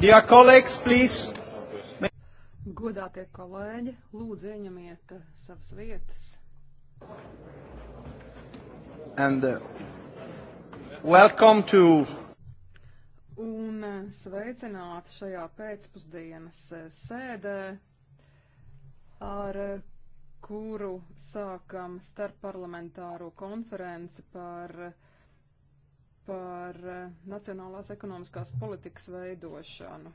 Dear colleagues, please. Godātie kolēģi, lūdzu ieņemiet uh, savas vietas. And uh, welcome to Un uh, sveicināti šajā pēcpusdienas uh, sēdē, ar kuru sākam starpparlamentāro konferenci par uh, par eh, nacionālās ekonomiskās politikas veidošanu.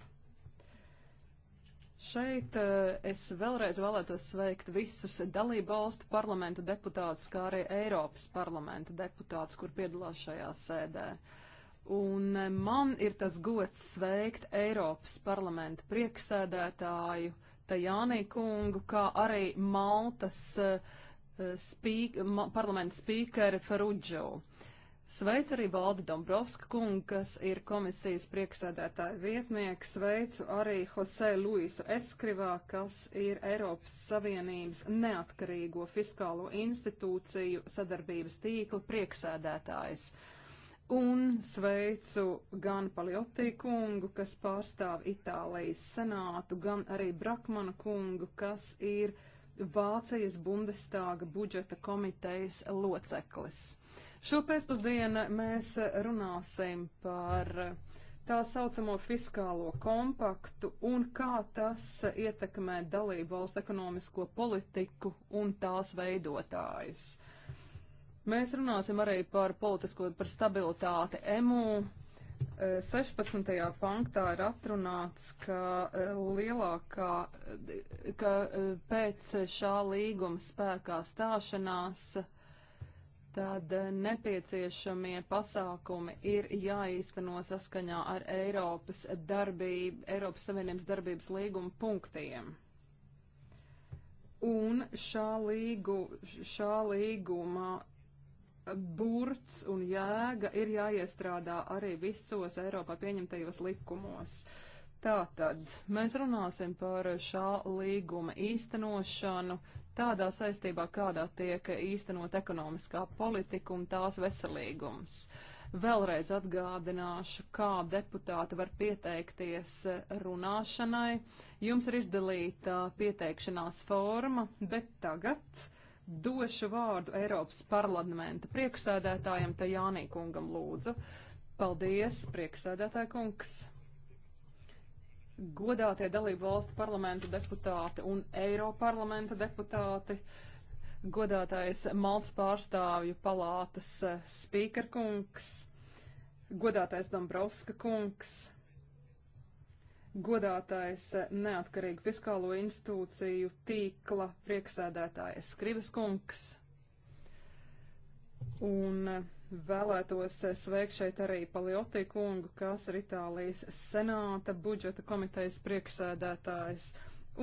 Šeit eh, es vēlreiz vēlētos sveikt visus dalību valstu parlamentu deputātus, kā arī Eiropas parlamenta deputātus, kur piedalās šajā sēdē. Un eh, man ir tas gods sveikt Eiropas parlamenta prieksēdētāju Tajānī kungu, kā arī Maltas uh, spīk, ma, parlamenta spīkeri Ferudžovu. Sveicu arī Valdi Dombrovska kungu, kas ir komisijas priekšsēdētāja vietnieks. Sveicu arī Jose Luisu Eskrivā, kas ir Eiropas Savienības neatkarīgo fiskālo institūciju sadarbības tīkla priekšsēdētājs. Un sveicu gan Paliotī kungu, kas pārstāv Itālijas senātu, gan arī Brakmana kungu, kas ir Vācijas Bundestāga budžeta komitejas loceklis. Šo pēcpusdienu mēs runāsim par tā saucamo fiskālo kompaktu un kā tas ietekmē dalību valstu ekonomisko politiku un tās veidotājus. Mēs runāsim arī par politisko, par stabilitāti EMU. 16. panktā ir atrunāts, ka e, lielākā, e, ka e, pēc šā līguma spēkā stāšanās tad nepieciešamie pasākumi ir jāīsteno saskaņā ar Eiropas, darbību, Eiropas Savienības darbības līguma punktiem. Un šā, līgu, šā līguma burts un jēga ir jāiestrādā arī visos Eiropā pieņemtajos likumos. Uh, Tātad mēs runāsim par šā līguma īstenošanu tādā saistībā, kādā tiek īstenot ekonomiskā politika un tās veselīgums. Vēlreiz atgādināšu, kā deputāti var pieteikties runāšanai. Jums ir izdalīta pieteikšanās forma, bet tagad došu vārdu Eiropas parlamenta priekšsēdētājam Tajānī kungam lūdzu. Paldies, priekšsēdētāja kungs! godātie dalību valstu parlamentu deputāti un Eiroparlamenta deputāti, godātais Malts pārstāvju palātas eh, spīker kungs, godātais Dombrovska kungs, godātais eh, neatkarīgu fiskālo institūciju tīkla priekšsēdētājs Skrivas kungs un eh, Vēlētos sveikt šeit arī Palioti kungu, kas ir Itālijas senāta budžeta komitejas prieksēdētājs,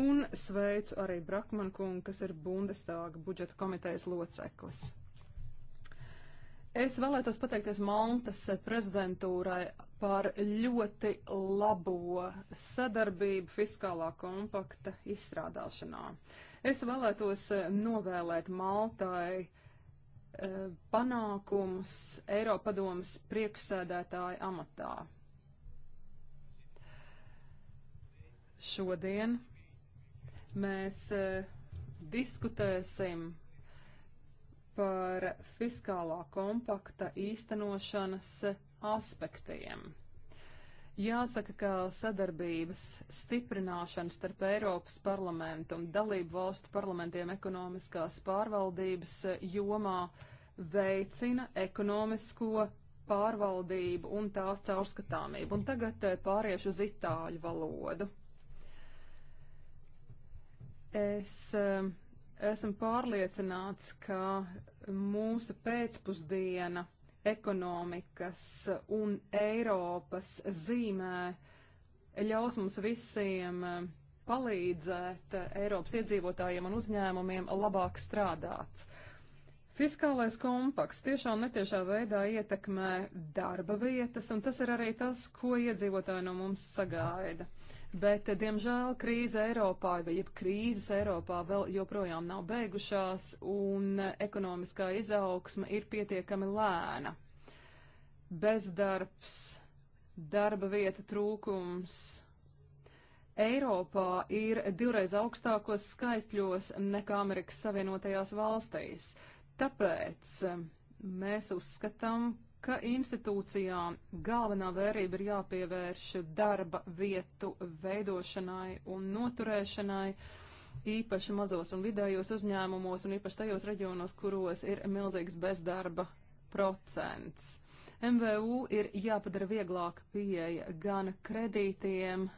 un sveicu arī Brakman kungu, kas ir Bundestāga budžeta komitejas loceklis. Es vēlētos pateikties Maltas prezidentūrai par ļoti labo sadarbību fiskālā kompakta izstrādāšanā. Es vēlētos novēlēt Maltai uh, E, panākumus Eiropadomas priekšsēdētāja amatā. Šodien mēs e, diskutēsim par fiskālā kompakta īstenošanas aspektiem. Jāsaka, ka sadarbības stiprināšana starp Eiropas parlamentu un dalību valstu parlamentiem ekonomiskās pārvaldības eh, jomā veicina ekonomisko pārvaldību un tās caurskatāmību. Un tagad eh, pāriešu uz itāļu valodu. Es eh, esmu pārliecināts, ka mūsu pēcpusdiena ekonomikas un Eiropas zīmē ļaus mums visiem eh, palīdzēt eh, Eiropas iedzīvotājiem un uzņēmumiem labāk strādāt. Fiskālais kompaks tiešām netiešā veidā ietekmē darba vietas, un tas ir arī tas, ko iedzīvotāji no mums sagaida. Bet, eh, diemžēl, krīze Eiropā vai jeb krīzes Eiropā vēl joprojām nav beigušās un eh, ekonomiskā izaugsma ir pietiekami lēna. Bezdarbs, darba vieta trūkums. Eiropā ir divreiz augstākos skaitļos nekā Amerikas Savienotajās valstīs. Tāpēc eh, mēs uzskatām, ka institūcijām galvenā vērība ir jāpievērš darba vietu veidošanai un noturēšanai, īpaši mazos un vidējos uzņēmumos un īpaši tajos reģionos, kuros ir milzīgs bezdarba procents. MVU ir jāpadara vieglāka pieeja gan kredītiem,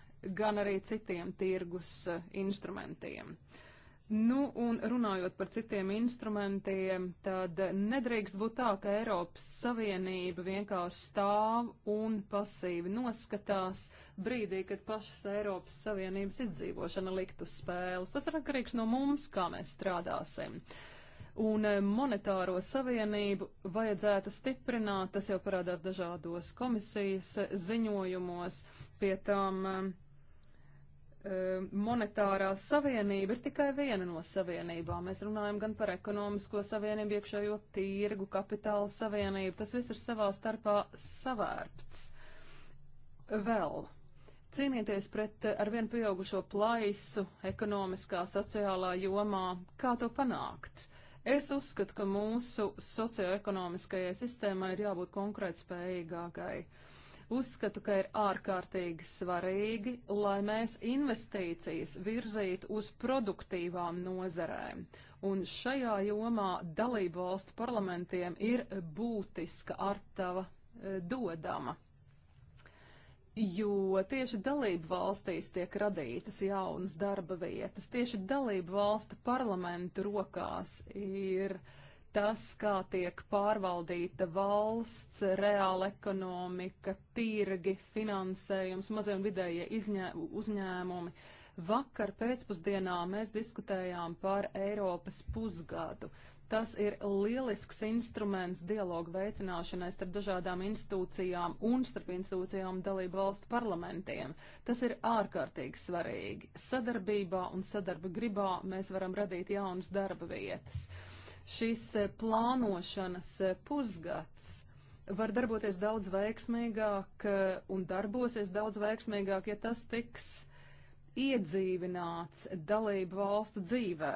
gan arī citiem tirgus eh, instrumentiem. Uh, Nu, un runājot par citiem instrumentiem, tad nedrīkst būt tā, ka Eiropas Savienība vienkārši stāv un pasīvi noskatās brīdī, kad pašas Eiropas Savienības izdzīvošana likt uz spēles. Tas ir atkarīgs no mums, kā mēs strādāsim. Un eh, monetāro savienību vajadzētu stiprināt, tas jau parādās dažādos komisijas eh, ziņojumos, pie tām eh, Ehm, monetārā savienība ir tikai viena no savienībām. Mēs runājam gan par ekonomisko savienību, iekšējo tirgu, kapitāla savienību. Tas viss ir savā starpā savērpts. Vēl. Cīnīties pret eh, arvien pieaugušo plaisu ekonomiskā, sociālā jomā, kā to panākt? Es uzskatu, ka mūsu socioekonomiskajai sistēmai ir jābūt konkrētspējīgākai. spējīgākai Uzskatu, ka ir ārkārtīgi svarīgi, lai mēs investīcijas virzītu uz produktīvām nozarēm, un šajā jomā dalību valstu parlamentiem ir būtiska artava e, dodama jo tieši dalību valstīs tiek radītas jaunas darba vietas. Tieši dalību valstu parlamentu rokās ir uh, tas, kā tiek pārvaldīta valsts, reāla ekonomika, tirgi, finansējums, mazie un vidējie izņē, uzņēmumi. Vakar pēcpusdienā mēs diskutējām par Eiropas pusgadu. Tas ir lielisks instruments dialogu veicināšanai starp dažādām institūcijām un starp institūcijām dalību valstu parlamentiem. Tas ir ārkārtīgi svarīgi. Sadarbībā un sadarba gribā mēs varam radīt jaunas darba vietas. Uh, šis eh, plānošanas eh, pusgads var darboties daudz veiksmīgāk eh, un darbosies daudz veiksmīgāk, ja tas tiks iedzīvināts dalību valstu dzīvē.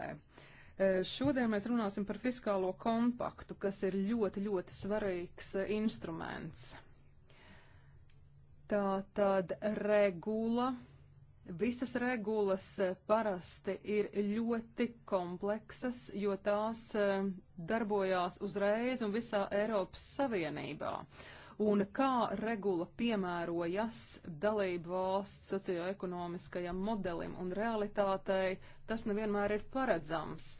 Šodien mēs runāsim par fiskālo kompaktu, kas ir ļoti, ļoti svarīgs instruments. Tā tad regula Visas regulas parasti ir ļoti kompleksas, jo tās e, darbojās uzreiz un visā Eiropas Savienībā. Un kā regula piemērojas dalību valsts socioekonomiskajam modelim un realitātei, tas nevienmēr ir paredzams.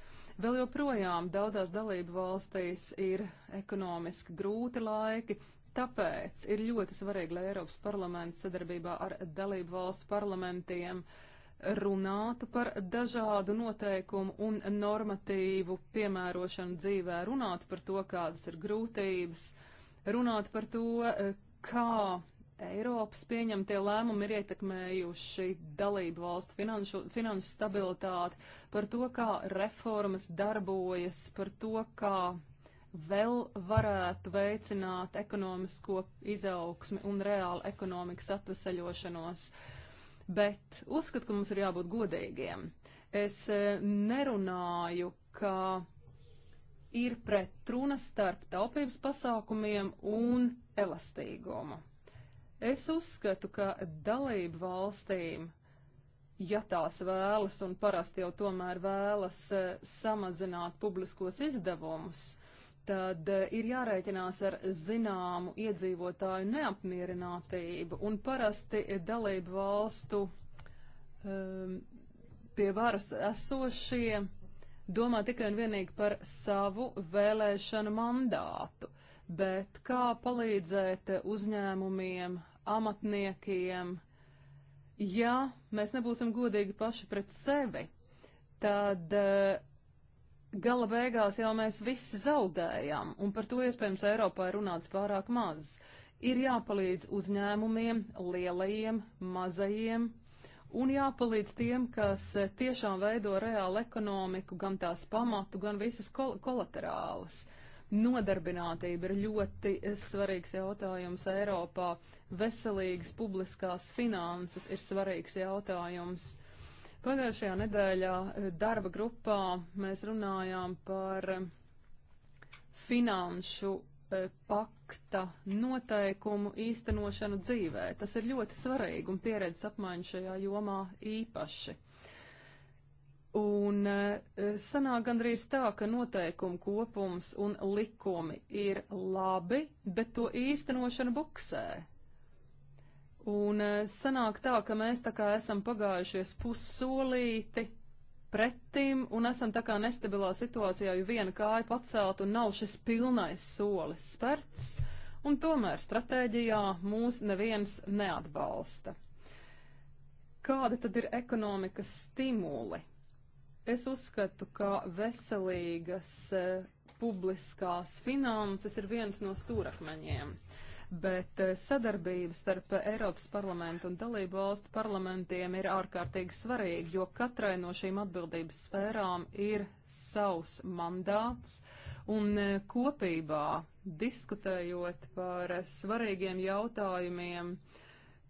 Vēl joprojām daudzās dalību valstīs ir ekonomiski grūti laiki, Tāpēc ir ļoti svarīgi, lai Eiropas parlaments sadarbībā ar dalību valstu parlamentiem runātu par dažādu noteikumu un normatīvu piemērošanu dzīvē, runātu par to, kādas ir grūtības, runātu par to, kā Eiropas pieņemtie lēmumi ir ietekmējuši dalību valstu finanšu, finanšu stabilitāti, par to, kā reformas darbojas, par to, kā vēl varētu veicināt ekonomisko izaugsmi un reālu ekonomikas atvesaļošanos. Bet uzskatu, ka mums ir jābūt godīgiem. Es e, nerunāju, ka ir pretruna starp taupības pasākumiem un elastīgumu. Es uzskatu, ka dalību valstīm ja tās vēlas un parasti jau tomēr vēlas e, samazināt publiskos izdevumus, tad eh, ir jārēķinās ar zināmu iedzīvotāju neapmierinātību un parasti dalību valstu um, pie varas esošie domā tikai un vienīgi par savu vēlēšanu mandātu, bet kā palīdzēt uzņēmumiem, amatniekiem, ja mēs nebūsim godīgi paši pret sevi, tad eh, Gala beigās jau mēs visi zaudējam, un par to iespējams Eiropā ir runāts pārāk maz. Ir jāpalīdz uzņēmumiem, lielajiem, mazajiem, un jāpalīdz tiem, kas tiešām veido reālu ekonomiku, gan tās pamatu, gan visas kol kolaterālas. Nodarbinātība ir ļoti svarīgs jautājums Eiropā. Veselīgas publiskās finanses ir svarīgs jautājums. Pagājušajā nedēļā eh, darba grupā mēs runājām par eh, finanšu eh, pakta noteikumu īstenošanu dzīvē. Tas ir ļoti svarīgi un pieredzes apmaiņa šajā jomā īpaši. Un sanāk gandrīz tā, ka noteikumu kopums un likumi ir labi, bet to īstenošana buksē. Un eh, sanāk tā, ka mēs tā kā esam pagājušies pussolīti pretim un esam tā kā nestabilā situācijā, jo viena kāja pacelt un nav šis pilnais solis sperts, un tomēr stratēģijā mūs neviens neatbalsta. Kādi tad ir ekonomikas stimuli? Es uzskatu, ka veselīgas eh, publiskās finanses ir viens no stūrakmeņiem. Uh, bet eh, sadarbība starp Eiropas parlamentu un dalību valstu parlamentiem ir ārkārtīgi svarīga, jo katrai no šīm atbildības sfērām ir savs mandāts un eh, kopībā diskutējot par svarīgiem jautājumiem,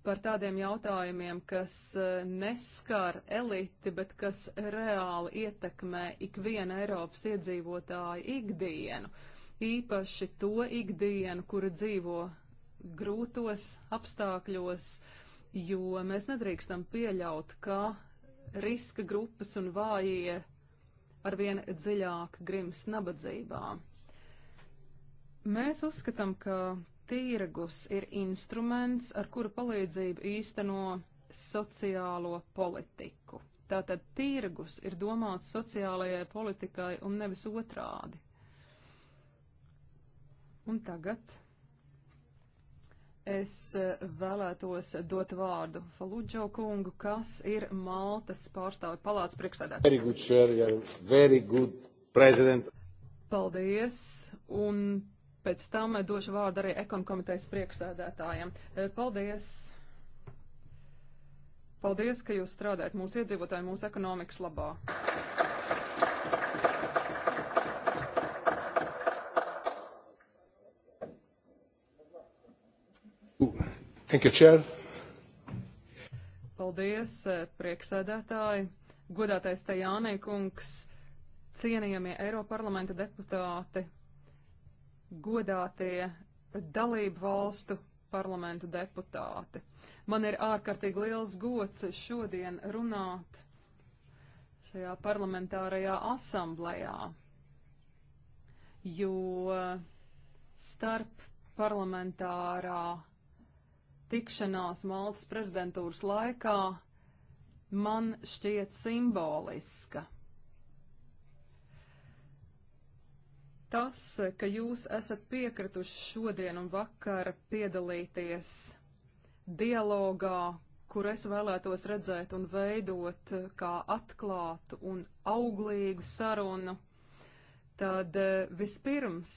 par tādiem jautājumiem, kas eh, neskar eliti, bet kas reāli ietekmē ikvienu Eiropas iedzīvotāju ikdienu, īpaši to ikdienu, kura dzīvo grūtos apstākļos, jo mēs nedrīkstam pieļaut, ka riska grupas un vājie arvien dziļāk grims nabadzībā. Mēs uzskatām, ka tirgus ir instruments, ar kuru palīdzību īsteno sociālo politiku. Tātad tirgus ir domāts sociālajai politikai un nevis otrādi. Un tagad Es e, vēlētos dot vārdu Faludžo kungu, kas ir Maltas pārstāvi palāts priekšsēdētājs. Very good, sir, you're very good president. Paldies, un pēc tam došu vārdu arī ekonkomitejas priekšsēdētājiem. E, paldies! Paldies, ka jūs strādājat mūsu iedzīvotāju, mūsu ekonomikas labā. Thank you, Chair. Paldies, eh, prieksēdētāji, godātais te Jānīkungs, cienījamie Eiroparlamenta deputāti, godātie dalību valstu parlamentu deputāti. Man ir ārkārtīgi liels gods šodien runāt šajā parlamentārajā asamblējā, jo starp parlamentārā tikšanās Maltas prezidentūras laikā man šķiet simboliska. Tas, ka jūs esat piekrituši šodien un vakar piedalīties dialogā, kur es vēlētos redzēt un veidot kā atklātu un auglīgu sarunu, tad eh, vispirms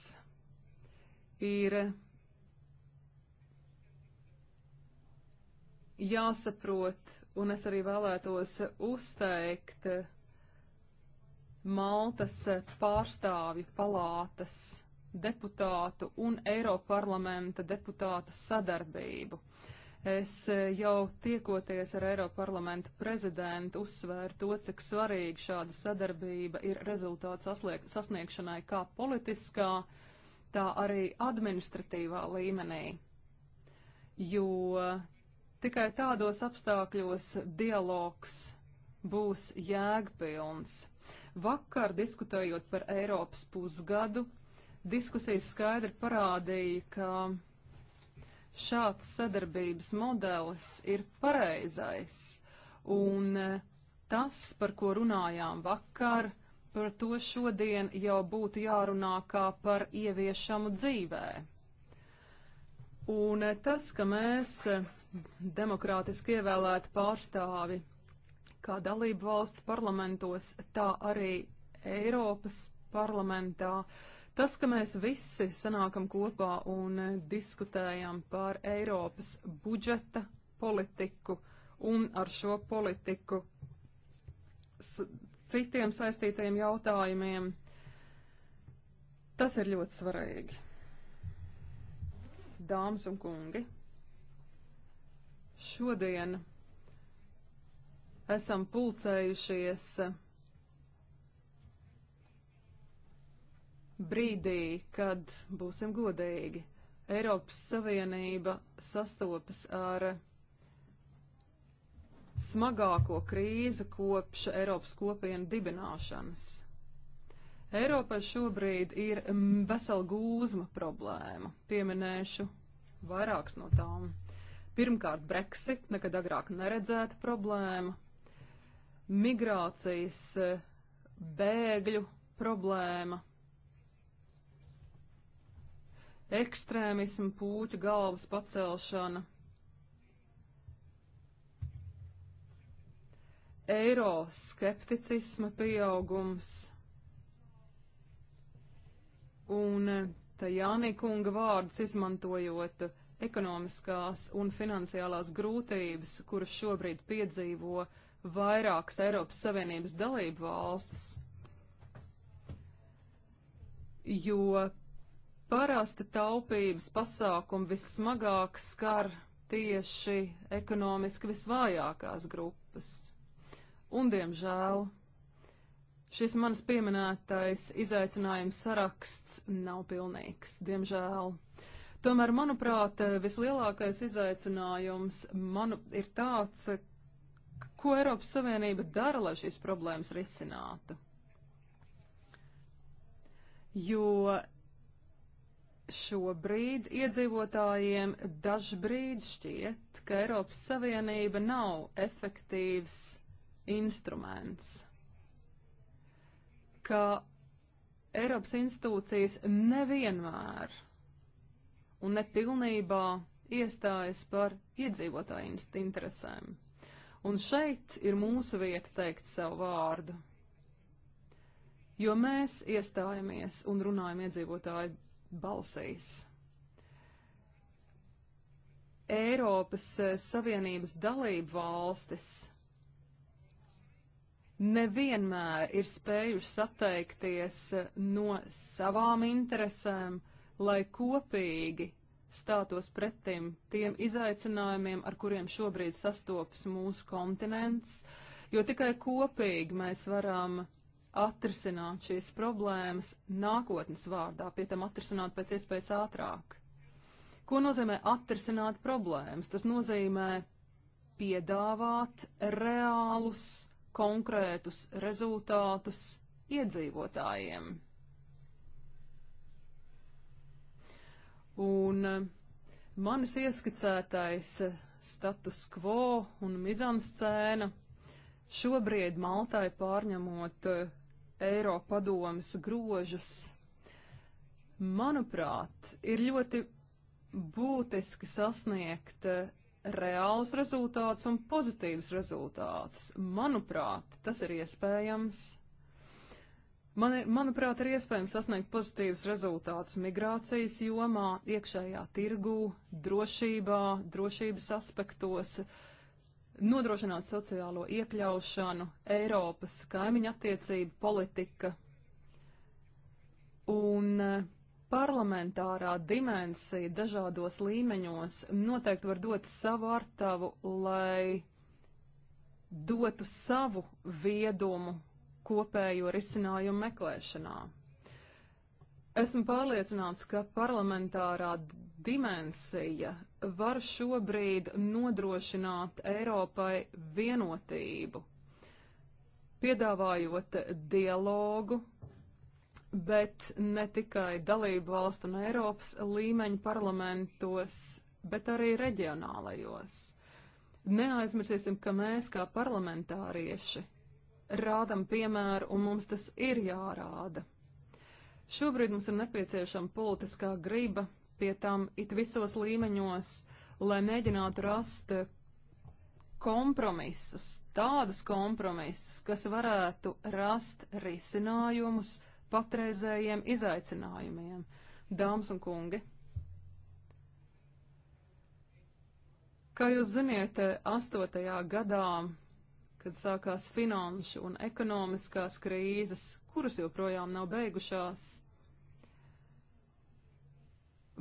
ir jāsaprot, un es arī vēlētos uzteikt Maltas pārstāvju palātas deputātu un Eiroparlamenta deputātu sadarbību. Es jau tiekoties ar Eiroparlamenta prezidentu uzsvēru to, cik svarīga šāda sadarbība ir rezultātu sasniegšanai kā politiskā, tā arī administratīvā līmenī. Jo Tikai tādos apstākļos dialogs būs jēgpilns. Vakar diskutējot par Eiropas pusgadu, diskusijas skaidri parādīja, ka šāds sadarbības modelis ir pareizais, un eh, tas, par ko runājām vakar, par to šodien jau būtu jārunā kā par ieviešamu dzīvē. Un eh, tas, ka mēs eh, demokrātiski ievēlēti pārstāvi kā dalību valstu parlamentos, tā arī Eiropas parlamentā. Tas, ka mēs visi sanākam kopā un diskutējam par Eiropas budžeta politiku un ar šo politiku citiem saistītajiem jautājumiem, tas ir ļoti svarīgi. Dāmas un kungi! Šodien esam pulcējušies brīdī, kad būsim godīgi. Eiropas Savienība sastopas ar smagāko krīzi kopš Eiropas kopienu dibināšanas. Eiropā šobrīd ir mm, vesela gūzma problēma. Pieminēšu vairākas no tām. Pirmkārt, Brexit, nekad agrāk neredzēta problēma, migrācijas e, bēgļu problēma, ekstrēmismu pūķu galvas pacelšana, eiro skepticisma pieaugums. Un e, te Jānī kunga vārdus izmantojot, ekonomiskās un finansiālās grūtības, kuras šobrīd piedzīvo vairākas Eiropas Savienības dalību valstis, jo parasti taupības pasākumi vissmagāk skar tieši ekonomiski visvājākās grupas. Un, diemžēl, šis manis pieminētais izaicinājums saraksts nav pilnīgs, diemžēl. Tomēr, manuprāt, vislielākais izaicinājums manu, ir tāds, ko Eiropas Savienība dara, lai šīs problēmas risinātu. Jo šobrīd iedzīvotājiem dažbrīd šķiet, ka Eiropas Savienība nav efektīvs instruments, ka Eiropas institūcijas nevienmēr un nepilnībā iestājas par iedzīvotāju interesēm. Un šeit ir mūsu vieta teikt savu vārdu. Jo mēs iestājamies un runājam iedzīvotāju balsīs. Eiropas eh, Savienības dalību valstis nevienmēr ir spējušas atteikties eh, no savām interesēm lai kopīgi stātos pretim tiem izaicinājumiem, ar kuriem šobrīd sastopas mūsu kontinents, jo tikai kopīgi mēs varam atrisināt šīs problēmas nākotnes vārdā, pie tam atrisināt pēc iespējas ātrāk. Ko nozīmē atrisināt problēmas? Tas nozīmē piedāvāt reālus, konkrētus rezultātus iedzīvotājiem. Un eh, manis ieskicētais eh, status quo un mizanscēna šobrīd Maltai pārņemot eh, Eiropadomas grožus, manuprāt, ir ļoti būtiski sasniegt reāls rezultāts un pozitīvs rezultāts. Manuprāt, tas ir iespējams Man, manuprāt, ir iespējams sasniegt pozitīvus rezultātus migrācijas jomā, iekšējā tirgū, drošībā, drošības aspektos, nodrošināt sociālo iekļaušanu, Eiropas kaimiņa attiecību politika. Un eh, parlamentārā dimensija dažādos līmeņos noteikti var dot savu artavu, lai dotu savu viedumu kopējo risinājumu meklēšanā. Esmu pārliecināts, ka parlamentārā dimensija var šobrīd nodrošināt Eiropai vienotību, piedāvājot dialogu, bet ne tikai dalību valstu un Eiropas līmeņu parlamentos, bet arī reģionālajos. Neaizmirsīsim, ka mēs kā parlamentārieši rādam piemēru, un mums tas ir jārāda. Šobrīd mums ir nepieciešama politiskā griba, pie tam it visos līmeņos, lai mēģinātu rast kompromisus, tādus kompromisus, kas varētu rast risinājumus patreizējiem izaicinājumiem. Dāmas un kungi, kā jūs ziniet, 8. Eh, gadā kad sākās finanšu un ekonomiskās krīzes, kuras joprojām nav beigušās.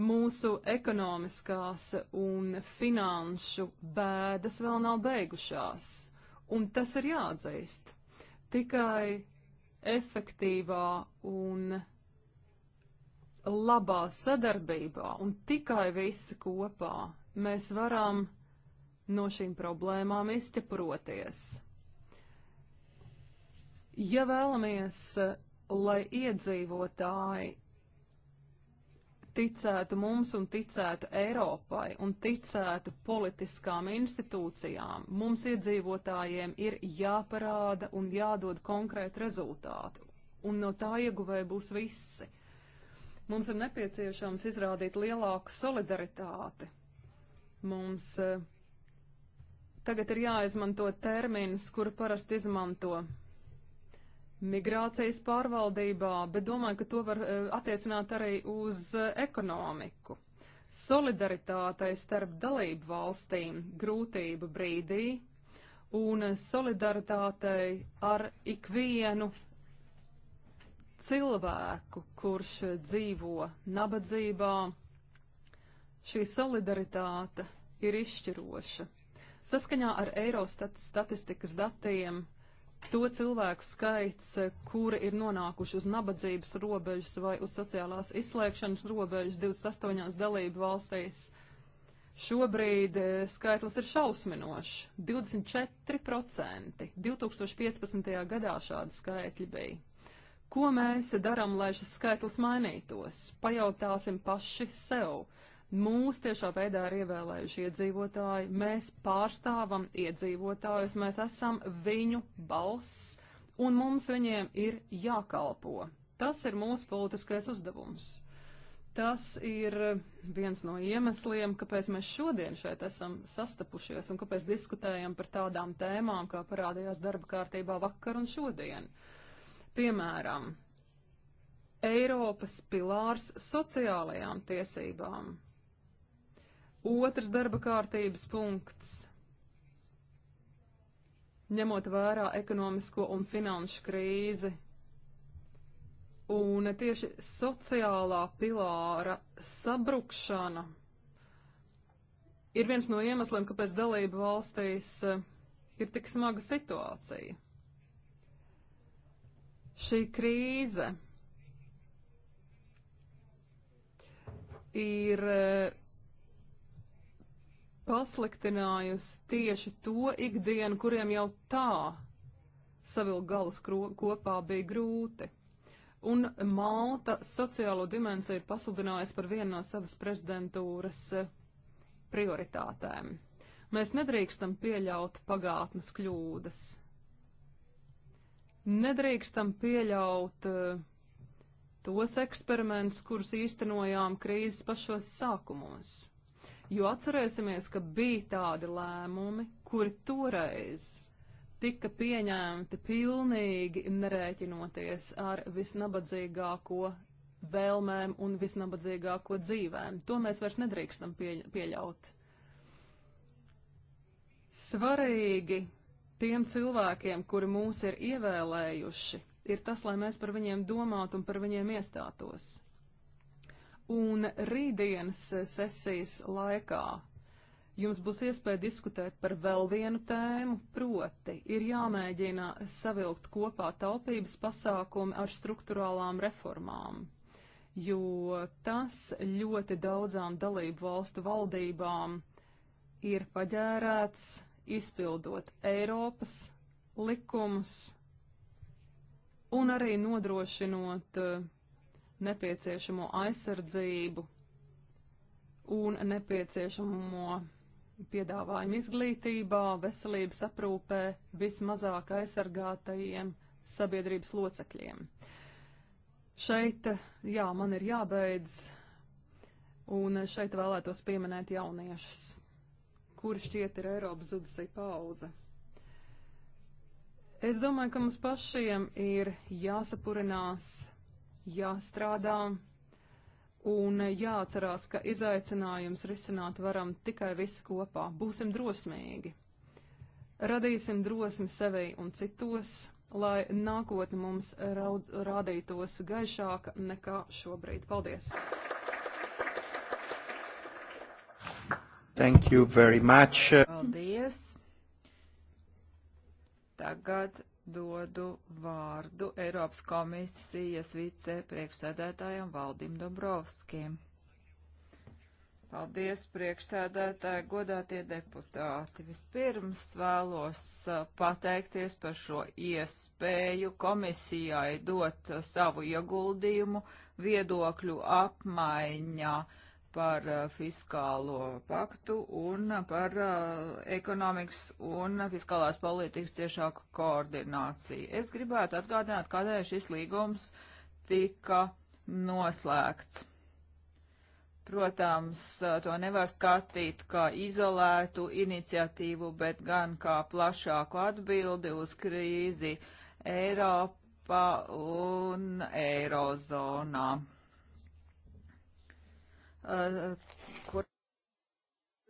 Mūsu ekonomiskās un finanšu bēdas vēl nav beigušās, un tas ir jāatzīst. Tikai efektīvā un labā sadarbībā un tikai visi kopā mēs varam no šīm problēmām izķeproties. Ja vēlamies, eh, lai iedzīvotāji ticētu mums un ticētu Eiropai un ticētu politiskām institūcijām, mums iedzīvotājiem ir jāparāda un jādod konkrēti rezultāti, un no tā ieguvēja būs visi. Mums ir nepieciešams izrādīt lielāku solidaritāti. Mums eh, tagad ir jāizmanto termins, kuru parasti izmanto migrācijas pārvaldībā, bet domāju, ka to var e, attiecināt arī uz e, ekonomiku. Solidaritātei starp dalību valstīm grūtību brīdī un solidaritātei ar ikvienu cilvēku, kurš dzīvo nabadzībā, šī solidaritāte ir izšķiroša. Saskaņā ar Eirostat statistikas datiem to cilvēku skaits, eh, kuri ir nonākuši uz nabadzības robežas vai uz sociālās izslēgšanas robežas 28 dalību valstīs. Šobrīd eh, skaitlis ir šausminošs - 24%. 2015. gadā šādi skaitļi bija. Ko mēs darām, lai šis skaitlis mainītos? Pajautāsim paši sev. Mūs tiešā veidā ir ievēlējuši iedzīvotāji, mēs pārstāvam iedzīvotājus, mēs esam viņu balss, un mums viņiem ir jākalpo. Tas ir mūsu politiskais uzdevums. Tas ir viens no iemesliem, kāpēc mēs šodien šeit esam sastapušies un kāpēc diskutējam par tādām tēmām, kā parādījās darba kārtībā vakar un šodien. Piemēram, Eiropas pilārs sociālajām tiesībām. Otrs darba kārtības punkts ņemot vērā ekonomisko un finanšu krīzi. Un tieši sociālā pilāra sabrukšana ir viens no iemesliem, kāpēc dalību valstīs eh, ir tik smaga situācija. Šī krīze ir eh, pasliktinājusi tieši to ikdienu, kuriem jau tā savilkt galus kopā bija grūti. Un Malta sociālo dimensiju ir pasludinājusi par vienu no savas prezidentūras eh, prioritātēm. Mēs nedrīkstam pieļaut pagātnes kļūdas. Nedrīkstam pieļaut uh, tos eksperimentus, kurus īstenojām krīzes pašos sākumos. Jo atcerēsimies, ka bija tādi lēmumi, kuri toreiz tika pieņemti pilnīgi nerēķinoties ar visnabadzīgāko vēlmēm un visnabadzīgāko dzīvēm. To mēs vairs nedrīkstam pieļaut. Svarīgi tiem cilvēkiem, kuri mūs ir ievēlējuši, ir tas, lai mēs par viņiem domātu un par viņiem iestātos un rītdienas sesijas laikā jums būs iespēja diskutēt par vēl vienu tēmu, proti ir jāmēģina savilkt kopā taupības pasākumi ar struktūrālām reformām, jo tas ļoti daudzām dalību valstu valdībām ir paģērēts, izpildot Eiropas likumus un arī nodrošinot uh, nepieciešamo aizsardzību un nepieciešamo piedāvājumu izglītībā, veselības aprūpē vismazāk aizsargātajiem sabiedrības locekļiem. Šeit, jā, man ir jābeidz, un šeit vēlētos pieminēt jauniešus, kuri šķiet ir Eiropas zudusai paudze. Es domāju, ka mums pašiem ir jāsapurinās jāstrādā un jāatcerās, ka izaicinājums risināt varam tikai visi kopā. Būsim drosmīgi. Radīsim drosmi sevi un citos, lai nākotne mums raud, rādītos gaišāka nekā šobrīd. Paldies! Thank you very much. Paldies. Tagad dodu vārdu Eiropas komisijas vicepriekšsēdētājam Valdim Dobrovskim. Paldies, priekšsēdētāji, godātie deputāti. Vispirms vēlos uh, pateikties par šo iespēju komisijai dot uh, savu ieguldījumu viedokļu apmaiņā par eh, fiskālo paktu un eh, par eh, ekonomikas un fiskālās politikas ciešāku koordināciju. Es gribētu atgādināt, kādēļ šis līgums tika noslēgts. Protams, to nevar skatīt kā izolētu iniciatīvu, bet gan kā plašāku atbildi uz krīzi Eiropā un Eirozonā. Uh, kur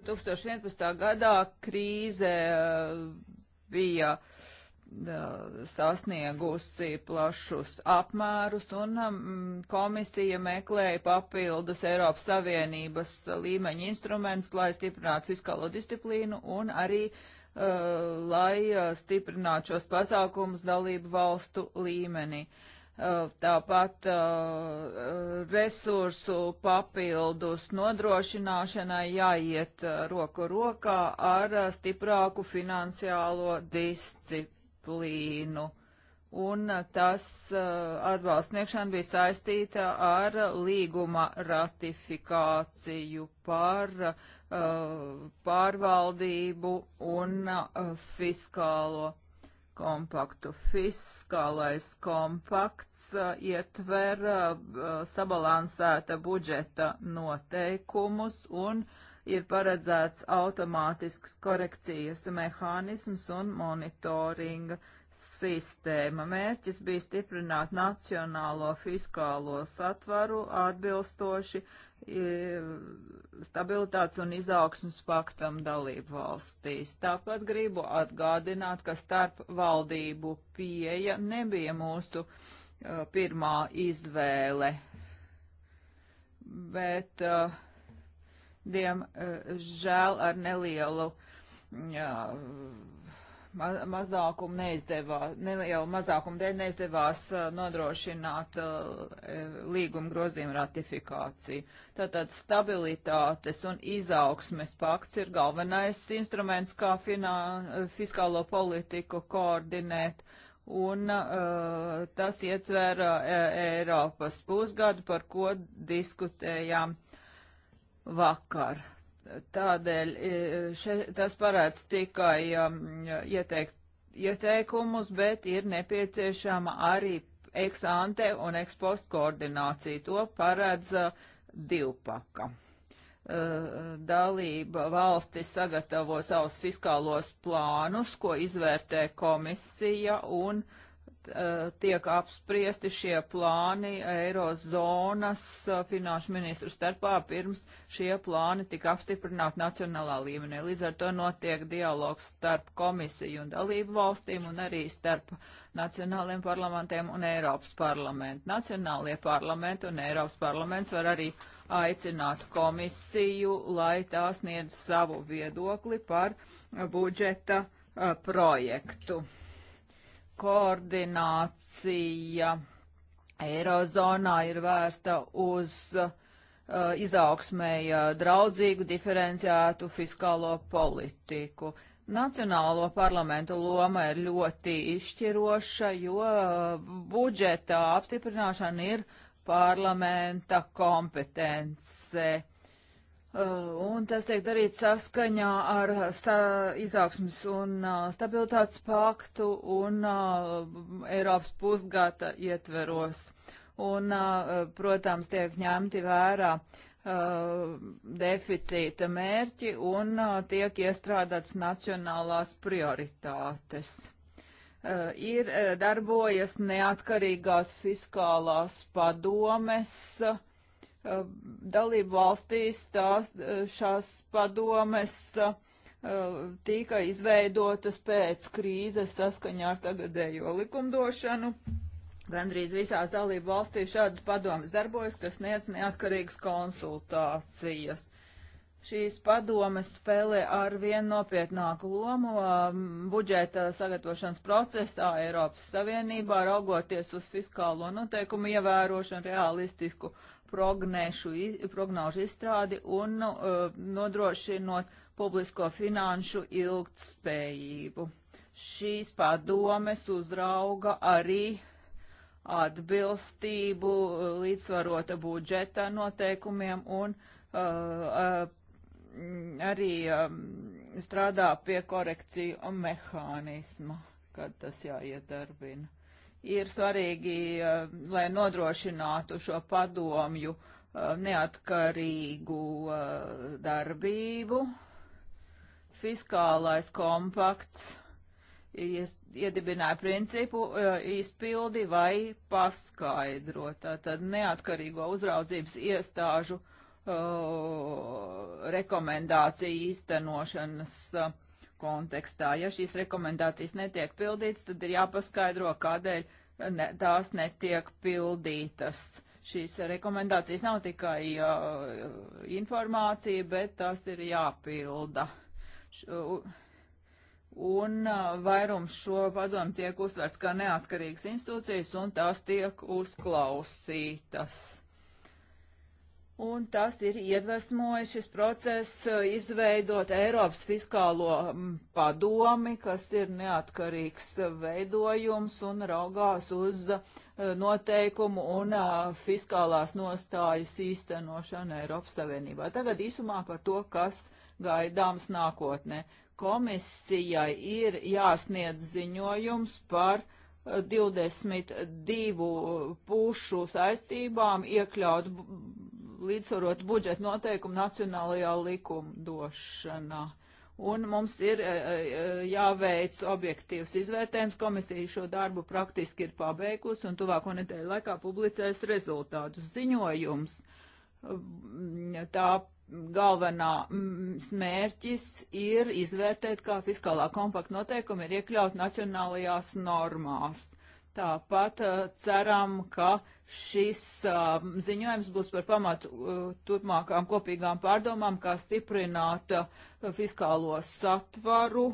2011. gadā krīze uh, bija uh, sasniegusi plašus apmērus, un um, komisija meklēja papildus Eiropas Savienības līmeņa instrumentus, lai stiprinātu fiskālo disciplīnu un arī uh, lai stiprinātu šos pasākumus dalību valstu līmenī. Uh, Uh, tāpat uh, resursu papildus nodrošināšanai jāiet uh, roku rokā ar stiprāku finansiālo disciplīnu. Un tas atbalsts sniegšana bija saistīta ar līguma ratifikāciju par pārvaldību un fiskālo kompaktu. Fiskālais kompakts uh, ietver uh, uh, sabalansēta budžeta noteikumus un ir paredzēts automātisks korekcijas mehānisms un monitoringa sistēma. Mērķis bija stiprināt nacionālo fiskālo satvaru atbilstoši uh, stabilitātes un izaugsmas paktam dalību valstīs. Tāpat gribu atgādināt, ka starp valdību pieeja nebija mūsu uh, pirmā izvēle, bet uh, diemžēl uh, ar nelielu uh, ma mazākumu neizdevās, nelielu mazākumu dēļ neizdevās uh, nodrošināt uh, e, līguma grozījumu ratifikāciju. Tātad stabilitātes un izaugsmes pakts ir galvenais instruments, kā finā, e, fiskālo politiku koordinēt un uh, e, tas ietver uh, Eiropas pusgadu, par ko diskutējām vakar. Tādēļ e, še, tas parāds tikai um, ieteikt, ieteikumus, bet ir nepieciešama arī ex-ante un ex-post koordinācija. To parāds uh, divpaka. Uh, dalība valstis sagatavo savus fiskālos plānus, ko izvērtē komisija un uh, Uh, tiek apspriesti šie plāni Eirozonas uh, finanšu ministru starpā, pirms šie plāni tika apstiprināti nacionālā līmenī. Līdz ar to notiek dialogs starp komisiju un dalību valstīm un arī starp nacionāliem parlamentiem un Eiropas parlamentu. Nacionālie parlamenti un Eiropas parlaments var arī aicināt komisiju, lai tā sniedz savu viedokli par budžeta uh, projektu koordinācija Eirozonā ir vērsta uz uh, izaugsmēja draudzīgu diferenciētu fiskālo politiku. Nacionālo parlamentu loma ir ļoti izšķiroša, jo uh, budžeta apstiprināšana ir parlamenta kompetence. Uh, un tas tiek darīts saskaņā ar sta, izaugsmas un uh, stabilitātes paktu un uh, Eiropas pusgata ietveros. Un, uh, protams, tiek ņemti vērā uh, deficīta mērķi un uh, tiek iestrādāts nacionālās prioritātes. Ir darbojas neatkarīgās fiskālās padomes, dalību valstīs tās, šās padomes tika izveidotas pēc krīzes saskaņā ar tagadējo likumdošanu. Gandrīz visās dalību valstīs šādas padomas darbojas, kas sniedz neatkarīgas konsultācijas. Šīs padomas spēlē ar vien nopietnāku lomu um, budžeta sagatavošanas procesā Eiropas Savienībā, raugoties uz fiskālo noteikumu ievērošanu, realistisku prognožu izstrādi un nu, e, nodrošinot publisko finanšu ilgtspējību. Šīs padomes uzrauga arī atbilstību e, līdzsvarota budžeta noteikumiem un uh, arī um, strādā pie korekciju mehānisma, kad tas jāiedarbina ir svarīgi, eh, lai nodrošinātu šo padomju eh, neatkarīgu eh, darbību. Fiskālais kompakts iedibināja principu izpildi vai paskaidro. Tātad neatkarīgo uzraudzības iestāžu uh, rekomendāciju īstenošanas uh, kontekstā. Ja šīs rekomendācijas netiek pildītas, tad ir jāpaskaidro, kādēļ ne, tās netiek pildītas. Šīs rekomendācijas nav tikai uh, informācija, bet tās ir jāpilda. Š, un uh, vairums šo padomu tiek uztverts kā neatkarīgas institūcijas, un tās tiek uzklausītas un tas ir iedvesmojis šis process izveidot Eiropas fiskālo padomi, kas ir neatkarīgs veidojums un raugās uz noteikumu un fiskālās nostājas īstenošanu Eiropas Savienībā. Tagad īsumā par to, kas gaidāms nākotnē. Komisijai ir jāsniedz ziņojums par 22 pušu saistībām, iekļaut līdzsvarot budžeta noteikumu nacionālajā likumdošanā. Un mums ir e, e, e, jāveic objektīvs izvērtējums. Komisija šo darbu praktiski ir pabeigusi un tuvāko nedēļu laikā publicēs rezultātus. Ziņojums tā galvenā smērķis ir izvērtēt, kā fiskālā kompakta noteikumi ir iekļaut nacionālajās normās Tāpat uh, ceram, ka šis uh, ziņojums būs par pamatu uh, turpmākām kopīgām pārdomām, kā stiprināt uh, fiskālo satvaru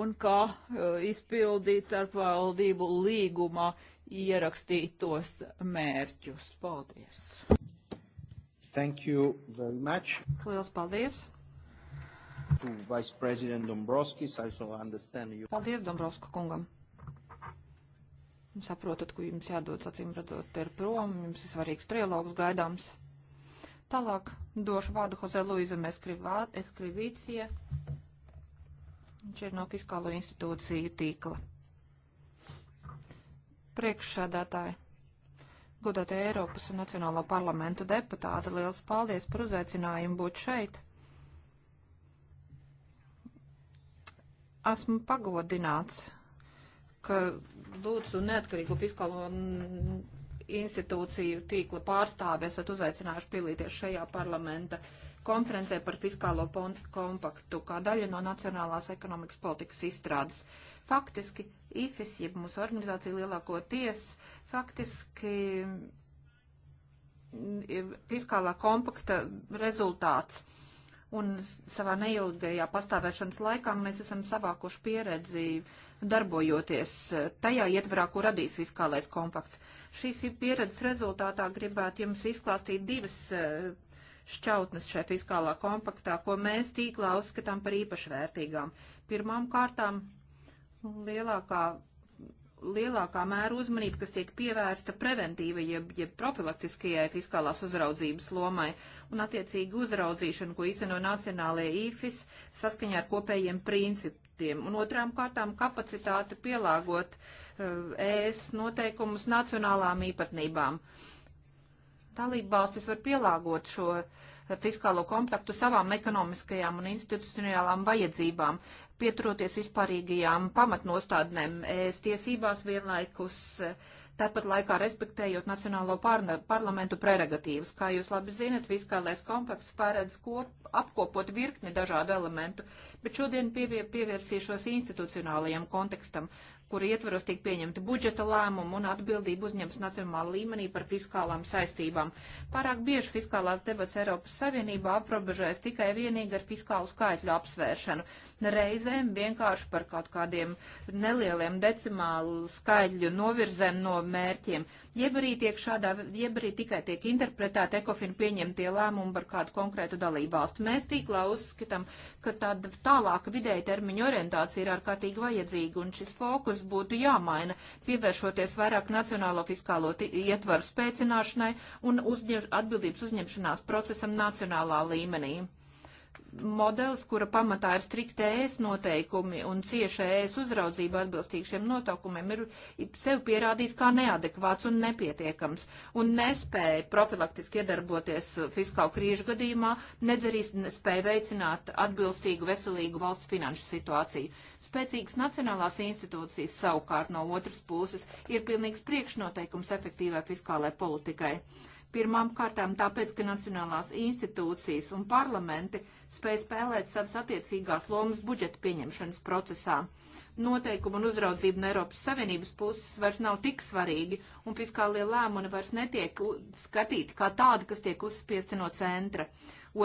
un kā uh, izpildīt starp valdību līgumā ierakstītos mērķus. Paldies! Thank you very much. Lielas paldies! To Vice President Dombrovskis, I also understand you. Paldies, Dombrovska kungam! saprotat, ka jums jādodas acīm redzot ir prom, jums ir svarīgs trialogs gaidāms. Tālāk došu vārdu Jose Luizam Eskrivīcija. Viņš ir no Fiskālo institūciju tīkla. Priekšsēdētāji, godātie Eiropas un Nacionālo parlamentu deputāti, liels paldies par uzaicinājumu būt šeit. Esmu pagodināts ka lūdzu neatkarīgu fiskālo institūciju tīkla pārstāvi esat uzaicinājuši pilīties šajā parlamenta konferencē par fiskālo kompaktu kā daļu no Nacionālās ekonomikas politikas izstrādes. Faktiski IFIS, e jeb mūsu organizācija lielākoties, faktiski mm, fiskālā kompakta rezultāts. Un savā neilgajā pastāvēšanas laikā mēs esam savākuši pieredzi uh, darbojoties eh, tajā ietvarā, ko radīs fiskālais kompakts. Šīs pieredzes rezultātā gribētu jums izklāstīt divas eh, šķautnes šajā fiskālā kompaktā, ko mēs tīklā uzskatām par īpaši vērtīgām. Pirmām kārtām lielākā, lielākā mēra uzmanība, kas tiek pievērsta preventīva, jeb, jeb profilaktiskajai fiskālās uzraudzības lomai un attiecīgi uzraudzīšanu, ko izseno nacionālajie īfis saskaņā ar kopējiem princip, aktiem, un otrām kārtām kapacitāti pielāgot ES eh, noteikumus nacionālām īpatnībām. Dalībvalstis var pielāgot šo eh, fiskālo kompaktu savām ekonomiskajām un institucionālām vajadzībām, pieturoties vispārīgajām pamatnostādnēm ES tiesībās vienlaikus uh, tāpat laikā respektējot Nacionālo parna, parlamentu prerogatīvas. Kā jūs labi zinat, fiskālais kompakts paredz kop, apkopot virkni dažādu elementu, bet šodien pievērsīšos institucionālajiem kontekstam kur ietveros tiek pieņemti budžeta lēmumi un atbildību uzņems nacionālā līmenī par fiskālām saistībām. Pārāk bieži fiskālās debats Eiropas Savienībā aprobežojas tikai vienīgi ar fiskālu skaitļu apsvēršanu. Reizēm vienkārši par kaut kādiem nelieliem decimālu skaitļu novirzēm no mērķiem. Jeb arī, tiek šādā, jeb arī tikai tiek interpretēti ekofinu pieņemtie lēmumi par kādu konkrētu dalībvalstu. Mēs tīklā uzskatām, ka tāda tālāka vidēja termiņa orientācija ir ārkārtīgi vajadzīga un šis fokus kas būtu jāmaina, pievēršoties vairāk nacionālo fiskālo ietvaru spēcināšanai un uzņem, atbildības uzņemšanās procesam nacionālā līmenī modelis, kura pamatā ir strikta ēs noteikumi un cieša ēs uzraudzība atbilstīgi šiem notaukumiem, ir sev pierādījis kā neadekvāts un nepietiekams un nespēja profilaktiski iedarboties fiskālu krīžu gadījumā, nedz arī spēja veicināt atbilstīgu veselīgu valsts finanšu situāciju. Spēcīgas nacionālās institūcijas savukārt no otras puses ir pilnīgs priekšnoteikums efektīvai fiskālai politikai. Pirmām kārtām tāpēc, ka nacionālās institūcijas un parlamenti spēj spēlēt savas attiecīgās lomas budžeta pieņemšanas procesā noteikumu un uzraudzību no Eiropas Savienības puses vairs nav tik svarīgi, un fiskālie lēmumi vairs netiek skatīti kā tādi, kas tiek uzspiesti no centra.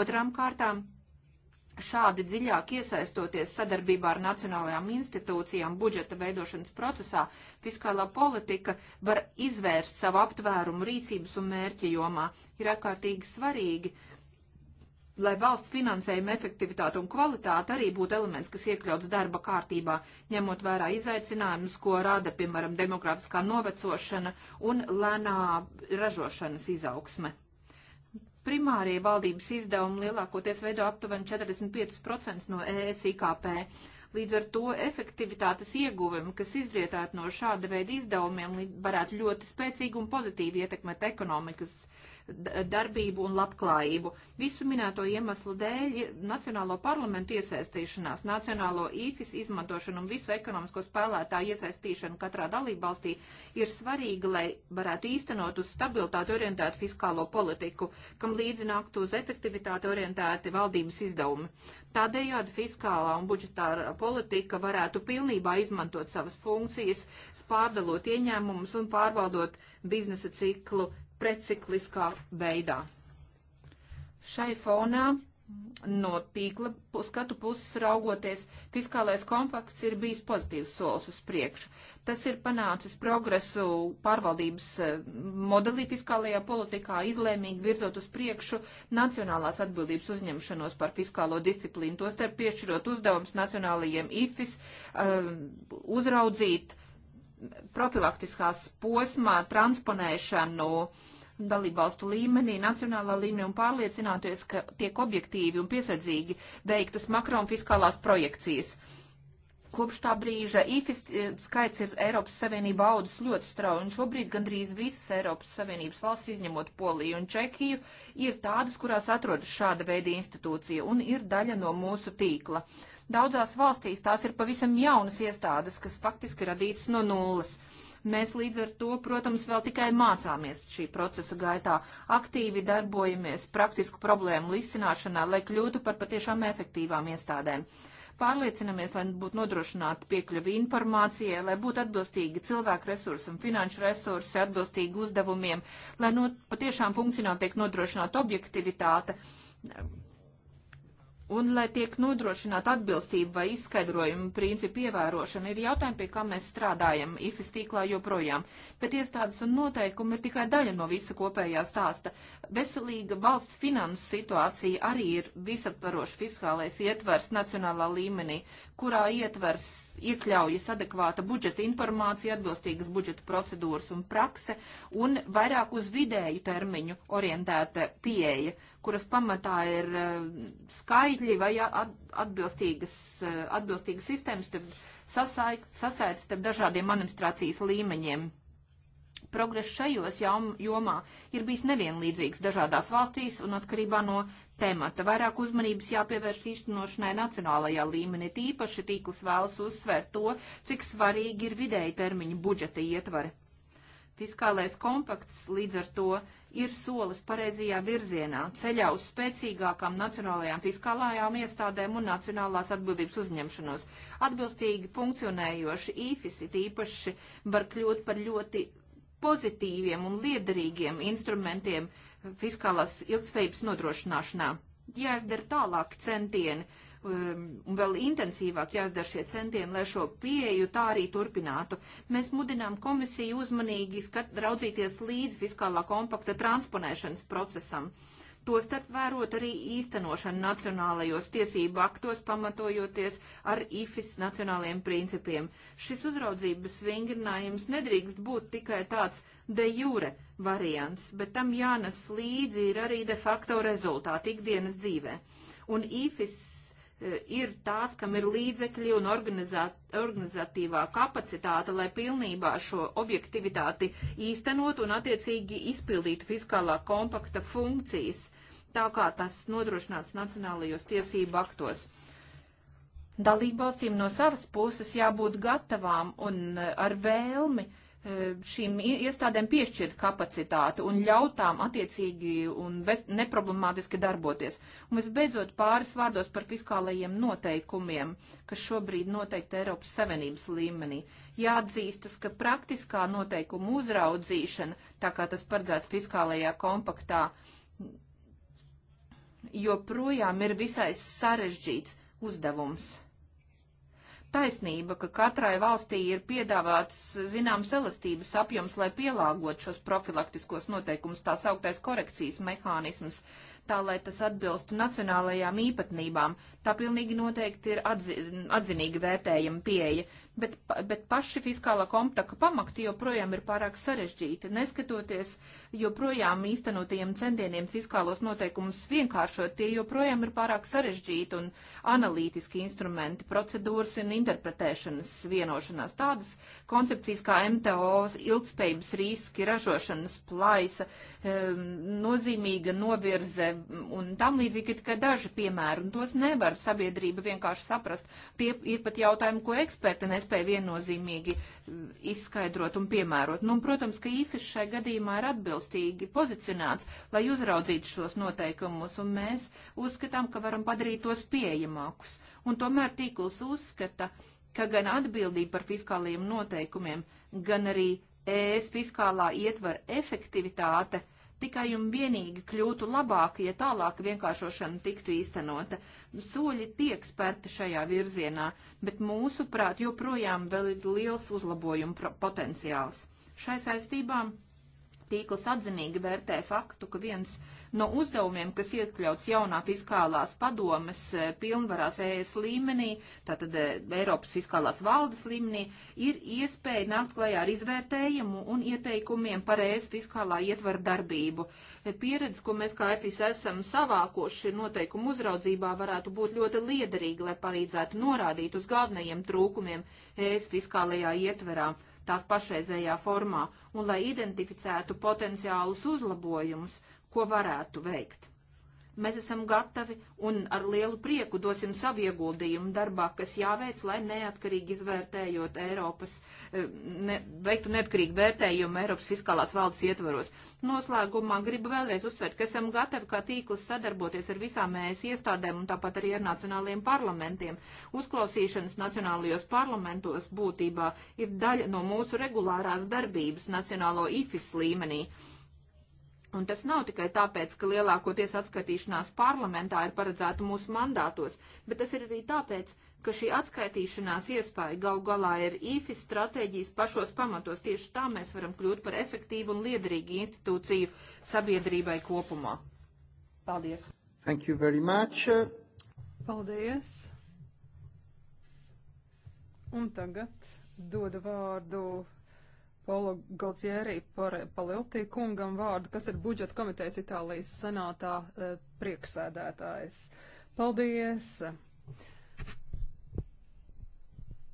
Otrām kārtām Šādi dziļāk iesaistoties sadarbībā ar nacionālajām institūcijām budžeta veidošanas procesā, fiskālā politika var izvērst savu aptvērumu rīcības un mērķa jomā. Ir ārkārtīgi svarīgi, lai valsts finansējuma efektivitāte un kvalitāte arī būtu elements, kas iekļauts darba kārtībā, ņemot vērā izaicinājumus, ko rada, piemēram, demografiskā novecošana un lēnā ražošanas izaugsme. Primārie valdības izdevumi lielākoties veido aptuveni 45% no ES IKP. Līdz ar to efektivitātes ieguvumi, kas izrietētu no šāda veida izdevumiem, varētu ļoti spēcīgi un pozitīvi ietekmēt ekonomikas uh, darbību un labklājību. Visu minēto iemeslu dēļ Nacionālo parlamentu iesaistīšanās, Nacionālo īfis izmantošanu un visu ekonomisko spēlētāju iesaistīšanu katrā dalībvalstī ir svarīga, lai varētu īstenot uz stabilitāti orientētu fiskālo politiku, kam līdzināk uz efektivitāti orientēti valdības izdevumi. Tādējādi fiskālā un budžetāra politika varētu pilnībā izmantot savas funkcijas, pārdalot ieņēmumus un pārvaldot biznesa ciklu precikliskā veidā. Šai fonā no tīkla skatu puses raugoties, fiskālais kompakts ir bijis pozitīvs solis uz priekšu. Tas ir panācis progresu pārvaldības eh, modelī fiskālajā politikā, izlēmīgi virzot uz priekšu nacionālās atbildības uzņemšanos par fiskālo disciplīnu, tostarp piešķirot uzdevums nacionālajiem IFIS um, eh, uzraudzīt uh, profilaktiskās posmā transponēšanu dalībvalstu līmenī, nacionālā līmenī un pārliecināties, ka tiek objektīvi un piesardzīgi veiktas makro un fiskālās projekcijas. Kopš tā brīža IFIS skaits ir Eiropas Savienība audzis ļoti strauji, un šobrīd gandrīz visas Eiropas Savienības valsts, izņemot Poliju un Čehiju, ir tādas, kurās atrodas šāda veida institūcija un ir daļa no mūsu tīkla. Uh, Daudzās valstīs tās ir pavisam jaunas iestādes, kas faktiski radītas no nulles. Mēs līdz ar to, protams, vēl tikai mācāmies šī procesa gaitā, aktīvi darbojamies praktisku problēmu risināšanā, lai kļūtu par patiešām efektīvām iestādēm. Pārliecinamies, lai būtu nodrošināta piekļuva informācijai, lai būtu atbilstīgi cilvēku resursi un finanšu resursi, atbilstīgi uzdevumiem, lai no, patiešām funkcionāli tiek nodrošināta objektivitāte Un, lai tiek nodrošināta atbilstība vai izskaidrojuma principu ievērošana, ir jautājumi, pie kā mēs strādājam IFIS tīklā joprojām. Bet iestādes un noteikumi ir tikai daļa no visa kopējā stāsta. Veselīga valsts finanses situācija arī ir visaptvarošs fiskālais ietvers nacionālā līmenī, kurā ietvers iekļaujas adekvāta budžeta informācija, atbilstīgas budžeta procedūras un prakse un vairāk uz vidēju termiņu orientēta pieeja kuras pamatā ir eh, skaidri vai atbilstīgas, eh, atbilstīgas sistēmas, sasaites starp dažādiem administrācijas līmeņiem. Progress šajos jomā ir bijis nevienlīdzīgs dažādās valstīs un atkarībā no temata. Vairāk uzmanības jāpievērš īstenošanai nacionālajā līmenī. Tīpaši tīkls vēlas uzsvērt to, cik svarīgi ir vidēji termiņu budžeta ietvari. Fiskālais kompakts līdz ar to ir solis pareizajā virzienā, ceļā uz spēcīgākām nacionālajām fiskālajām iestādēm un nacionālās atbildības uzņemšanos. Atbilstīgi funkcionējoši īfisi tīpaši var kļūt par ļoti pozitīviem un liederīgiem instrumentiem fiskālās ilgspējības nodrošināšanā. Jāizdara tālāk centieni, Um, un vēl intensīvāk jāizdara šie centieni, lai šo pieeju tā arī turpinātu. Mēs mudinām komisiju uzmanīgi skat, raudzīties līdz fiskālā kompakta transponēšanas procesam. Tostarp vērot arī īstenošanu nacionālajos tiesību aktos, pamatojoties ar IFIS nacionālajiem principiem. Šis uzraudzības vingrinājums nedrīkst būt tikai tāds de jure variants, bet tam jānes līdzi ir arī de facto rezultāti ikdienas dzīvē. Un IFIS E, ir tās, kam ir līdzekļi un organizatīvā kapacitāte, lai pilnībā šo objektivitāti īstenot un attiecīgi izpildītu fiskālā kompakta funkcijas, tā kā tas nodrošināts nacionālajos tiesību aktos. Dalībvalstīm no savas puses jābūt gatavām un e, ar vēlmi uh, Ehm, šīm iestādēm piešķirt kapacitāti un ļaut tām attiecīgi un bez, neproblemātiski darboties. Un visbeidzot pāris vārdos par fiskālajiem noteikumiem, kas šobrīd noteikti Eiropas Savienības līmenī. Jāatzīstas, ka praktiskā noteikuma uzraudzīšana, tā kā tas paredzēts fiskālajā kompaktā, joprojām ir visai sarežģīts uzdevums taisnība, ka katrai valstī ir piedāvāts zināms elastības apjoms, lai pielāgot šos profilaktiskos noteikumus, tā sauktais korekcijas mehānisms, tā lai tas atbilstu nacionālajām īpatnībām. Tā pilnīgi noteikti ir atzi atzinīgi vērtējama pieeja bet, bet paši fiskālā komptaka pamakti joprojām ir pārāk sarežģīti, neskatoties joprojām īstenotajiem centieniem fiskālos noteikumus vienkāršot, tie joprojām ir pārāk sarežģīti un analītiski instrumenti, procedūras un interpretēšanas vienošanās. Tādas koncepcijas kā MTO, ilgspējības riski, ražošanas plaisa, nozīmīga novirze un tam līdzīgi ir tikai daži piemēri, un tos nevar sabiedrība vienkārši saprast. Tie ir pat jautājumi, ko eksperti nespēja iespēja viennozīmīgi mm, izskaidrot un piemērot. Nu, un, protams, ka IFIS šai gadījumā ir atbilstīgi pozicionēts, lai uzraudzītu šos noteikumus, un mēs uzskatām, ka varam padarīt tos pieejamākus. Un tomēr tīkls uzskata, ka gan atbildība par fiskālajiem noteikumiem, gan arī ES fiskālā ietvara efektivitāte – tikai un vienīgi kļūtu labāka, ja tālāk vienkāršošana tiktu īstenota. Soļi tiek spērti šajā virzienā, bet mūsuprāt joprojām vēl ir liels uzlabojumu potenciāls. Šai saistībā tīkls atzinīgi vērtē faktu, ka viens no No uzdevumiem, kas iekļauts jaunā fiskālās padomes e, pilnvarās ES līmenī, tātad e, Eiropas fiskālās valdes līmenī, ir iespēja nākt klajā ar izvērtējumu un ieteikumiem par ES fiskālā ietvaru darbību. E, pieredze, ko mēs kā EFIS esam savākoši noteikumu uzraudzībā, varētu būt ļoti liederīga, lai palīdzētu norādīt uz galvenajiem trūkumiem ES fiskālajā ietverā tās pašreizējā formā un lai identificētu potenciālus uzlabojumus ko varētu veikt. Mēs esam gatavi un ar lielu prieku dosim savu ieguldījumu darbā, kas jāveic, lai neatkarīgi izvērtējot Eiropas, eh, ne, veiktu neatkarīgi vērtējumu Eiropas fiskālās valdes ietvaros. Noslēgumā gribu vēlreiz uzsvērt, ka esam gatavi kā tīkls sadarboties ar visām ES iestādēm un tāpat arī ar nacionālajiem parlamentiem. Uzklausīšanas nacionālajos parlamentos būtībā ir daļa no mūsu regulārās darbības nacionālo IFIS līmenī Un tas nav tikai tāpēc, ka lielākoties atskaitīšanās parlamentā ir paredzēta mūsu mandātos, bet tas ir arī tāpēc, ka šī atskaitīšanās iespēja gal galā ir IFI stratēģijas pašos pamatos. Tieši tā mēs varam kļūt par efektīvu un liederīgu institūciju sabiedrībai kopumā. Paldies! Thank you very much! Paldies! Un tagad dodu vārdu Polo Galtieri par Paliltī kungam vārdu, kas ir budžeta komitejas Itālijas senātā eh, prieksēdētājs. Paldies!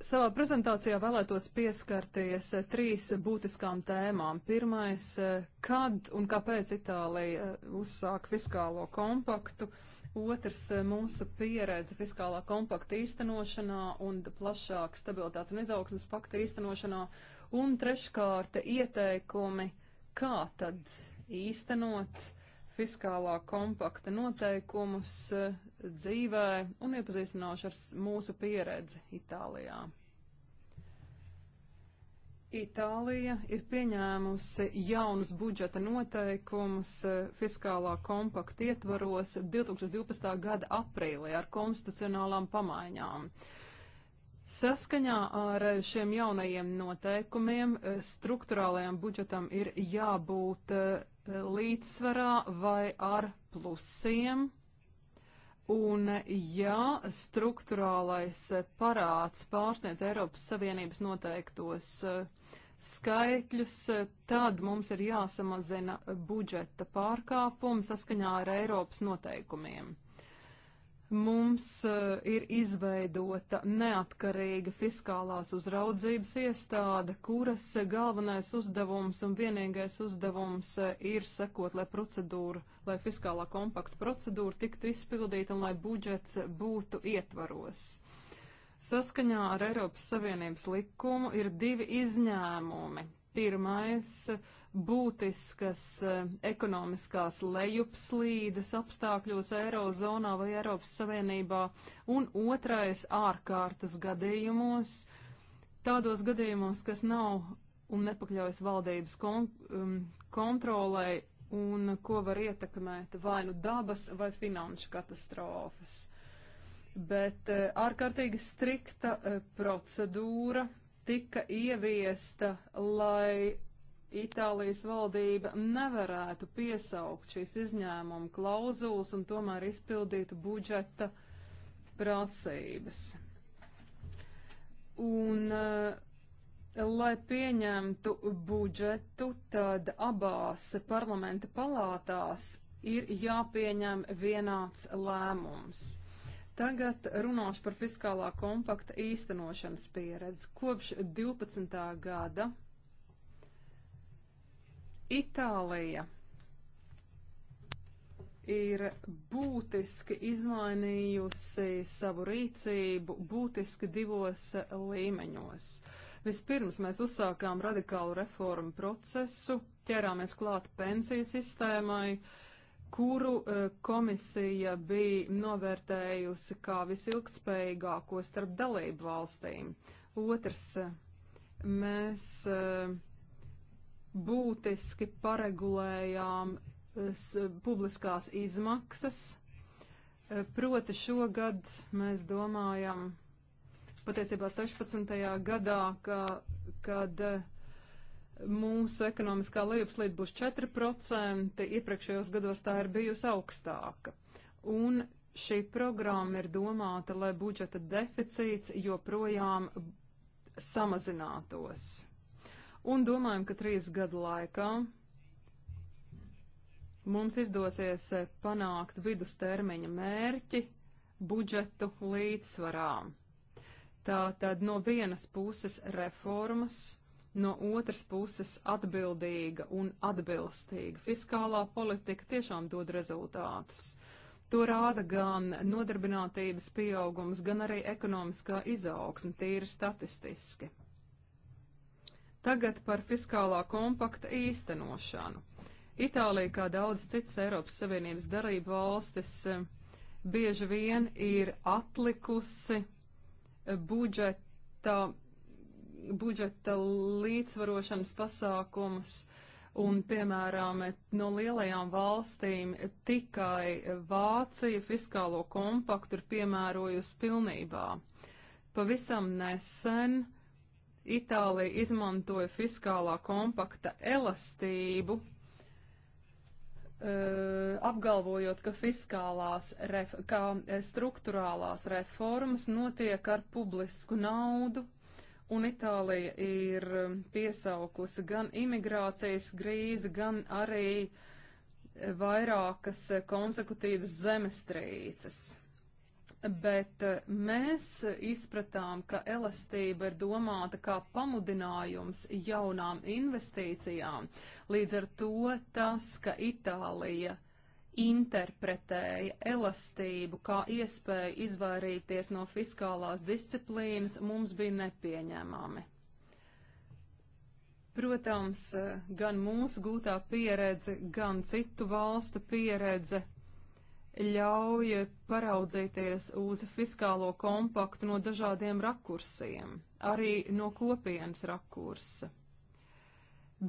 Savā prezentācijā vēlētos pieskarties eh, trīs būtiskām tēmām. Pirmais eh, - kad un kāpēc Itālija uzsāk fiskālo kompaktu. Otrs - mūsu pieredze fiskālā kompakta īstenošanā un plašāk stabilitātes un izaugsmas pakta īstenošanā. Uh, Un treškārt ieteikumi, kā tad īstenot fiskālā kompakta noteikumus eh, dzīvē un iepazīstināšu ar mūsu pieredzi Itālijā. Itālija ir pieņēmusi jaunus budžeta noteikumus eh, fiskālā kompakta ietvaros 2012. gada aprīlī ar konstitucionālām pamaiņām. Uh, Saskaņā ar šiem jaunajiem noteikumiem eh, struktūrālajam budžetam ir jābūt eh, līdzsvarā vai ar plusiem. Un ja struktūrālais parāds pārsniedz Eiropas Savienības noteiktos eh, skaitļus, tad mums ir jāsamazina budžeta pārkāpums saskaņā ar Eiropas noteikumiem. Mums uh, ir izveidota neatkarīga fiskālās uzraudzības iestāde, kuras galvenais uzdevums un vienīgais uzdevums eh, ir sekot, lai procedūra, lai fiskālā kompakta procedūra tiktu izpildīta un lai budžets būtu ietvaros. Saskaņā ar Eiropas Savienības likumu ir divi izņēmumi. Pirmais uh, būtiskas eh, ekonomiskās lejupslīdes apstākļos Eirozonā vai Eiropas Savienībā, un otrais ārkārtas gadījumos, tādos gadījumos, kas nav un nepakļaujas valdības kon um, kontrolai un ko var ietekmēt vai nu dabas vai finanšu katastrofas. Bet uh, ārkārtīgi strikta uh, procedūra tika ieviesta, lai Itālijas valdība nevarētu piesaukt šīs izņēmuma klauzulas un tomēr izpildītu budžeta prasības. Un, eh, lai pieņemtu budžetu, tad abās parlamenta palātās ir jāpieņem vienāds lēmums. Tagad runāšu par fiskālā kompakta īstenošanas pieredzi. Kopš 12. gada Itālija ir būtiski izmainījusi savu rīcību būtiski divos līmeņos. Vispirms mēs uzsākām radikālu reformu procesu, ķērāmies klāt pensiju sistēmai, kuru e, komisija bija novērtējusi kā visilgtspējīgāko starp dalību valstīm. Otrs, e, mēs uh, būtiski paregulējām publiskās izmaksas. Eh, proti šogad mēs domājam, patiesībā 16. gadā, ka, kad eh, mūsu ekonomiskā lejupslīde būs 4%, iepriekšējos gados tā ir bijusi augstāka. Un šī programma ir domāta, lai budžeta deficīts joprojām samazinātos un domājam, ka trīs gadu laikā mums izdosies panākt vidustermiņa mērķi budžetu līdzsvarā. Tātad no vienas puses reformas, no otras puses atbildīga un atbilstīga fiskālā politika tiešām dod rezultātus. To rāda gan nodarbinātības pieaugums, gan arī ekonomiskā izaugsme tīri statistiski. Tagad par fiskālā kompakta īstenošanu. Itālija, kā daudz citas Eiropas Savienības darību valstis, bieži vien ir atlikusi budžeta, budžeta līdzvarošanas pasākumus, un, piemēram, no lielajām valstīm tikai Vācija fiskālo kompaktu ir piemērojusi pilnībā. Pavisam nesen uh, Itālija izmantoja fiskālā kompakta elastību, eh, apgalvojot, ka fiskālās, ref, kā eh, struktūrālās reformas notiek ar publisku naudu, un Itālija ir eh, piesaukusi gan imigrācijas grīzi, gan arī vairākas konsekutīvas zemestrīces bet eh, mēs izpratām, ka elastība ir domāta kā pamudinājums jaunām investīcijām. Līdz ar to tas, ka Itālija interpretēja elastību kā iespēju izvairīties no fiskālās disciplīnas, mums bija nepieņēmami. Protams, eh, gan mūsu gūtā pieredze, gan citu valstu pieredze ļauj paraudzīties uz fiskālo kompaktu no dažādiem rakursiem, arī no kopienas rakursa.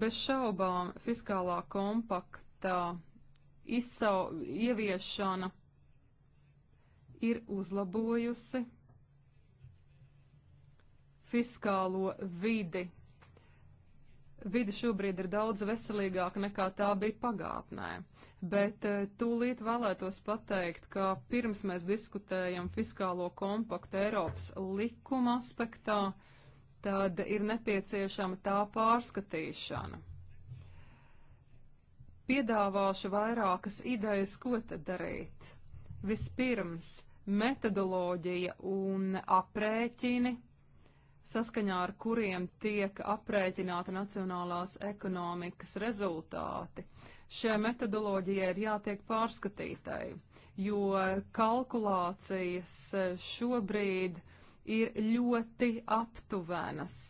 Bez šaubām fiskālā kompakta izsau, ieviešana ir uzlabojusi fiskālo vidi Vide šobrīd ir daudz veselīgāka nekā tā bija pagātnē, bet eh, tūlīt vēlētos pateikt, ka pirms mēs diskutējam fiskālo kompaktu Eiropas likuma aspektā, tad ir nepieciešama tā pārskatīšana. Piedāvāšu vairākas idejas, ko tad darīt. Vispirms metodoloģija un aprēķini saskaņā ar kuriem tiek aprēķināta nacionālās ekonomikas rezultāti. Šai metodoloģijai ir jātiek pārskatītai, jo kalkulācijas šobrīd ir ļoti aptuvenas.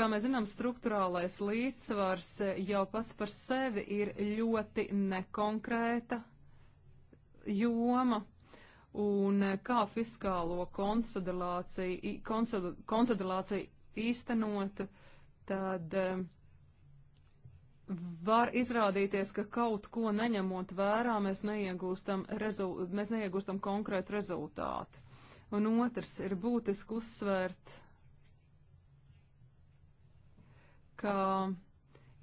Kā mēs zinām, struktūrālais līdzsvars jau pats par sevi ir ļoti nekonkrēta joma un eh, kā fiskālo konsolidāciju, konsolidāciju īstenot, tad eh, var izrādīties, ka kaut ko neņemot vērā, mēs neiegūstam, rezul, mēs neiegūstam konkrētu rezultātu. Un otrs ir būtiski uzsvērt, ka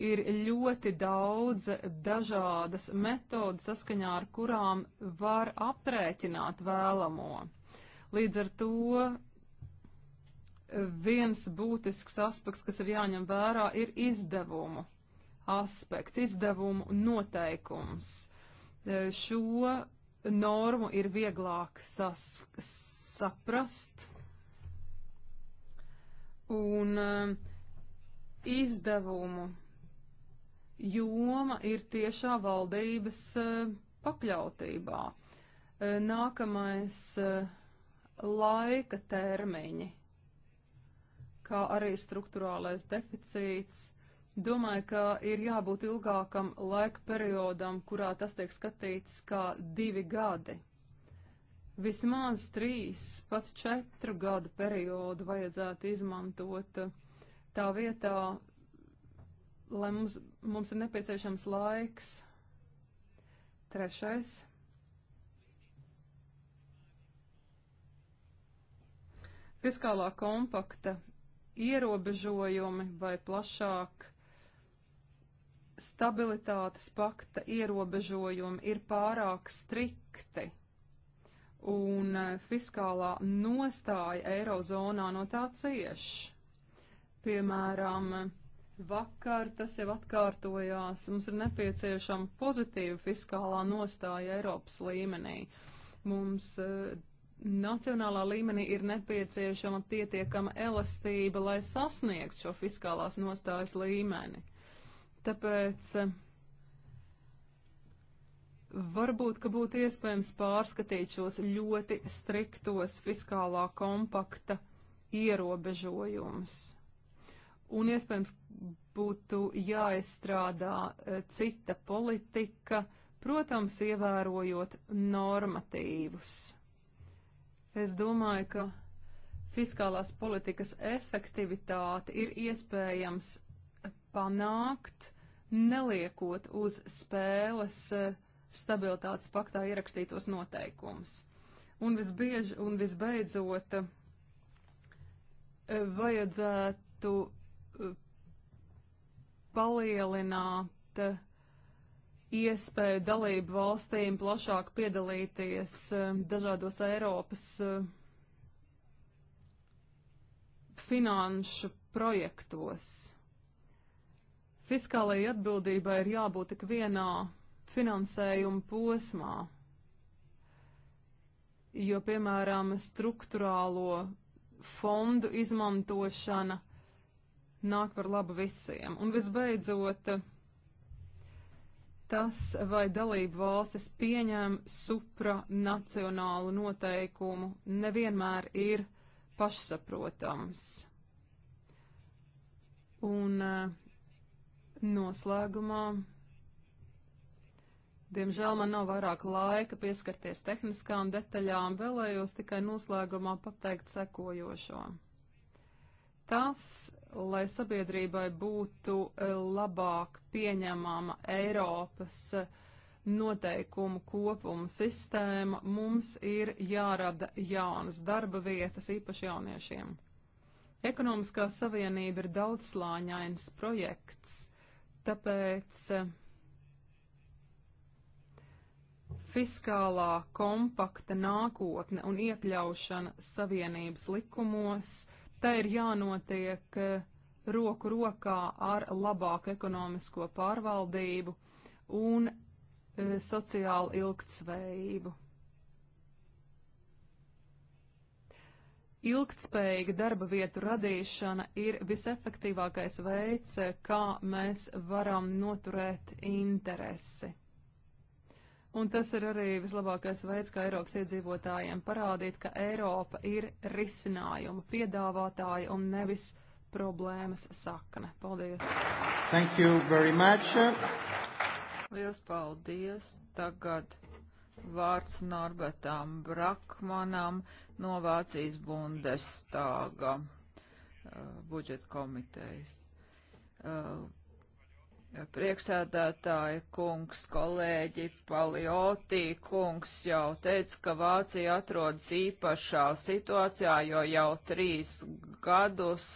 ir ļoti daudz dažādas metodas, saskaņā ar kurām var aprēķināt vēlamo. Līdz ar to eh, viens būtisks aspekts, kas ir jāņem vērā, ir izdevumu aspekts, izdevumu noteikums. Eh, šo normu ir vieglāk sas, saprast. Un eh, izdevumu joma ir tiešā valdības eh, pakļautībā. Eh, nākamais eh, laika termiņi, kā arī struktūrālais deficīts. Domāju, ka ir jābūt ilgākam laika periodam, kurā tas tiek skatīts kā divi gadi. Vismaz trīs, pat četru gadu periodu vajadzētu izmantot tā vietā, lai mums, mums ir nepieciešams laiks. Trešais. Fiskālā kompakta ierobežojumi vai plašāk stabilitātes pakta ierobežojumi ir pārāk strikti. Un eh, fiskālā nostāja Eirozonā no tā cieš. Piemēram, Vakar tas jau atkārtojās. Mums ir nepieciešama pozitīva fiskālā nostāja Eiropas līmenī. Mums uh, nacionālā līmenī ir nepieciešama pietiekama elastība, lai sasniegtu šo fiskālās nostājas līmeni. Tāpēc uh, varbūt, ka būtu iespējams pārskatīt šos ļoti striktos fiskālā kompakta ierobežojumus un iespējams būtu jāizstrādā e, cita politika, protams, ievērojot normatīvus. Es domāju, ka fiskālās politikas efektivitāti ir iespējams panākt, neliekot uz spēles e, stabilitātes paktā ierakstītos noteikumus. Un, visbiež, un visbeidzot, e, vajadzētu palielināt eh, iespēju dalību valstīm plašāk piedalīties eh, dažādos Eiropas eh, finanšu projektos. Fiskālajai atbildībai ir jābūt tik vienā finansējuma posmā, jo, piemēram, struktūrālo fondu izmantošana nāk par labu visiem. Un visbeidzot, tas, vai dalību valstis pieņem supranacionālu noteikumu, nevienmēr ir pašsaprotams. Un eh, noslēgumā. Diemžēl man nav vairāk laika pieskarties tehniskām detaļām, vēlējos tikai noslēgumā pateikt sekojošo. Tas, lai sabiedrībai būtu eh, labāk pieņemama Eiropas eh, noteikumu kopumu sistēma, mums ir jārada jaunas darba vietas īpaši jauniešiem. Ekonomiskā savienība ir daudzslāņains projekts, tāpēc eh, fiskālā kompakta nākotne un iekļaušana savienības likumos – Tā ir jānotiek eh, roku rokā ar labāku ekonomisko pārvaldību un eh, sociālu ilgtspējību. Ilgtspējīga darba vietu radīšana ir visefektīvākais veids, eh, kā mēs varam noturēt interesi. Un tas ir arī vislabākais veids, kā Eiropas iedzīvotājiem parādīt, ka Eiropa ir risinājuma piedāvātāja un nevis problēmas sakne. Paldies! Thank you very much. Liels paldies! Tagad vārds Norbertam Brakmanam no Vācijas Bundestāga uh, budžeta komitejas. Uh, Priekšsēdētāji kungs, kolēģi, paliotī kungs jau teica, ka Vācija atrodas īpašā situācijā, jo jau trīs gadus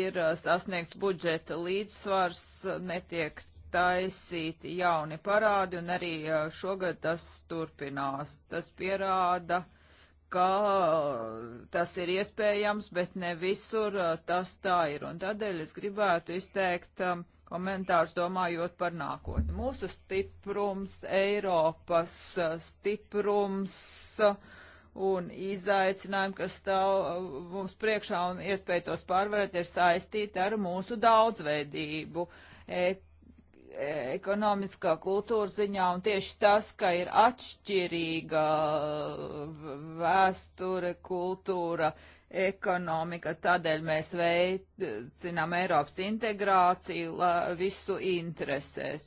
ir uh, sasniegts budžeta līdzsvars, netiek taisīti jauni parādi, un arī uh, šogad tas turpinās. Tas pierāda, ka uh, tas ir iespējams, bet ne visur tas tā ir. Un tādēļ es gribētu izteikt um, komentārus domājot par nākotni. Mūsu stiprums, Eiropas eh, stiprums eh, un izaicinājumi, kas stāv eh, mums priekšā un iespēja tos pārvarēt, ir saistīti ar mūsu daudzveidību. E ekonomiskā kultūra ziņā, un tieši tas, ka ir atšķirīga vēsture, kultūra, ekonomika. Tādēļ mēs veicinām Eiropas integrāciju la, visu interesēs.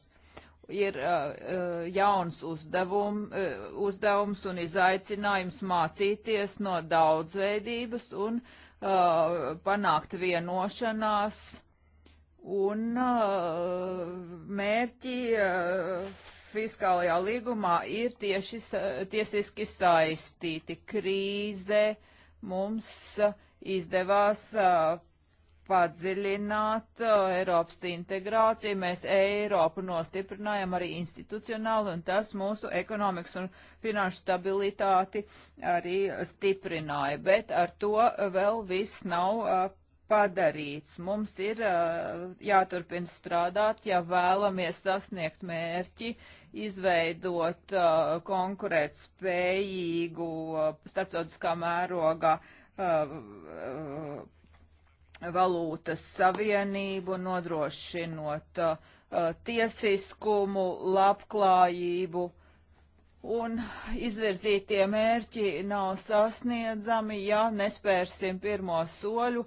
Ir uh, uh jauns uzdevum, uh, uzdevums un izaicinājums mācīties no daudzveidības un uh, panākt vienošanās un uh, mērķi uh, fiskālajā līgumā ir tieši, tiesiski saistīti krīze, uh, mums uh, izdevās uh, padziļināt uh, Eiropas integrāciju. Mēs Eiropu nostiprinājām arī institucionāli, un tas mūsu ekonomikas un finanšu stabilitāti arī stiprināja. Bet ar to vēl viss nav padarīts. Mums ir jāturpina strādāt, ja vēlamies sasniegt mērķi, izveidot konkurēt spējīgu starptautiskā mērogā valūtas savienību, nodrošinot tiesiskumu, labklājību un izvirzītie mērķi nav sasniedzami, ja nespērsim pirmo soļu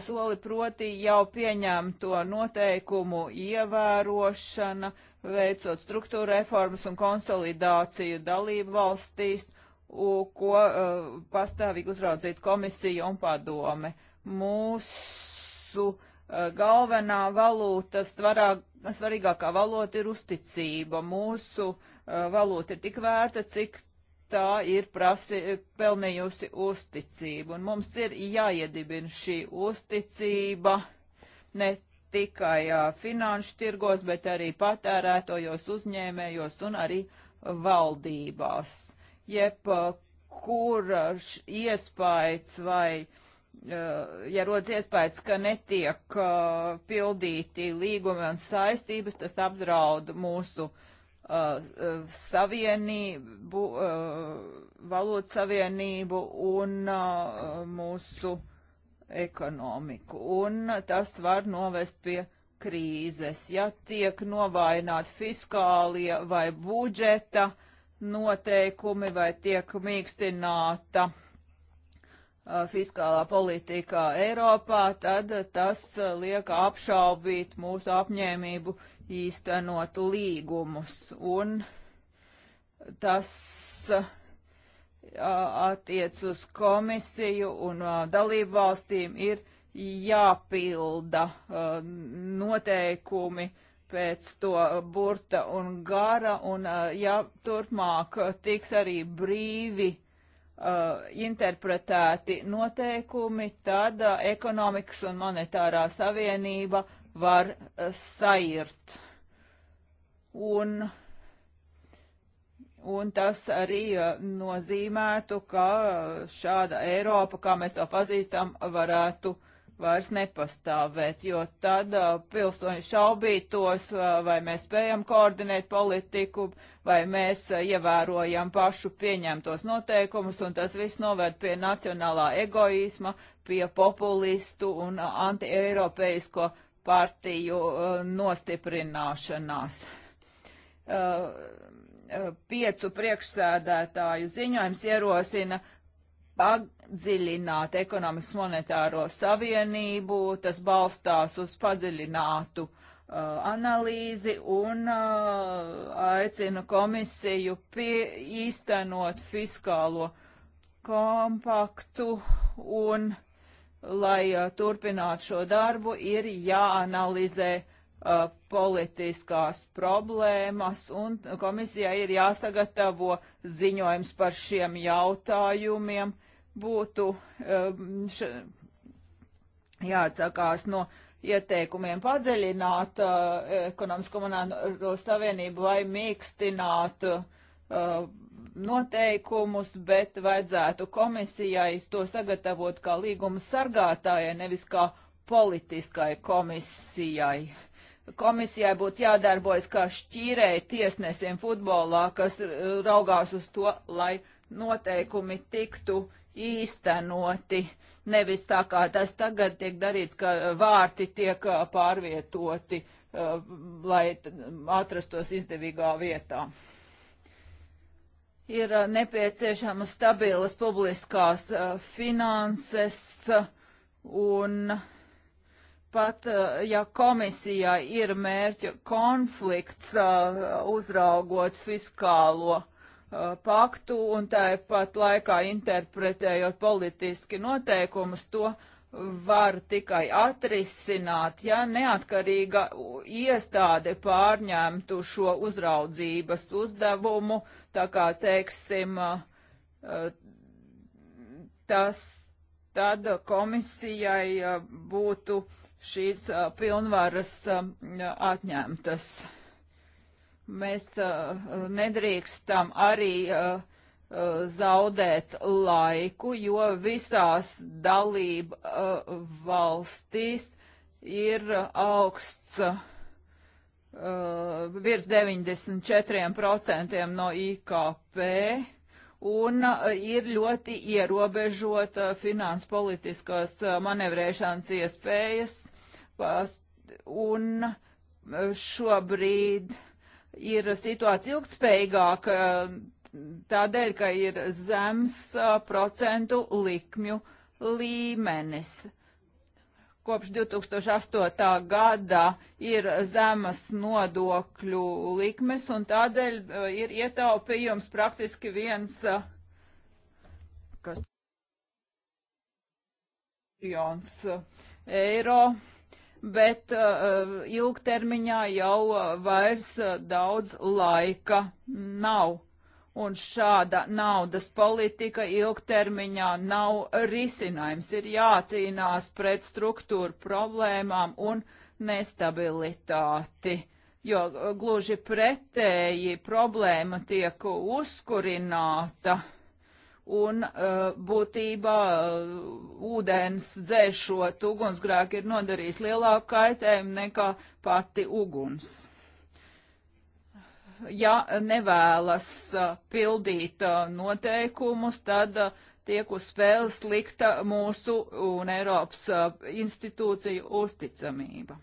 soli, proti jau pieņemto noteikumu ievērošana, veicot struktūra reformas un konsolidāciju dalību valstīs, ko uh, pastāvīgi uzraudzītu komisija un padome. Mūsu uh, galvenā valūta, svarāk, svarīgākā valūta ir uzticība. Mūsu uh, valūta ir tik vērta, cik tā ir prasi, pelnījusi uzticību. Un mums ir jāiedibina šī uzticība ne tikai jā, finanšu tirgos, bet arī patērētojos uzņēmējos un arī valdībās. Jeb kur iespējas vai ja rodas iespējas, ka netiek uh, pildīti līgumi un saistības, tas apdraud mūsu uh, savienību, eh, valodas savienību un eh, mūsu ekonomiku. Un tas var novest pie krīzes, ja tiek novaināti fiskālie vai budžeta noteikumi vai tiek mīkstināta eh, fiskālā politikā Eiropā, tad tas liek apšaubīt mūsu apņēmību īstenot līgumus, un tas attiec uz komisiju un dalību valstīm ir jāpilda noteikumi pēc to burta un gara, un ja turpmāk tiks arī brīvi Uh, interpretēti noteikumi, tad uh, ekonomikas un monetārā savienība var eh, sairt. Un, un tas arī eh, nozīmētu, ka eh, šāda Eiropa, kā mēs to pazīstam, varētu vairs nepastāvēt, jo tad uh, pilsoņi šaubītos, uh, vai mēs spējam koordinēt politiku, vai mēs uh, ievērojam pašu pieņemtos noteikumus, un tas viss noved pie nacionālā egoisma, pie populistu un antieiropeisko partiju eh, nostiprināšanās. Eh, eh, piecu priekšsēdētāju ziņojums ierosina padziļināt ekonomikas monetāro savienību, tas balstās uz padziļinātu uh, analīzi un uh, aicinu komisiju pie, īstenot fiskālo kompaktu un uh, lai uh, turpinātu šo darbu, ir jāanalizē uh, politiskās problēmas, un komisijai ir jāsagatavo ziņojums par šiem jautājumiem. Būtu um, š, jāatsakās no ieteikumiem padziļināt uh, ekonomisko monētu savienību vai mīkstināt uh, noteikumus, bet vajadzētu komisijai to sagatavot kā līguma sargātājai, nevis kā politiskai komisijai. Komisijai būtu jādarbojas kā šķīrēji tiesnesim futbolā, kas eh, raugās uz to, lai noteikumi tiktu īstenoti, nevis tā kā tas tagad tiek darīts, ka vārti tiek eh, pārvietoti, eh, lai atrastos izdevīgā vietā ir nepieciešamas stabilas publiskās finanses un pat ja komisijā ir mērķa konflikts uzraugot fiskālo paktu un tāpat laikā interpretējot politiski noteikumus, to var tikai atrisināt, ja neatkarīga iestāde pārņemtu šo uzraudzības uzdevumu, tā kā, teiksim, eh, tas tad komisijai eh, būtu šīs eh, pilnvaras atņemtas. Mēs nedrīkstam arī uh, Eh, zaudēt laiku, jo visās dalība eh, valstīs ir augsts eh, virs 94% no IKP un ir ļoti ierobežota finanses politiskās manevrēšanas iespējas. Un šobrīd ir situācija ilgtspējīgāka tādēļ, ka ir zems procentu likmju līmenis. Kopš 2008. gada ir zemas nodokļu likmes, un tādēļ ir ietaupījums praktiski viens kas miljons eiro, bet ilgtermiņā jau vairs daudz laika nav Un šāda naudas politika ilgtermiņā nav risinājums. Ir jācīnās pret struktūru problēmām un nestabilitāti, jo gluži pretēji problēma tiek uzkurināta un uh, būtībā uh, ūdens dzēšot ugunsgrēku ir nodarījis lielāku kaitējumu nekā pati uguns ja nevēlas uh, pildīt uh, noteikumus, tad uh, tiek uz spēles likta mūsu un Eiropas institūciju uzticamība.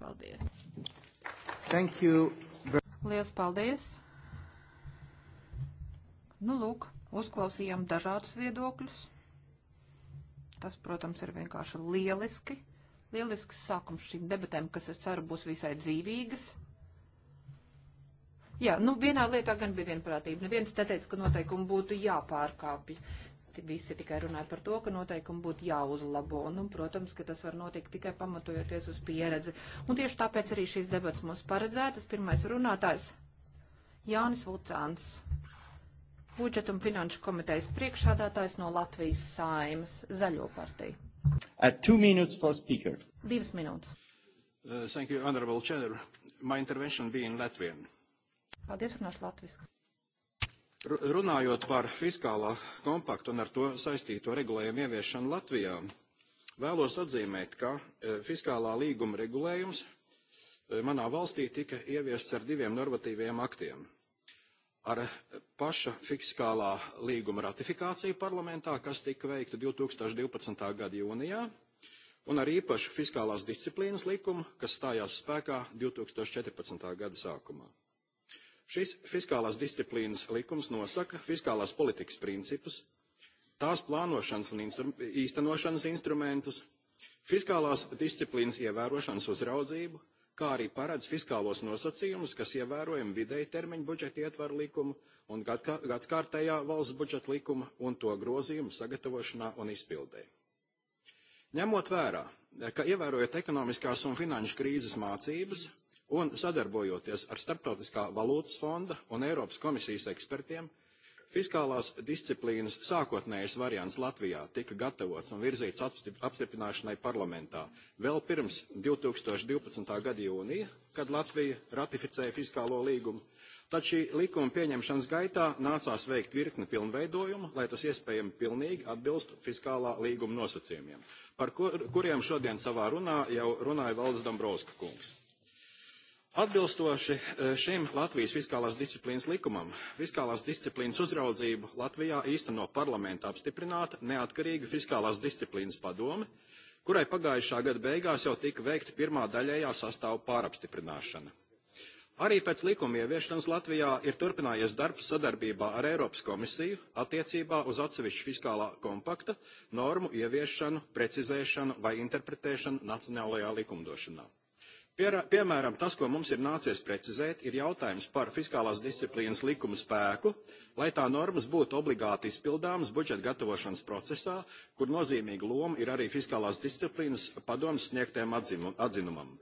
Paldies. Thank you. Lielas paldies. Nu, lūk, uzklausījām dažādus viedokļus. Tas, protams, ir vienkārši lieliski. Lielisks sākums šīm debatēm, kas, es ceru, būs visai dzīvīgas. Jā, nu vienā lietā gan bija vienprātība. Neviens neteica, ka noteikumi būtu jāpārkāpj. Visi tikai runāja par to, ka noteikumi būtu jāuzlabo. Un, nu, protams, ka tas var notikt tikai pamatojoties uz pieredzi. Un tieši tāpēc arī šīs debats mums paredzētas. Pirmais runātājs Jānis Vulcāns, budžeta un finanšu komitejas priekšādātājs no Latvijas saimas Zaļo partiju. Divas minūtes. Uh, thank you, Honorable Chair. My intervention being Latvian. Paldies, runāšu latviski. Runājot par fiskālā kompaktu un ar to saistīto regulējumu ieviešanu Latvijā, vēlos atzīmēt, ka e, fiskālā līguma regulējums e, manā valstī tika ieviests ar diviem normatīviem aktiem. Ar e, paša fiskālā līguma ratifikāciju parlamentā, kas tika veikta 2012. gada jūnijā, un ar īpašu fiskālās disciplīnas likumu, kas stājās spēkā 2014. gada sākumā. Šis fiskālās disciplīnas likums nosaka fiskālās politikas principus, tās plānošanas un instru īstenošanas instrumentus, fiskālās disciplīnas ievērošanas uzraudzību, kā arī paredz fiskālos nosacījumus, kas ievērojami vidēji termiņu budžeta ietvaru likumu un gadskārtējā valsts budžeta likuma un to grozījumu sagatavošanā un izpildē. Ņemot vērā, ka ievērojot ekonomiskās un finanšu krīzes mācības, un sadarbojoties ar Starptautiskā valūtas fonda un Eiropas komisijas ekspertiem, fiskālās disciplīnas sākotnējais variants Latvijā tika gatavots un virzīts apstiprināšanai parlamentā vēl pirms 2012. gada jūnija, kad Latvija ratificēja fiskālo līgumu, Tad šī likuma pieņemšanas gaitā nācās veikt virkni pilnveidojumu, lai tas iespējami pilnīgi atbilstu fiskālā līguma nosacījumiem, par kur, kuriem šodien savā runā jau runāja Valdes Dombrovska kungs. Atbilstoši eh, šim Latvijas fiskālās disciplīnas likumam, fiskālās disciplīnas uzraudzību Latvijā īsteno parlamenta apstiprināta neatkarīga fiskālās disciplīnas padome, kurai pagājušā gada beigās jau tika veikta pirmā daļējā sastāva pārapstiprināšana. Arī pēc likuma ieviešanas Latvijā ir turpinājies darbs sadarbībā ar Eiropas komisiju attiecībā uz atsevišķu fiskālā kompakta normu ieviešanu, precizēšanu vai interpretēšanu nacionālajā likumdošanā. Piemēram, tas, ko mums ir nācies precizēt, ir jautājums par fiskālās disciplīnas likuma spēku, lai tā normas būtu obligāti izpildāmas budžeta gatavošanas procesā, kur nozīmīga loma ir arī fiskālās disciplīnas padomas sniegtējiem atzinumam.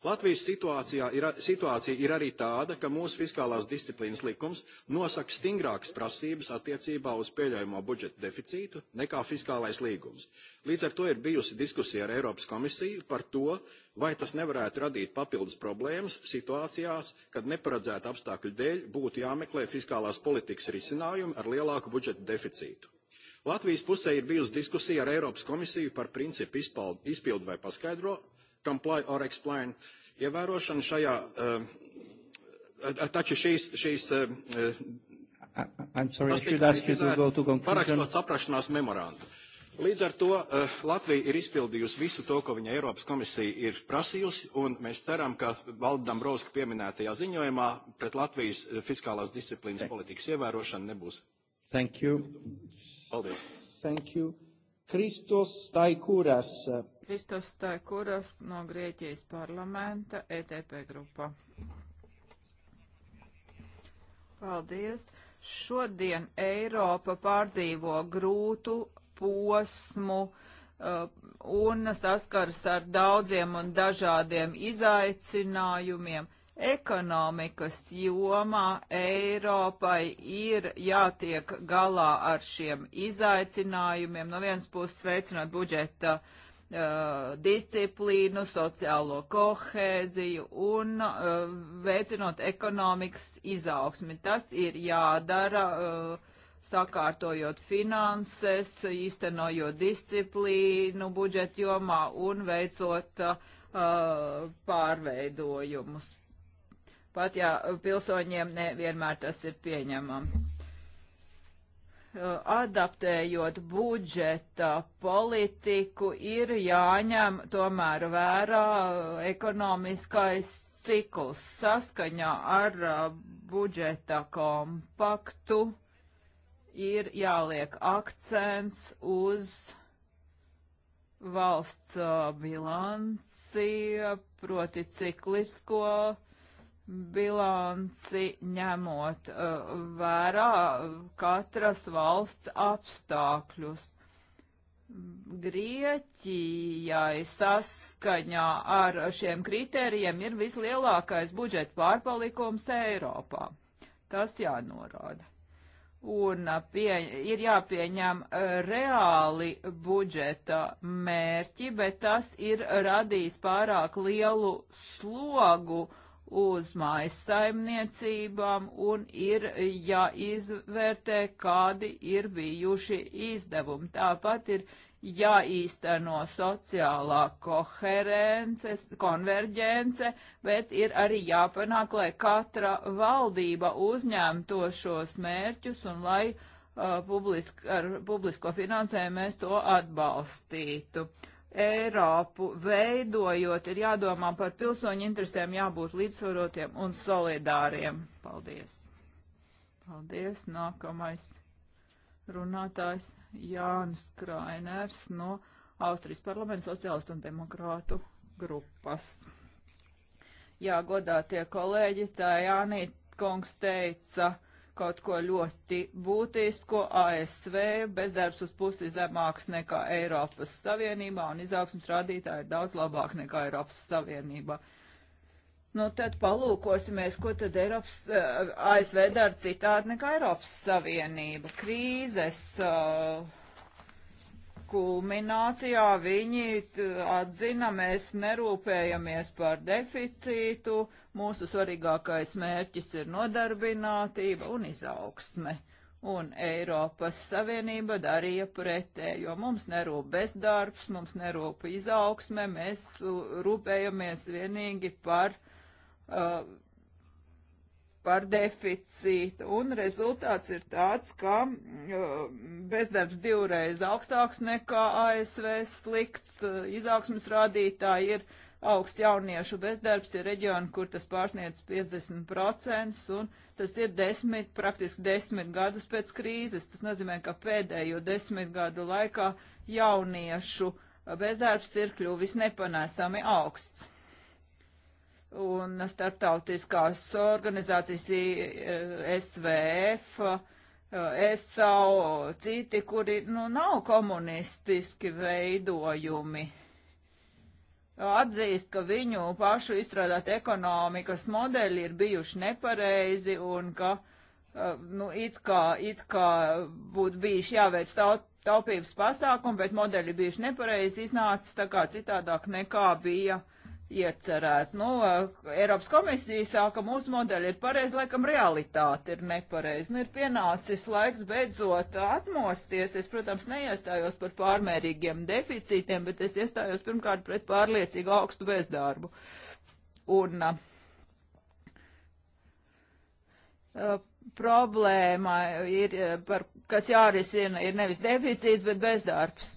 Latvijas situācijā ir, situācija ir arī tāda, ka mūsu fiskālās disciplīnas likums nosaka stingrākas prasības attiecībā uz pieļaujamo budžeta deficītu nekā fiskālais līgums. Līdz ar to ir bijusi diskusija ar Eiropas komisiju par to, vai tas nevarētu radīt papildus problēmas situācijās, kad neparedzēta apstākļu dēļ būtu jāmeklē fiskālās politikas risinājumi ar lielāku budžeta deficītu. Latvijas pusē ir bijusi diskusija ar Eiropas komisiju par principu izpildu vai paskaidro comply or explain. Ievērošana šajā, uh, taču šīs, šīs uh, I'm sorry, tas tika kritizēts parakstot saprašanās memorandu. Līdz ar to uh, Latvija ir izpildījusi visu to, ko viņa Eiropas komisija ir prasījusi, un mēs ceram, ka Valdam Brauska pieminētajā ziņojumā pret Latvijas fiskālās disciplīnas Thank. politikas ievērošana nebūs. Thank you. Paldies. Thank you. Kristos Staikūras, Kristos Taikuras no Grieķijas parlamenta ETP grupa. Paldies! Šodien Eiropa pārdzīvo grūtu posmu uh, un saskars ar daudziem un dažādiem izaicinājumiem. Ekonomikas jomā Eiropai ir jātiek galā ar šiem izaicinājumiem. No vienas puses veicinot budžeta uh, uh, disciplīnu, sociālo kohēziju un uh, veicinot ekonomikas izaugsmi. Tas ir jādara uh, sakārtojot finanses, īstenojot disciplīnu budžeta jomā un veicot uh, pārveidojumus. Pat ja pilsoņiem nevienmēr tas ir pieņemams adaptējot budžeta politiku, ir jāņem tomēr vērā ekonomiskais cikls saskaņā ar uh, budžeta kompaktu. Ir jāliek akcents uz valsts uh, bilanci, proti ciklisko uh, bilanci ņemot uh, vērā katras valsts apstākļus. Grieķijai saskaņā ar šiem kritērijiem ir vislielākais budžeta pārpalikums Eiropā. Tas jānorāda. Un uh, pie, ir jāpieņem uh, reāli budžeta mērķi, bet tas ir radījis pārāk lielu slogu uh, uz maistaimniecībām un ir jāizvērtē, kādi ir bijuši izdevumi. Tāpat ir jāīsteno sociālā koherence, konverģence, bet ir arī jāpanāk, lai katra valdība uzņemto šos mērķus un lai uh, publisk, ar publisko finansējumu mēs to atbalstītu. Uh, Eiropu veidojot, ir jādomā par pilsoņu interesēm, jābūt līdzsvarotiem un solidāriem. Paldies! Paldies! Nākamais runātājs Jānis Krainers no Austrijas parlamenta sociālistu un demokrātu grupas. Jā, godātie kolēģi, tā Jānīt kungs teica, uh, kaut ko ļoti būtisku. ASV bezdarbs uz pusi zemāks nekā Eiropas Savienībā un izaugsmas rādītāji ir daudz labāk nekā Eiropas Savienībā. Nu, tad palūkosimies, ko tad Eiropas, uh, eh, ASV dara citādi nekā Eiropas Savienība. Krīzes uh, kulminācijā viņi atzina, mēs nerūpējamies par deficītu, mūsu svarīgākais mērķis ir nodarbinātība un izaugsme. Un Eiropas Savienība darīja pretējo. Mums nerūp bezdarbs, mums nerūp izaugsme, mēs rūpējamies vienīgi par uh, par deficītu, un rezultāts ir tāds, ka mm, bezdarbs divreiz augstāks nekā ASV slikts, mm, izaugsmas rādītāji ir augsts jauniešu bezdarbs, ir reģioni, kur tas pārsniedz 50%, un tas ir desmit, praktiski desmit gadus pēc krīzes. Tas nozīmē, ka pēdējo desmit gadu laikā jauniešu bezdarbs ir kļuvis nepanesami augsts un starptautiskās organizācijas e, SVF, e, SAO, citi, kuri nu, nav komunistiski veidojumi, atzīst, ka viņu pašu izstrādāt ekonomikas modeļi ir bijuši nepareizi un ka e, nu, it, kā, it kā būtu bijuši jāveic taut, taupības pasākumi, bet modeļi bijuši nepareizi iznācis tā kā citādāk nekā bija uh, iecerēts. Nu, Eiropas komisija sāka mūsu modeļi ir pareizi, laikam realitāte ir nepareizi. Nu, ir pienācis laiks beidzot atmosties. Es, protams, neiestājos par pārmērīgiem deficītiem, bet es iestājos pirmkārt pret pārliecīgu augstu bezdarbu. Un uh, problēma ir, uh, par, kas jārisina, ir nevis deficīts, bet bezdarbs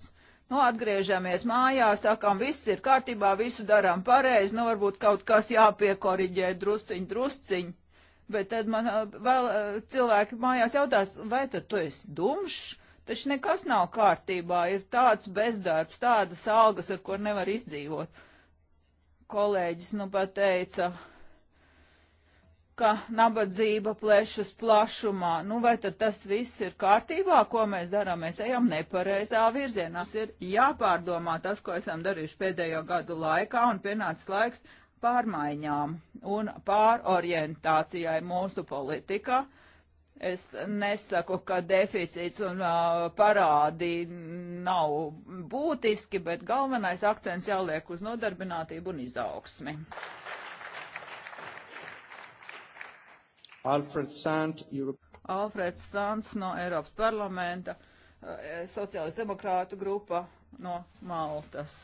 Nu, atgriežamies mājās, sakām, viss ir kārtībā, visu darām pareizi, nu, varbūt kaut kas jāpiekoriģē drusciņ, drusciņ. Bet tad man uh, vēl uh, cilvēki mājās jautās, vai tad tu esi dumšs? Taču nekas nav kārtībā, ir tāds bezdarbs, tādas algas, ar ko nevar izdzīvot. Kolēģis nu pat teica, uh, ka nabadzība plešas plašumā. Nu, vai tad tas viss ir kārtībā, ko mēs darām? Mēs ejam nepareizā virzienā. Ir jāpārdomā tas, ko esam darījuši pēdējo gadu laikā, un pienācis laiks pārmaiņām un pārorientācijai mūsu politikā. Es nesaku, ka deficīts un uh, parādi nav būtiski, bet galvenais akcents jāliek uz nodarbinātību un izaugsmi. Alfred Sant, Europe... Alfred Sants no Eiropas parlamenta, eh, sociālistu demokrātu grupa no Maltas.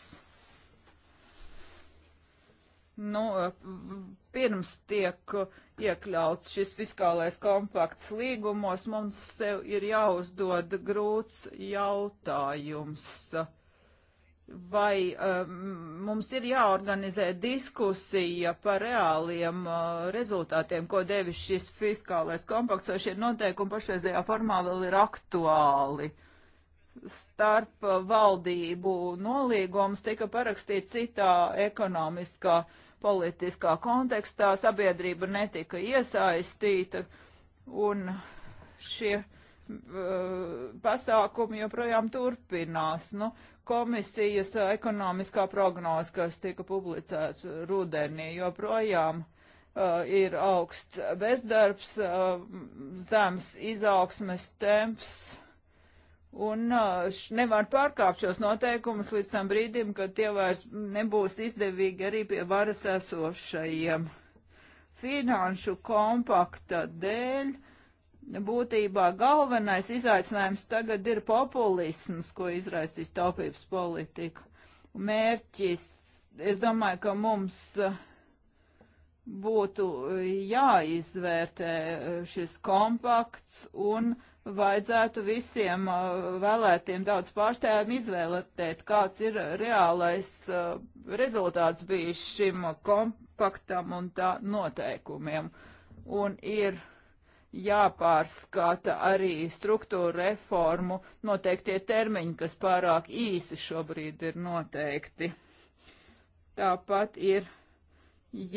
Nu, eh, pirms tiek eh, iekļauts šis fiskālais kompakts līgumos, mums sev ir jāuzdod grūts jautājums. Uh, vai um, mums ir jāorganizē diskusija par reāliem uh, rezultātiem, ko devis šis fiskālais kompakts, vai šie noteikumi pašreizējā formā vēl ir aktuāli. Starp valdību nolīgums tika parakstīts citā ekonomiskā politiskā kontekstā, sabiedrība netika iesaistīta, un šie uh, pasākumi joprojām turpinās. Nu, uh, komisijas ekonomiskā prognoze, kas tika publicēts rudenī, joprojām uh, ir augsts bezdarbs, uh, zems izaugsmes temps. Un uh, nevar pārkāpt šos noteikumus līdz tam brīdim, kad tie vairs nebūs izdevīgi arī pie varas esošajiem. Finanšu kompakta dēļ uh, būtībā galvenais izaicinājums tagad ir populisms, ko izraisīs taupības politika. Mērķis, es domāju, ka mums eh, būtu eh, jāizvērtē eh, šis kompakts un vajadzētu visiem vēlētiem daudz pārstāvjiem izvēlētēt, kāds ir reālais rezultāts bijis šim kompaktam un tā noteikumiem. Un ir uh, jāpārskata arī struktūra reformu noteiktie termiņi, kas pārāk īsi šobrīd ir noteikti. Tāpat ir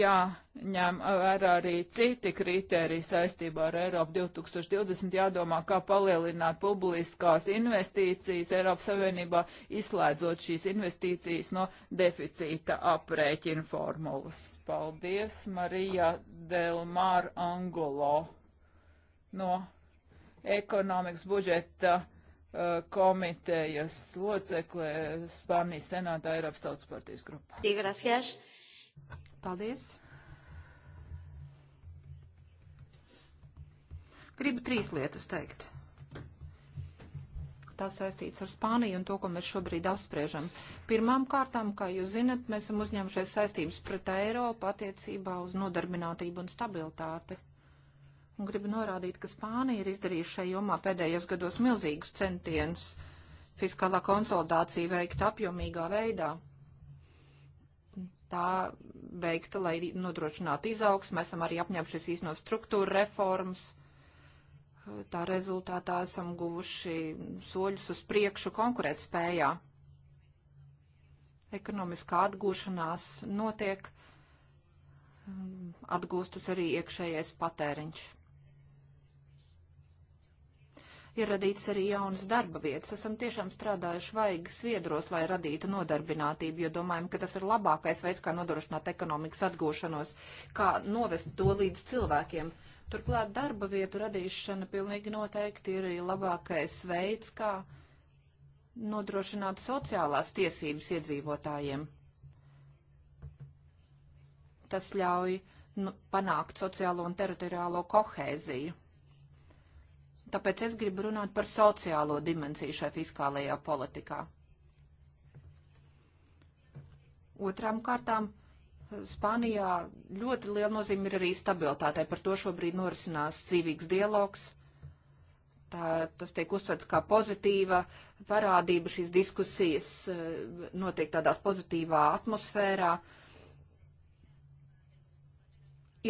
jāņem vērā arī citi kriteriji saistībā ar Eiropu 2020, jādomā, kā palielināt publiskās investīcijas Eiropas Savienībā, izslēdzot šīs investīcijas no deficīta aprēķina formulas. Paldies, Marija Delmāra Angolo no ekonomikas budžeta uh, komitejas locekle Spānijas senātā Eiropas tautas partijas grupā. Gracias. Paldies. Gribu trīs lietas teikt. Tas saistīts ar Spāniju un to, ko mēs šobrīd apspriežam. Pirmām kārtām, kā jūs zinat, mēs esam uzņēmušies saistības pret Eiropu attiecībā uz nodarbinātību un stabilitāti un gribu norādīt, ka Spānija ir izdarījusi šai jomā pēdējos gados milzīgus centienus fiskālā konsolidācija veikt apjomīgā veidā. Tā veikta, lai nodrošinātu izaugsmu, esam arī apņēmušies īstenot struktūra reformas. Tā rezultātā esam guvuši soļus uz priekšu konkurētspējā. Ekonomiskā atgūšanās notiek atgūstas arī iekšējais patēriņš ir radīts arī jaunas darba vietas. Esam tiešām strādājuši vaigas viedros, lai radītu nodarbinātību, jo domājam, ka tas ir labākais veids, kā nodrošināt ekonomikas atgūšanos, kā novest to līdz cilvēkiem. Turklāt darba vietu radīšana pilnīgi noteikti ir labākais veids, kā nodrošināt sociālās tiesības iedzīvotājiem. Tas ļauj nu, panākt sociālo un teritoriālo kohēziju Tāpēc es gribu runāt par sociālo dimensiju šai fiskālajā politikā. Otrām kārtām. Spānijā ļoti liela nozīme ir arī stabilitātei. Par to šobrīd norisinās dzīvīgs dialogs. Tā, tas tiek uzsverts kā pozitīva parādība. Šīs diskusijas eh, notiek tādās pozitīvā atmosfērā. Uh,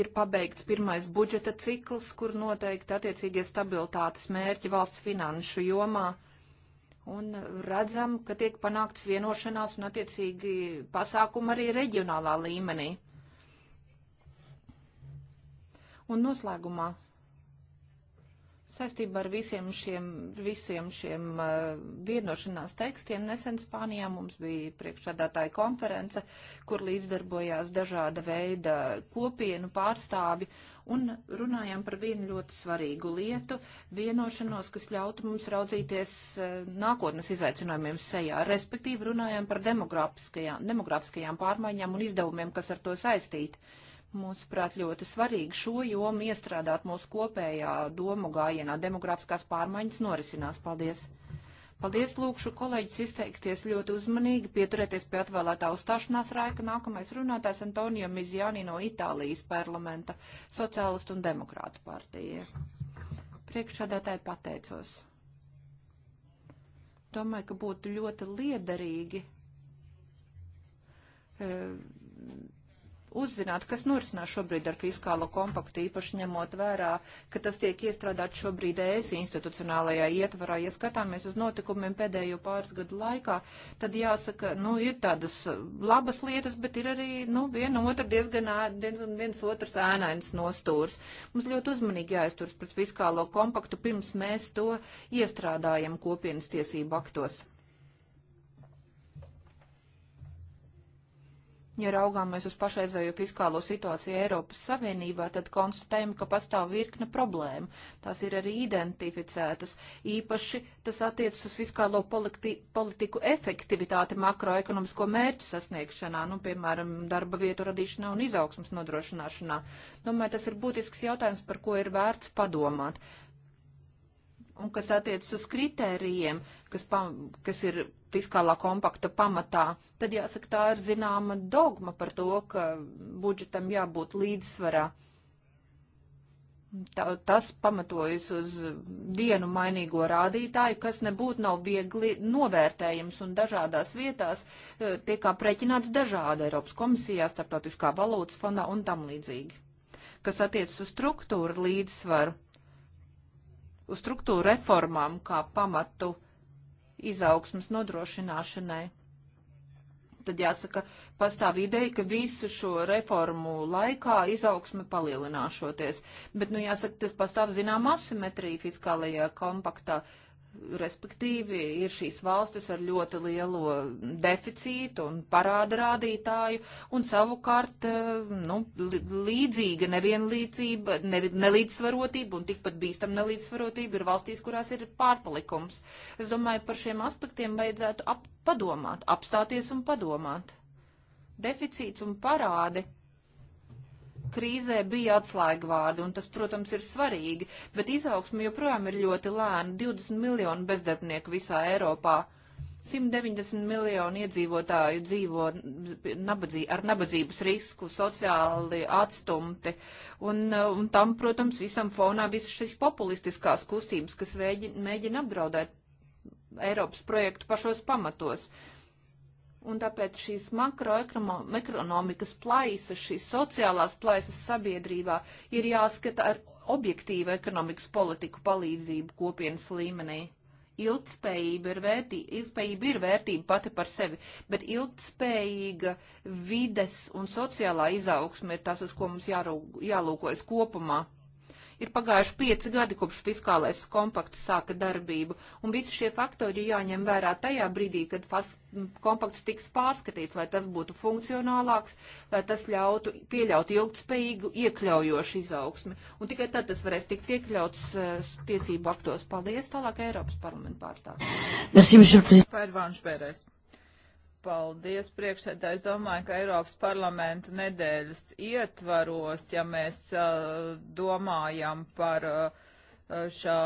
ir pabeigts pirmais budžeta cikls, kur noteikti attiecīgie stabilitātes mērķi valsts finanšu jomā. Un redzam, ka tiek panākts vienošanās un attiecīgi pasākumi arī reģionālā līmenī. Un noslēgumā Saistībā ar visiem šiem, visiem šiem uh, vienošanās tekstiem nesen Spānijā mums bija priekšādātāja konference, kur līdzdarbojās dažāda veida kopienu pārstāvi un runājām par vienu ļoti svarīgu lietu - vienošanos, kas ļautu mums raudzīties uh, nākotnes izaicinājumiem sejā. Respektīvi runājām par demografiskajām, demografiskajām pārmaiņām un izdevumiem, kas ar to saistīti. Uh, Mūsuprāt, ļoti svarīgi šo jomu iestrādāt mūsu kopējā domu gājienā. Demografiskās pārmaiņas norisinās. Paldies! Paldies, lūkšu kolēģis izteikties ļoti uzmanīgi, pieturēties pie atvēlētā uzstāšanās raika. Nākamais runātājs Antonio Mizjāni no Itālijas parlamenta, Sociālistu un Demokrātu partija. Priekšādātāji pateicos. Domāju, ka būtu ļoti liederīgi. E, uzzināt, kas norisinās šobrīd ar fiskālo kompaktu, īpaši ņemot vērā, ka tas tiek iestrādāt šobrīd ES institucionālajā ietvarā. Ja skatāmies uz notikumiem pēdējo pāris gadu laikā, tad jāsaka, nu, ir tādas labas lietas, bet ir arī, nu, viena otra diezgan, diezgan viens otrs ēnains nostūrs. Mums ļoti uzmanīgi jāizturas pret fiskālo kompaktu, pirms mēs to iestrādājam kopienas tiesību aktos. Ja raugāmies uz pašreizējo fiskālo situāciju Eiropas Savienībā, tad konstatējam, ka pastāv virkne problēmu. Tās ir arī identificētas. Īpaši tas attiecas uz fiskālo politi politiku efektivitāti makroekonomisko mērķu sasniegšanā, nu, piemēram, darba vietu radīšanā un izaugsmas nodrošināšanā. Domāju, tas ir būtisks jautājums, par ko ir vērts padomāt. Un kas attiecas uz kritērijiem, kas, pa, kas ir fiskālā kompakta pamatā, tad jāsaka, tā ir zināma dogma par to, ka budžetam jābūt līdzsvarā. Tā, tas pamatojas uz vienu mainīgo rādītāju, kas nebūtu nav viegli novērtējams un dažādās vietās e, tiek aprēķināts dažādi Eiropas komisijā, starptautiskā valūtas fondā un tam līdzīgi. Kas attiecas uz struktūru līdzsvaru, uz struktūru reformām kā pamatu uh, izaugsmas nodrošināšanai. Tad jāsaka, pastāv ideja, ka visu šo reformu laikā izaugsme palielināšoties. Bet, nu, jāsaka, tas pastāv zinām asimetrija fiskālajā kompaktā. Uh, respektīvi ir šīs valstis ar ļoti lielo deficītu un parāda rādītāju, un savukārt eh, nu, līdzīga nevienlīdzība, ne, nelīdzsvarotība un tikpat bīstam nelīdzsvarotība ir valstīs, kurās ir pārpalikums. Es domāju, par šiem aspektiem vajadzētu ap padomāt, apstāties un padomāt. Deficīts un parādi krīzē bija atslēgvārdi, un tas, protams, ir svarīgi, bet izaugsme joprojām ir ļoti lēna - 20 miljonu bezdarbnieku visā Eiropā. 190 miljonu iedzīvotāju dzīvo nabadzī, ar nabadzības risku, sociāli atstumti. Un, uh, un tam, protams, visam fonā visas šīs populistiskās kustības, kas vēģi, mēģina apdraudēt Eiropas projektu pašos pamatos. Uh, Un tāpēc šīs makroekonomikas plaisas, šīs sociālās plaisas sabiedrībā ir jāskata ar objektīvu ekonomikas politiku palīdzību kopienas līmenī. Ilgtspējība ir, vērtī, ilgtspējība ir vērtība pati par sevi, bet ilgtspējīga vides un sociālā izaugsme ir tas, uz ko mums jārū, jālūkojas kopumā. Ir pagājuši pieci gadi, kopš fiskālais kompakts sāka darbību, un visi šie faktori jāņem vērā tajā brīdī, kad fas, kompakts tiks pārskatīts, lai tas būtu funkcionālāks, lai tas ļautu pieļaut ilgtspējīgu, iekļaujošu izaugsmi. Un tikai tad tas varēs tikt iekļauts uh, tiesību aktos. Paldies, tālāk Eiropas parlamentu pārstāvjiem. Paldies, priekšsēdētāji. Es domāju, ka Eiropas parlamentu nedēļas ietvaros, ja mēs uh, domājam par uh, šā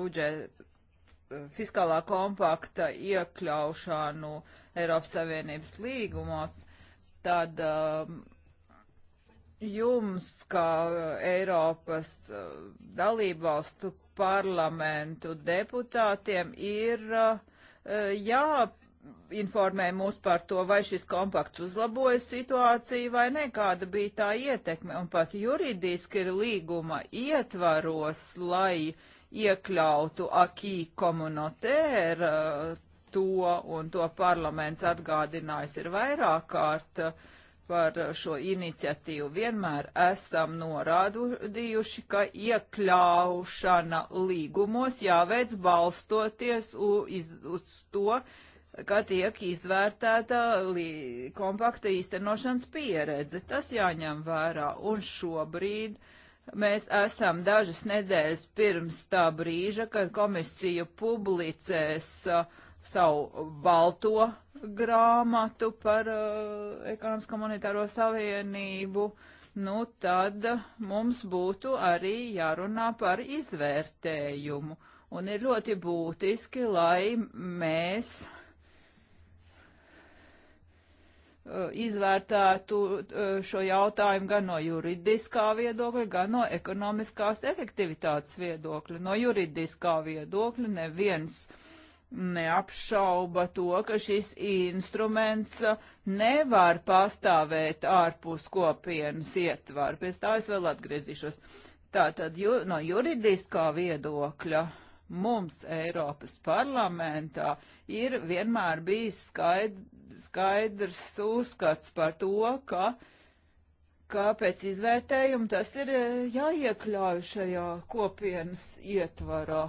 budžeta uh, fiskālā kompakta iekļaušanu Eiropas Savienības līgumos, tad um, jums, kā Eiropas uh, dalībvalstu parlamentu deputātiem, ir uh, jā informēja mūs par to, vai šis kompakts uzlaboja situāciju vai ne, kāda bija tā ietekme. Un pat juridiski ir līguma ietvaros, lai iekļautu akī komunotēra uh, to, un to parlaments atgādinājis ir vairāk kārt uh, par šo iniciatīvu. Vienmēr esam norādījuši, ka iekļaušana līgumos jāveic balstoties uz, uz to, uh, ka tiek izvērtēta kompakta īstenošanas pieredze. Tas jāņem vērā. Un šobrīd mēs esam dažas nedēļas pirms tā brīža, kad komisija publicēs a, savu balto grāmatu par uh, ekonomisko monetāro savienību, nu tad mums būtu arī jārunā par izvērtējumu. Un ir ļoti būtiski, lai mēs uh, Eh, izvērtētu eh, šo jautājumu gan no juridiskā viedokļa, gan no ekonomiskās efektivitātes viedokļa. No juridiskā viedokļa neviens neapšauba to, ka šis instruments eh, nevar pastāvēt ārpus kopienas ietvaru. Pēc tā es vēl atgriezīšos. Tātad ju, no juridiskā viedokļa mums Eiropas parlamentā ir vienmēr bijis skaidrs skaidrs uzskats par to, ka kāpēc izvērtējumu tas ir e, jāiekļauj šajā kopienas ietvarā.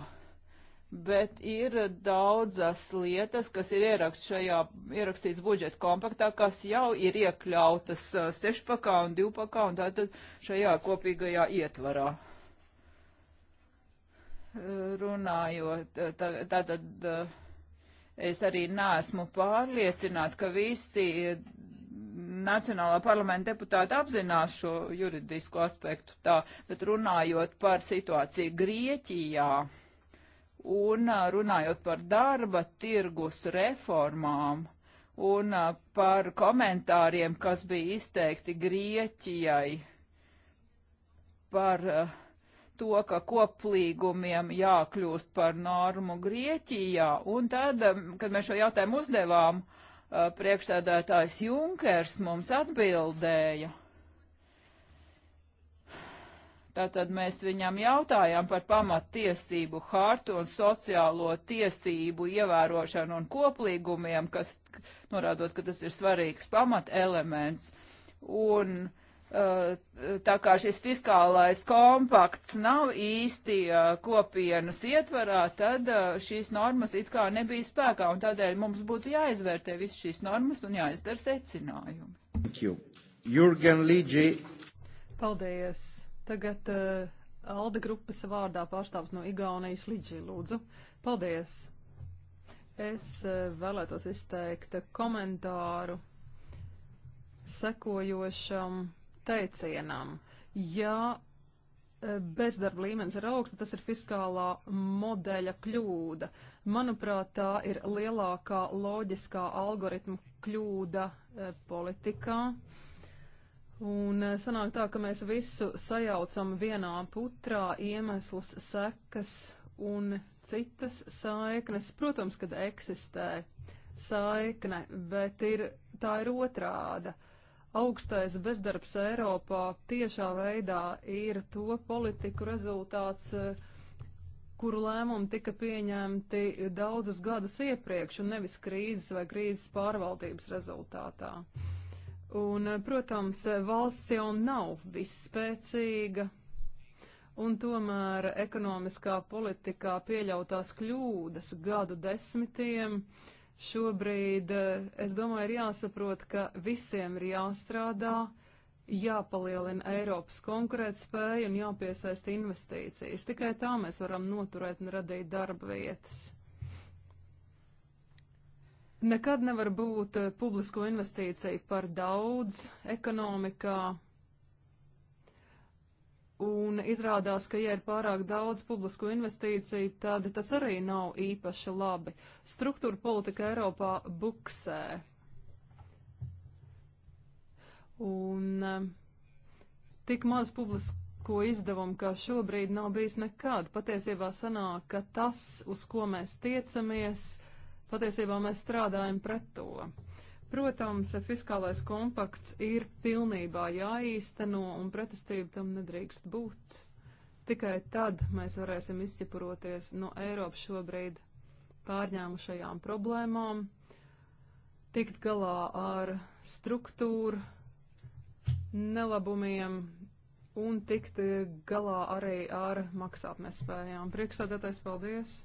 Bet ir daudzas lietas, kas ir ierakst šajā, ierakstīts budžeta kompaktā, kas jau ir iekļautas e, sešpakā un divpakā un tātad šajā kopīgajā ietvarā. E, runājot, tātad. Tā, tā, tā, tā Es arī neesmu pārliecināta, ka visi Nacionālā parlamenta deputāti apzinās šo juridisko aspektu tā, bet runājot par situāciju Grieķijā un runājot par darba tirgus reformām un par komentāriem, kas bija izteikti Grieķijai par uh, to, ka koplīgumiem jākļūst par normu Grieķijā. Un tad, um, kad mēs šo jautājumu uzdevām, uh, priekšsēdētājs Junkers mums atbildēja. Tātad mēs viņam jautājām par pamattiesību hartu un sociālo tiesību ievērošanu un koplīgumiem, kas norādot, ka tas ir svarīgs pamatelements. Un uh, Uh, tā kā šis fiskālais kompakts nav īsti uh, kopienas ietvarā, tad uh, šīs normas it kā nebija spēkā, un tādēļ mums būtu jāizvērtē visas šīs normas un jāizdara secinājumi. Thank you. Jurgen Līdži. Paldies. Tagad uh, Alda grupas vārdā pārstāvs no Igaunijas Līdži, lūdzu. Paldies. Es uh, vēlētos izteikt komentāru sekojošam. Um, teicienam, ja e, bezdarba līmenis ir augsts, tas ir fiskālā modeļa kļūda. Manuprāt, tā ir lielākā loģiskā algoritmu kļūda e, politikā. Un e, sanāk tā, ka mēs visu sajaucam vienā putrā iemeslus, sekas un citas saiknes. Protams, kad eksistē saikne, bet ir, tā ir otrāda. Uh, Augstais bezdarbs Eiropā tiešā veidā ir to politiku rezultāts, kuru lēmumi tika pieņemti daudzus gadus iepriekš un nevis krīzes vai krīzes pārvaldības rezultātā. Un, protams, valsts jau nav visspēcīga, un tomēr ekonomiskā politikā pieļautās kļūdas gadu desmitiem uh, Šobrīd eh, es domāju, ir jāsaprot, ka visiem ir jāstrādā, jāpalielina Eiropas konkurētspēja un jāpiesaista investīcijas. Tikai tā mēs varam noturēt un radīt darba vietas. Nekad nevar būt eh, publisko investīciju par daudz ekonomikā, Un izrādās, ka, ja ir pārāk daudz publisko investīciju, tad tas arī nav īpaši labi. Struktūra politika Eiropā buksē. Un eh, tik maz publisko izdevumu, kā šobrīd nav bijis nekad, patiesībā sanāk, ka tas, uz ko mēs tiecamies, patiesībā mēs strādājam pret to. Protams, fiskālais kompakts ir pilnībā jāīsteno un pretestība tam nedrīkst būt. Tikai tad mēs varēsim izķepuroties no Eiropas šobrīd pārņēmušajām problēmām, tikt galā ar struktūru nelabumiem un tikt galā arī ar maksātnespējām. Priekšsādātais paldies!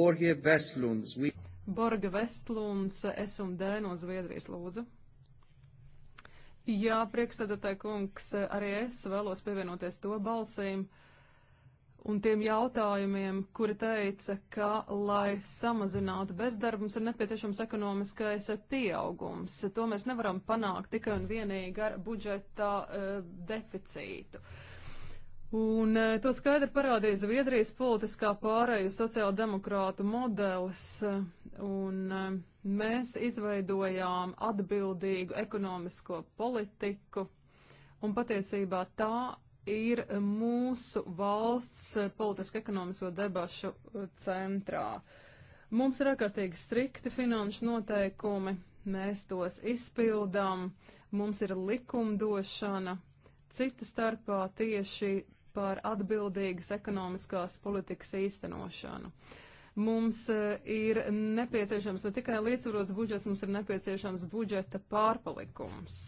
Borgie Veslunds. We... Borga Vestlunds, S&D no Zviedrijas lūdzu. Jā, priekšstādātāji kungs, arī es vēlos pievienoties to balsīm un tiem jautājumiem, kuri teica, ka, lai samazinātu bezdarbu, mums ir nepieciešams ekonomiskais pieaugums. To mēs nevaram panākt tikai un vienīgi ar budžeta uh, deficītu. Uh, Un eh, to skaidri parādīja Zviedrijas politiskā pārēju sociāldemokrātu modelis, eh, un eh, mēs izveidojām atbildīgu ekonomisko politiku, un patiesībā tā ir mūsu valsts politisko-ekonomisko debašu centrā. Mums ir ārkārtīgi strikti finanšu noteikumi, mēs tos izpildām, mums ir likumdošana, citu starpā tieši par atbildīgas ekonomiskās politikas īstenošanu. Mums e, ir nepieciešams ne tikai līdzsvarots budžets, mums ir nepieciešams budžeta pārpalikums.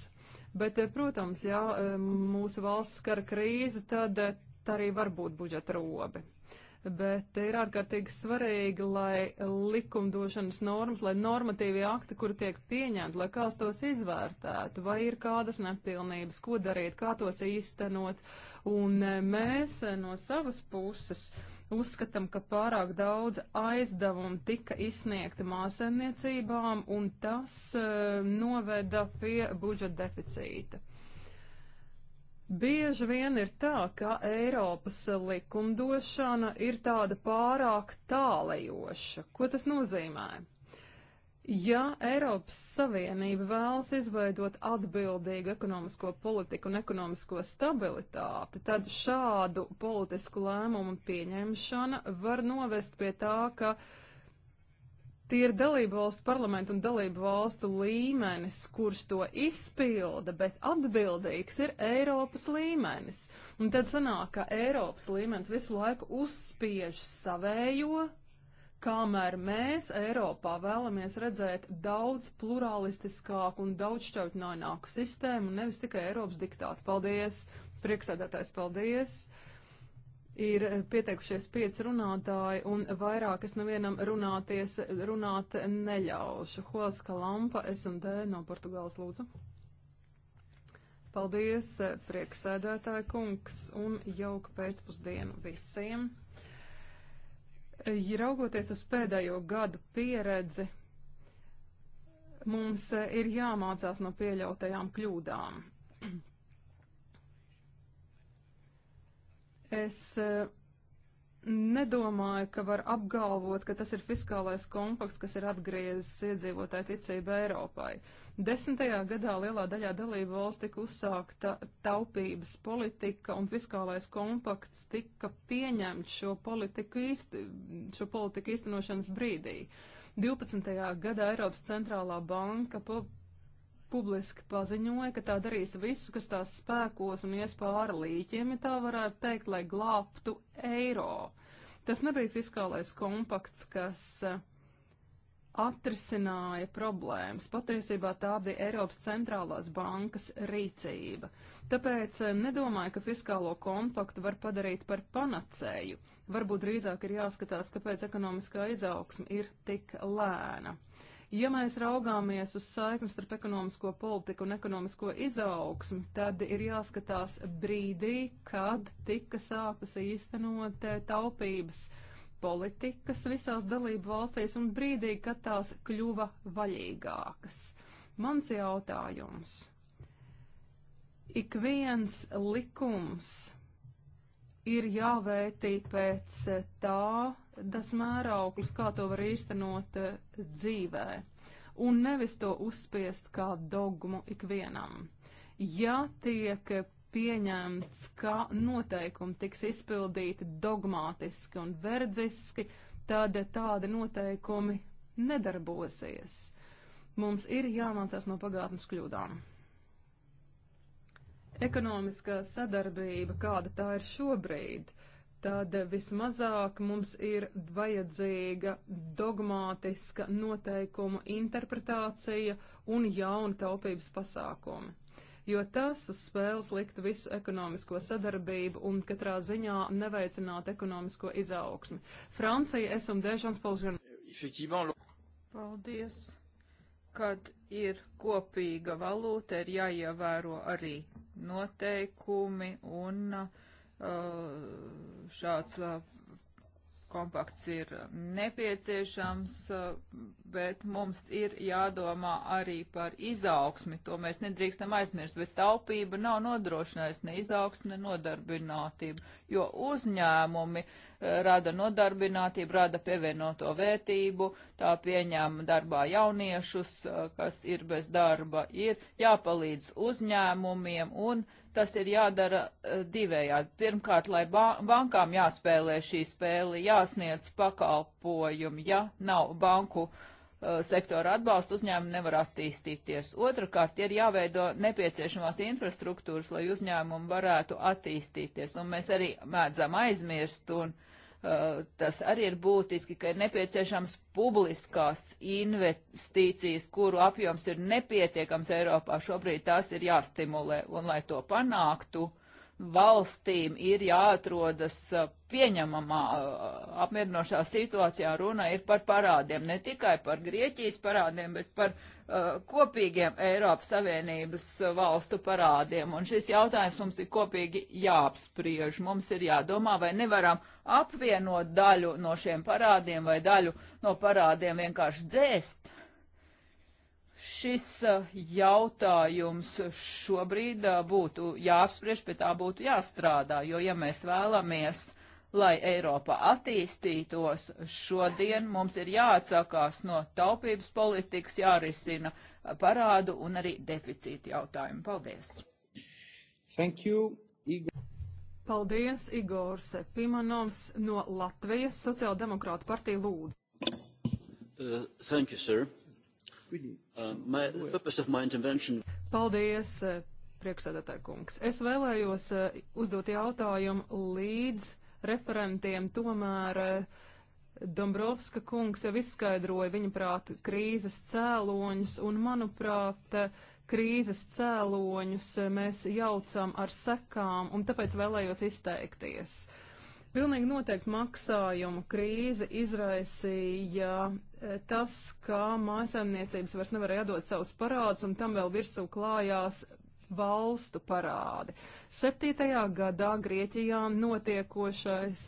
Bet, e, protams, ja e, mūsu valsts skar krīzi, tad tā arī var būt budžeta robe bet ir ārkārtīgi svarīgi, lai likumdošanas normas, lai normatīvie akti, kur tiek pieņemti, lai kāds tos izvērtētu, vai ir kādas nepilnības, ko darīt, kā tos īstenot. Un eh, mēs eh, no savas puses uzskatām, ka pārāk daudz aizdevumu tika izsniegta māsēmniecībām, un tas uh, noveda pie budžeta deficīta. Bieži vien ir tā, ka Eiropas likumdošana ir tāda pārāk tālajoša. Ko tas nozīmē? Ja Eiropas Savienība vēlas izveidot atbildīgu ekonomisko politiku un ekonomisko stabilitāti, tad šādu politisku lēmumu pieņemšana var novest pie tā, ka uh, Tie ir dalību valstu parlamentu un dalību valstu līmenis, kurš to izpilda, bet atbildīgs ir Eiropas līmenis. Un tad sanāk, ka Eiropas līmenis visu laiku uzspiež savējo, kamēr mēs Eiropā vēlamies redzēt daudz pluralistiskāku un daudzšķautinājumu sistēmu, nevis tikai Eiropas diktātu. Paldies! Prieksēdētājs, paldies! ir pieteikušies pieci runātāji, un vairāk es nevienam runāties, runāt neļaušu. Hoska Lampa, S&D no Portugāles lūdzu. Paldies, prieksēdētāja kungs, un jauka pēcpusdienu visiem. Ja raugoties uz pēdējo gadu pieredzi, mums ir jāmācās no pieļautajām kļūdām. Es eh, nedomāju, ka var apgalvot, ka tas ir fiskālais kompaks, kas ir atgriezis iedzīvotāju ticību Eiropai. Desmitajā gadā lielā daļā dalību valsts tika uzsākta taupības politika, un fiskālais kompakts tika pieņemts šo politiku, īsti, šo politiku īstenošanas brīdī. 12. gadā Eiropas centrālā banka po publiski paziņoja, ka tā darīs visu, kas tās spēkos un ies pāri līķiem, ja tā varētu teikt, lai glābtu eiro. Tas nebija fiskālais kompakts, kas eh, atrisināja problēmas. Patiesībā tā bija Eiropas centrālās bankas rīcība. Tāpēc eh, nedomāju, ka fiskālo kompaktu var padarīt par panacēju. Varbūt drīzāk ir jāskatās, kāpēc ekonomiskā izaugsme ir tik lēna. Uh, Ja mēs raugāmies uz saiknes starp ekonomisko politiku un ekonomisko izaugsmu, tad ir jāskatās brīdī, kad tika sāktas īstenot eh, taupības politikas visās dalību valstīs un brīdī, kad tās kļuva vaļīgākas. Mans jautājums. Ik viens likums ir jāvērtī pēc tā, tas mērauklis, kā to var īstenot eh, dzīvē, un nevis to uzspiest kā dogmu ikvienam. Ja tiek pieņemts, ka noteikumi tiks izpildīti dogmātiski un verdziski, tad tādi noteikumi nedarbosies. Mums ir jāmācās no pagātnes kļūdām ekonomiskā sadarbība, kāda tā ir šobrīd, tad vismazāk mums ir vajadzīga dogmātiska noteikuma interpretācija un jauna taupības pasākumi. Jo tas uz spēles liktu visu ekonomisko sadarbību un katrā ziņā neveicinātu ekonomisko izaugsmi. Francija, es un Dēžans Polžan. Paldies. Kad ir kopīga valūta, ir jāievēro arī noteikumi un uh, šāds uh, kompakts ir nepieciešams, bet mums ir jādomā arī par izaugsmi. To mēs nedrīkstam aizmirst, bet taupība nav nodrošinājusi ne izaugsmi, ne nodarbinātību, jo uzņēmumi eh, rada nodarbinātību, rada pievienoto vērtību, tā pieņem darbā jauniešus, eh, kas ir bez darba, ir jāpalīdz uzņēmumiem un uzņēmumiem tas ir jādara eh, divējādi. Pirmkārt, lai bankām jāspēlē šī spēle, jāsniedz pakalpojumi, ja nav banku uh, sektora atbalsta uzņēmumi nevar attīstīties. Otrakārt, ir jāveido nepieciešamās infrastruktūras, lai uzņēmumi varētu attīstīties. Un mēs arī mēdzam aizmirst un uh, Eh, tas arī ir būtiski, ka ir nepieciešams publiskās investīcijas, kuru apjoms ir nepietiekams Eiropā. Šobrīd tās ir jāstimulē, un lai to panāktu, valstīm ir jāatrodas uh, pieņemamā uh, apmierinošā situācijā. Runa ir par parādiem, ne tikai par Grieķijas parādiem, bet par uh, kopīgiem Eiropas Savienības uh, valstu parādiem. Un šis jautājums mums ir kopīgi jāapspriež. Mums ir jādomā, vai nevaram apvienot daļu no šiem parādiem vai daļu no parādiem vienkārši dzēst šis eh, jautājums šobrīd eh, būtu jāapspriež, pie tā būtu jāstrādā, jo ja mēs vēlamies, lai Eiropa attīstītos, šodien mums ir jāatsakās no taupības politikas, jārisina parādu un arī deficīta jautājumu. Paldies! Thank you, Igor. Paldies, Igors Pimanovs no Latvijas Sociāldemokrāta partija lūdzu. Uh, thank you, sir. Uh, Paldies, uh, priekšsēdētāji kungs. Es vēlējos uh, uzdot jautājumu līdz referentiem, tomēr Dombrovska kungs jau izskaidroja, viņaprāt, krīzes cēloņus, un, manuprāt, krīzes cēloņus mēs jaucam ar sekām, un tāpēc vēlējos izteikties. Uh, Pilnīgi noteikti maksājumu krīze izraisīja eh, tas, ka mājasemniecības vairs nevarēja dot savus parādus, un tam vēl virsū klājās valstu parādi. Septītajā gadā Grieķijā notiekošais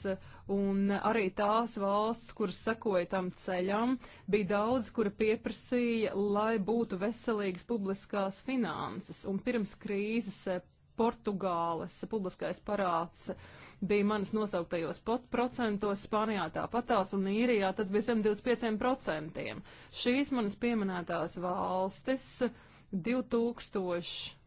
un arī tās valsts, kuras sekoja tam ceļam, bija daudz, kura pieprasīja, lai būtu veselīgas publiskās finanses. Un pirms krīzes Portugāles publiskais parāds bija manis nosauktajos procentos, Spānijā tāpatās un īrijā tas bija 125%. Šīs manas pieminētās valstis 2000.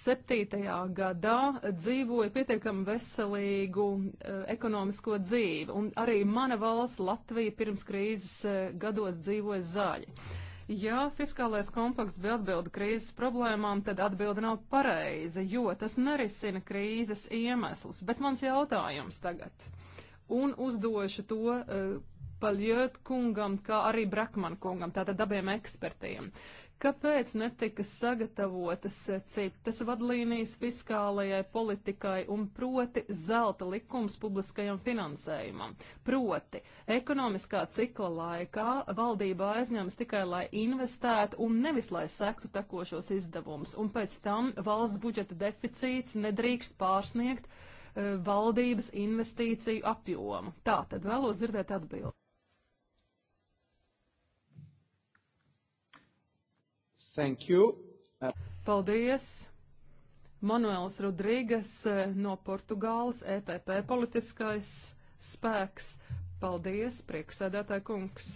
Septītajā gadā dzīvoja pietiekami veselīgu uh, ekonomisko dzīvi, un arī mana valsts Latvija pirms krīzes uh, gados dzīvoja zaļi. Uh, Ja fiskālais kompakts bija atbilde krīzes problēmām, tad atbilde nav pareiza, jo tas nerisina krīzes iemeslus. Bet mans jautājums tagad, un uzdošu to uh, eh, Paļiet kungam, kā arī Brakman kungam, tātad abiem ekspertiem. Kāpēc netika sagatavotas eh, citas vadlīnijas fiskālajai politikai un proti zelta likums publiskajam finansējumam? Proti, ekonomiskā cikla laikā valdība aizņems tikai, lai investētu un nevis, lai sektu tekošos izdevumus, un pēc tam valsts budžeta deficīts nedrīkst pārsniegt eh, valdības investīciju apjomu. Tā tad vēlos dzirdēt atbildi. Thank you. Uh, Paldies. Manuels Rodrīgas eh, no Portugāles, EPP politiskais spēks. Paldies, priekšsēdētāji kungs.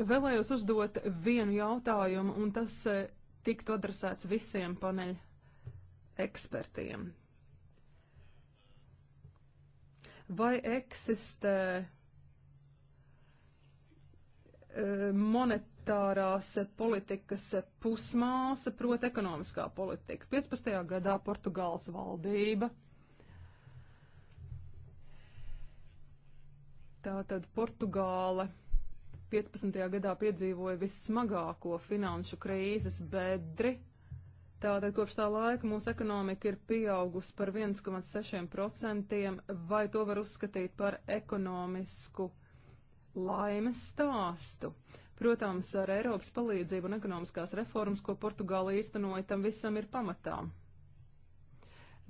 Vēlējos uzdot vienu jautājumu, un tas eh, tiktu adresēts visiem paneļa ekspertiem. Vai eksistē eh, monet monetārās politikas pusmāsa, proti ekonomiskā politika. 15. gadā Portugāles valdība. Tātad Portugāle 15. gadā piedzīvoja vissmagāko finanšu krīzes bedri. Tātad kopš tā laika mūsu ekonomika ir pieaugusi par 1,6%, vai to var uzskatīt par ekonomisku laimes stāstu. Protams, ar Eiropas palīdzību un ekonomiskās reformas, ko Portugāla īstenoja, tam visam ir pamatā.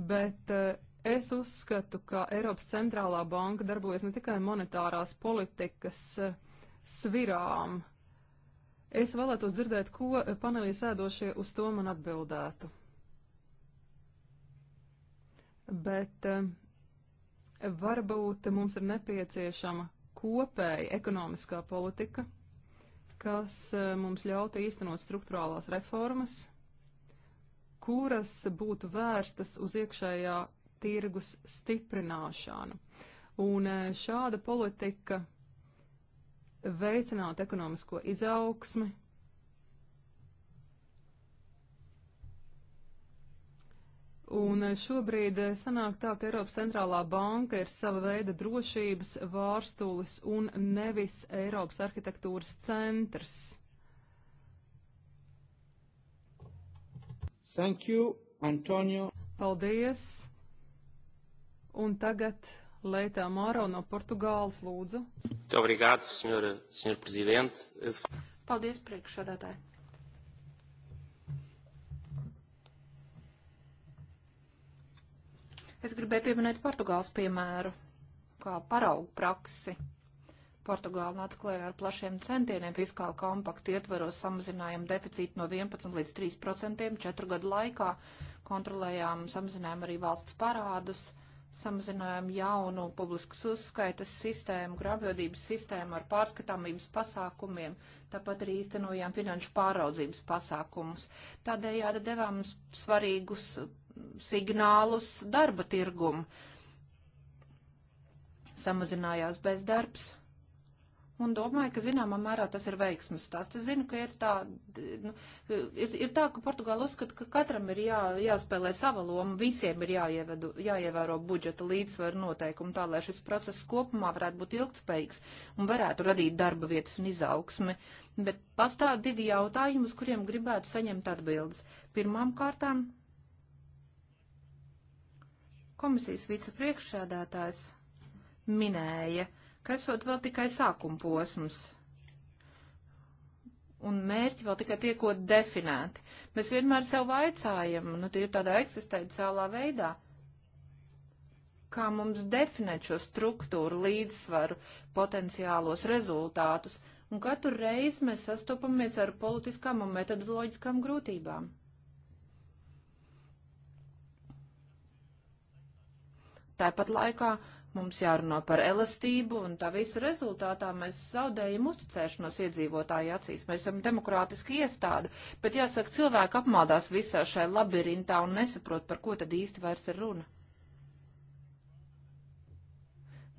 Bet eh, es uzskatu, ka Eiropas centrālā banka darbojas ne tikai monetārās politikas eh, svirām. Es vēlētos dzirdēt, ko eh, panelī sēdošie uz to man atbildētu. Bet varbūt mums ir nepieciešama kopēja ekonomiskā politika kas e, mums ļauta īstenot struktūrālās reformas, kuras būtu vērstas uz iekšējā tirgus stiprināšanu. Un e, šāda politika veicinātu ekonomisko izaugsmi, Un eh, šobrīd eh, sanāk tā, ka Eiropas centrālā banka ir sava veida drošības vārstulis un nevis Eiropas arhitektūras centrs. Thank you, Antonio. Paldies. Un tagad Leitā Māro no Portugāles lūdzu. Obrigado, senhor, senhor presidente. Paldies, priekšsādātāji. Es gribēju pieminēt Portugāles piemēru kā paraugu praksi. Portugāla atklāja ar plašiem centieniem fiskāla kompakta ietveros samazinājumu deficītu no 11 līdz 3 procentiem četru gadu laikā, kontrolējām samazinājumu arī valsts parādus, samazinājām jaunu publiskas uzskaitas sistēmu, grāmatvedības sistēmu ar pārskatāmības pasākumiem, tāpat arī īstenojām finanšu pāraudzības pasākumus. Tādējādi devām svarīgus signālus darba tirgumu. Samazinājās bezdarbs. Un domāju, ka zināmā mērā tas ir veiksmas stāsts. Es zinu, ka ir tā, nu, ir, ir tā ka Portugāla uzskata, ka katram ir jā, jāspēlē sava loma, visiem ir jāievedu, jāievēro budžeta līdzsvaru noteikumu tā, lai šis process kopumā varētu būt ilgtspējīgs un varētu radīt darba vietas un izaugsmi. Bet pastāv divi jautājumi, uz kuriem gribētu saņemt atbildes. Pirmām kārtām Komisijas vicepriekšsēdētājs minēja, ka esot vēl tikai sākuma posms un mērķi vēl tikai tiekot definēti. Mēs vienmēr sev vaicājam, nu, tie ir tādā eksistenciālā veidā, kā mums definēt šo struktūru, līdzsvaru, potenciālos rezultātus, un katru reizi mēs sastopamies ar politiskām un metodoloģiskām grūtībām. Tāpat laikā mums jārunā par elastību, un tā visa rezultātā mēs zaudējam uzticēšanos iedzīvotāju acīs. Mēs esam demokrātiski iestāde, bet jāsaka, cilvēki apmādās visā šai labirintā un nesaprot, par ko tad īsti vairs ir runa.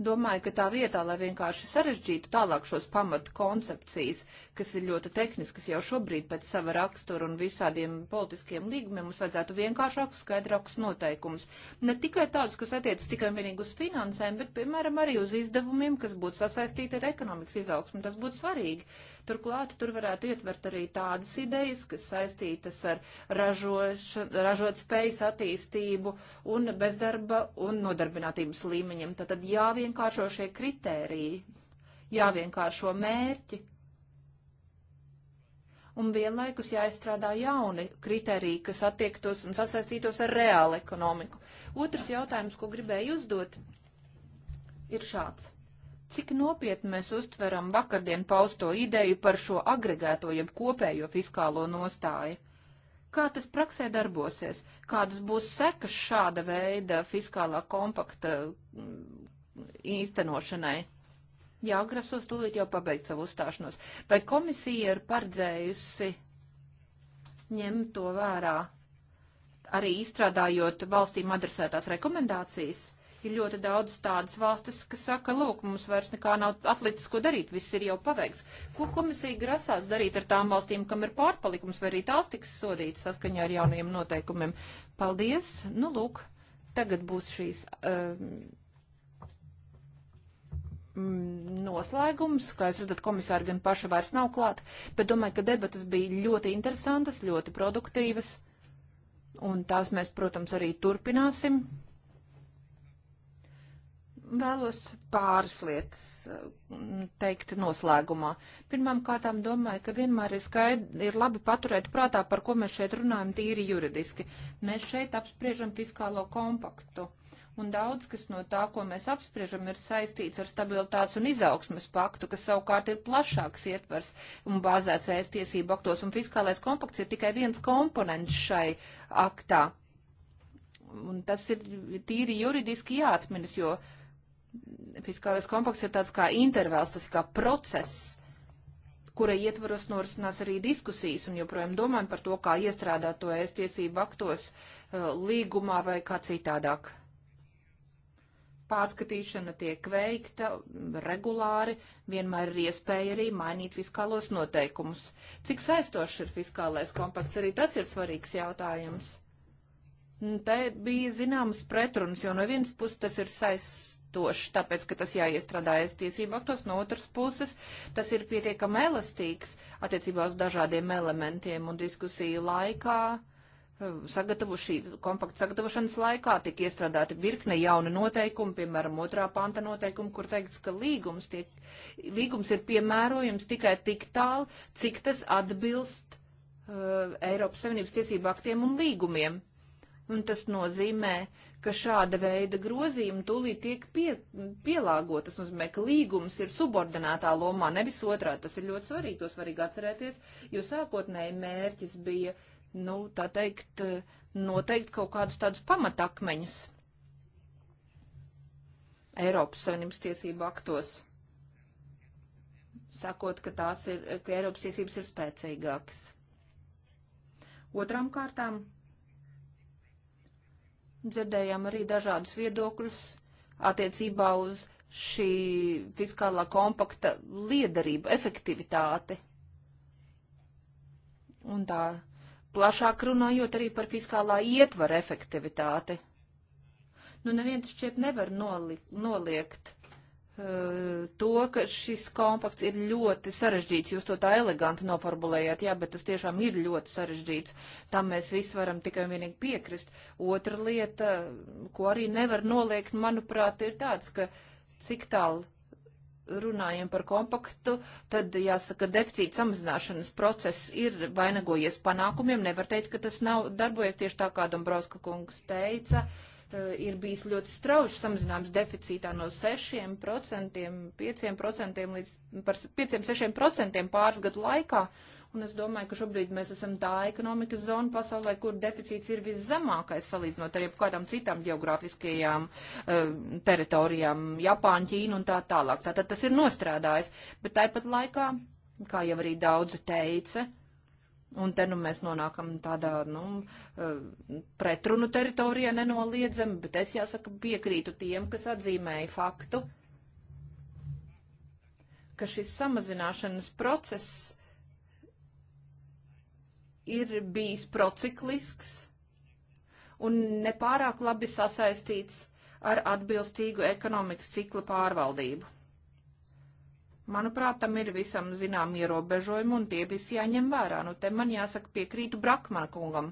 Domāju, ka tā vietā, lai vienkārši sarežģītu tālāk šos pamatu koncepcijas, kas ir ļoti tehniskas jau šobrīd pēc sava rakstura un visādiem politiskiem līgumiem, mums vajadzētu vienkāršākus, skaidrākus noteikumus. Ne tikai tādus, kas attiec tikai un vienīgi uz finansēm, bet, piemēram, arī uz izdevumiem, kas būtu sasaistīti ar ekonomikas izaugsmu. Tas būtu svarīgi, Turklāt tur varētu ietvert arī tādas idejas, kas saistītas ar ražoša, ražot spējas attīstību un bezdarba un nodarbinātības līmeņiem. Tātad jāvienkāršo šie kritēriji, jāvienkāršo mērķi un vienlaikus jāizstrādā jauni kriteriji, kas attiektos un sasaistītos ar reālu ekonomiku. Otrs jautājums, ko gribēju uzdot, ir šāds cik nopietni mēs uztveram vakardien pausto ideju par šo agregēto jeb kopējo fiskālo nostāju. Kā tas praksē darbosies? Kādas būs sekas šāda veida fiskālā kompakta mm, īstenošanai? Jā, grasos tūlīt jau pabeigt savu uzstāšanos. Vai komisija ir paredzējusi ņemt to vērā, arī izstrādājot valstīm adresētās rekomendācijas? ir ļoti daudz tādas valstis, kas saka, lūk, mums vairs nekā nav atlicis, ko darīt, viss ir jau paveikts. Ko komisija grasās darīt ar tām valstīm, kam ir pārpalikums, vai arī tās tiks sodītas saskaņā ar jaunajiem noteikumiem? Paldies! Nu, lūk, tagad būs šīs. Uh, noslēgums, kā jūs redzat, komisāri gan paši vairs nav klāt, bet domāju, ka debatas bija ļoti interesantas, ļoti produktīvas, un tās mēs, protams, arī turpināsim. Vēlos pāris lietas mm, teikt noslēgumā. Pirmām kārtām domāju, ka vienmēr ir, skaidri, ir labi paturēt prātā, par ko mēs šeit runājam tīri juridiski. Mēs šeit apspriežam fiskālo kompaktu. Un daudz, kas no tā, ko mēs apspriežam, ir saistīts ar stabilitātes un izaugsmas paktu, kas savukārt ir plašāks ietvers un bāzēts ēst tiesību aktos. Un fiskālais kompakts ir tikai viens komponents šai aktā. Un tas ir tīri juridiski jāatminas, jo uh, fiskālais kompakts ir tāds kā intervēls, tas ir kā process, kura ietvaros norisinās arī diskusijas un joprojām domājam par to, kā iestrādāt to ēst tiesību aktos eh, līgumā vai kā citādāk. Pārskatīšana tiek veikta regulāri, vienmēr ir iespēja arī mainīt fiskālos noteikumus. Cik saistošs ir fiskālais kompakts, arī tas ir svarīgs jautājums. Te bija zināmas pretrunas, jo no vienas puses tas ir saistīts saistošs, tāpēc, ka tas jāiestrādājas tiesību aktos. No otras puses, tas ir pietiekami elastīgs attiecībā uz dažādiem elementiem un diskusiju laikā. Eh, Sagatavo šī kompakta sagatavošanas laikā tika iestrādāti virkne jauni noteikumi, piemēram, otrā panta noteikumi, kur teikts, ka līgums, tiek, līgums ir piemērojams tikai tik tālu, cik tas atbilst uh, Eiropas Savienības tiesību aktiem un līgumiem. Un tas nozīmē, ka šāda veida grozījumi tūlīt tiek pie, pielāgot. Tas nozīmē, ka līgums ir subordinātā lomā, nevis otrā. Tas ir ļoti svarīgi, to svarīgi atcerēties, jo sākotnēji mērķis bija, nu, tā teikt, noteikt kaut kādus tādus pamatakmeņus Eiropas Savienības tiesību aktos. Sakot, ka tās ir, ka Eiropas tiesības ir spēcīgākas. Otram kārtām dzirdējām arī dažādus viedokļus attiecībā uz šī fiskālā kompakta liederību, efektivitāti. Un tā plašāk runājot arī par fiskālā ietvara efektivitāti. Nu, neviens šķiet nevar noli, noliegt Eh, to, ka šis kompakts ir ļoti sarežģīts. Jūs to tā eleganti noformulējāt, jā, bet tas tiešām ir ļoti sarežģīts. Tam mēs visi varam tikai un vienīgi piekrist. Otra lieta, ko arī nevar noliegt, manuprāt, ir tāds, ka cik tālu runājam par kompaktu, tad jāsaka, deficīta samazināšanas process ir vainagojies panākumiem. Nevar teikt, ka tas nav darbojies tieši tā, kā Dombrovska kungs teica. Uh, Eh, ir bijis ļoti strauši samazināms deficītā no 6%, 5% līdz 5-6% pāris gadu laikā. Un es domāju, ka šobrīd mēs esam tā ekonomikas zona pasaulē, kur deficīts ir viszemākais salīdzinot ar jebkādām citām geogrāfiskajām uh, teritorijām, Japāņu, Ķīnu un tā tālāk. Tātad tas ir nostrādājis, bet tāpat laikā, kā jau arī daudzi teica, uh, Un te nu mēs nonākam tādā, nu, eh, pretrunu teritorijā nenoliedzami, bet es jāsaka piekrītu tiem, kas atzīmēja faktu, ka šis samazināšanas process ir bijis prociklisks un nepārāk labi sasaistīts ar atbilstīgu ekonomikas cikla pārvaldību. Manuprāt, tam ir visam zinām ierobežojumi, un tie visi jāņem vērā. Nu, te man jāsaka piekrītu Brakmana kungam.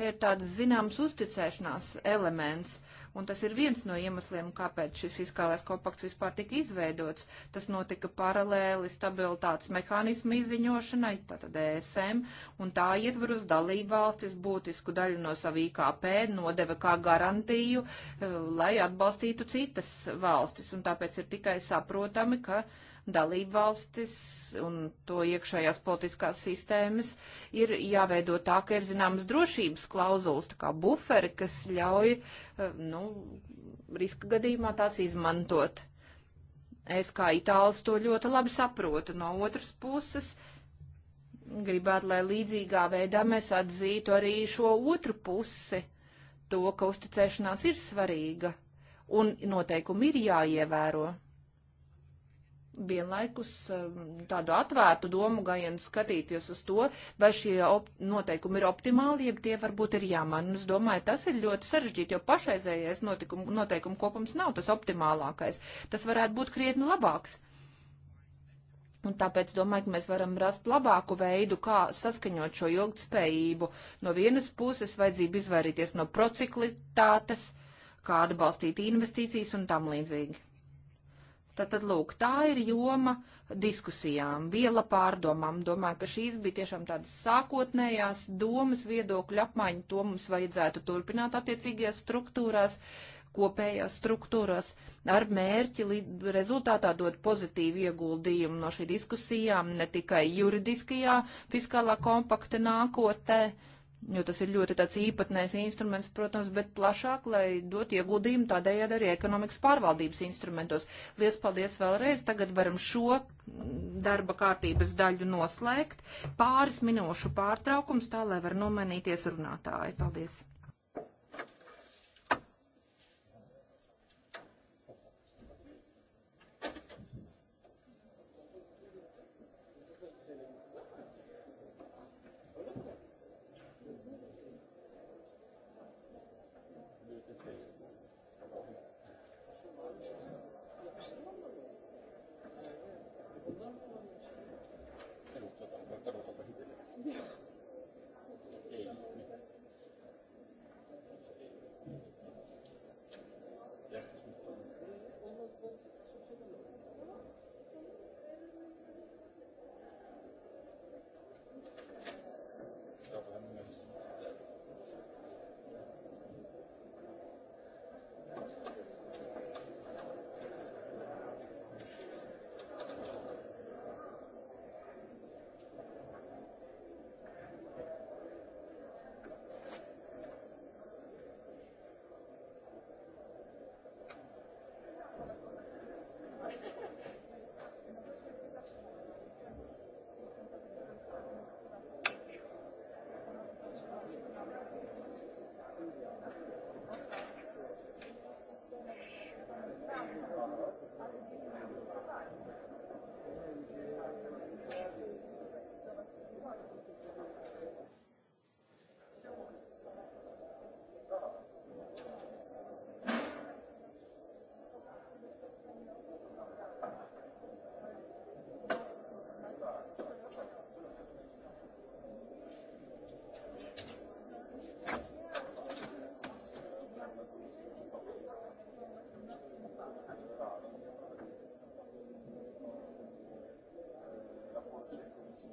Te ir tāds zināms uzticēšanās elements un tas ir viens no iemesliem, kāpēc šis fiskālais kompakts vispār tika izveidots. Tas notika paralēli stabilitātes mehānismu izziņošanai, tātad ESM, un tā ietver uz dalību valstis būtisku daļu no savu IKP, nodeva kā garantiju, eh, lai atbalstītu citas valstis, un tāpēc ir tikai saprotami, ka. Uh, dalībvalstis un to iekšējās politiskās sistēmas ir jāveido tā, ka ir zināmas drošības klauzulas, tā kā buferi, kas ļauj, eh, nu, riska gadījumā tās izmantot. Es kā itālis to ļoti labi saprotu. No otras puses, gribētu, lai līdzīgā veidā mēs atzītu arī šo otru pusi, to, ka uzticēšanās ir svarīga un noteikumi ir jāievēro vienlaikus um, tādu atvērtu domu gājienu skatīties uz to, vai šie noteikumi ir optimāli, jeb tie varbūt ir jāmaina. Es domāju, tas ir ļoti sarežģīti, jo pašreizējais notikumu, noteikumu kopums nav tas optimālākais. Tas varētu būt krietni labāks. Un tāpēc domāju, ka mēs varam rast labāku veidu, kā saskaņot šo ilgtspējību. No vienas puses vajadzību izvairīties no prociklitātes, kā atbalstīt investīcijas un tam līdzīgi. Tātad, lūk, tā ir joma diskusijām, viela pārdomām. Domāju, ka šīs bija tiešām tādas sākotnējās domas viedokļu apmaiņa. To mums vajadzētu turpināt attiecīgajās struktūrās, kopējās struktūrās, ar mērķi rezultātā dot pozitīvu ieguldījumu no šī diskusijām, ne tikai juridiskajā fiskālā kompakta nākotnē jo tas ir ļoti tāds īpatnējs instruments, protams, bet plašāk, lai dot ieguldījumu tādējādi arī ekonomikas pārvaldības instrumentos. Lies paldies vēlreiz, tagad varam šo darba kārtības daļu noslēgt. Pāris minūšu pārtraukums, tā lai var nomainīties runātāji. Paldies!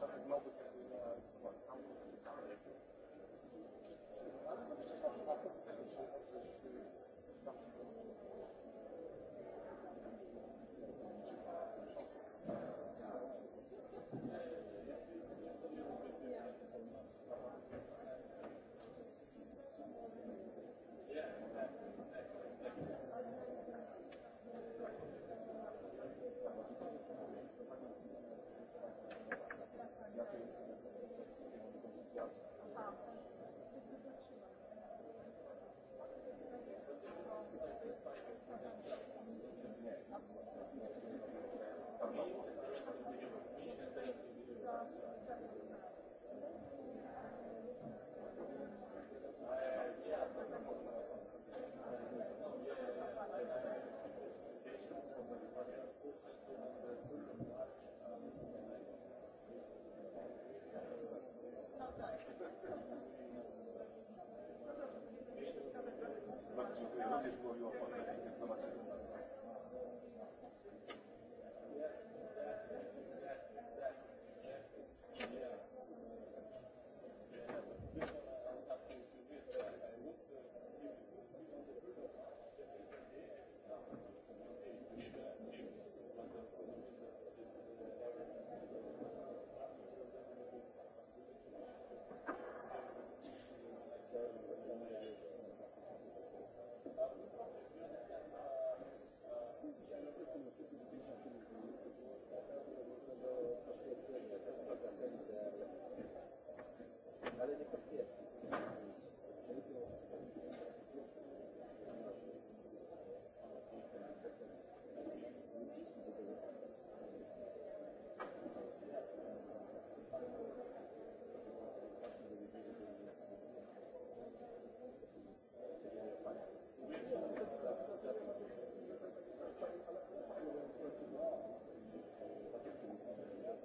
Tak jak mogę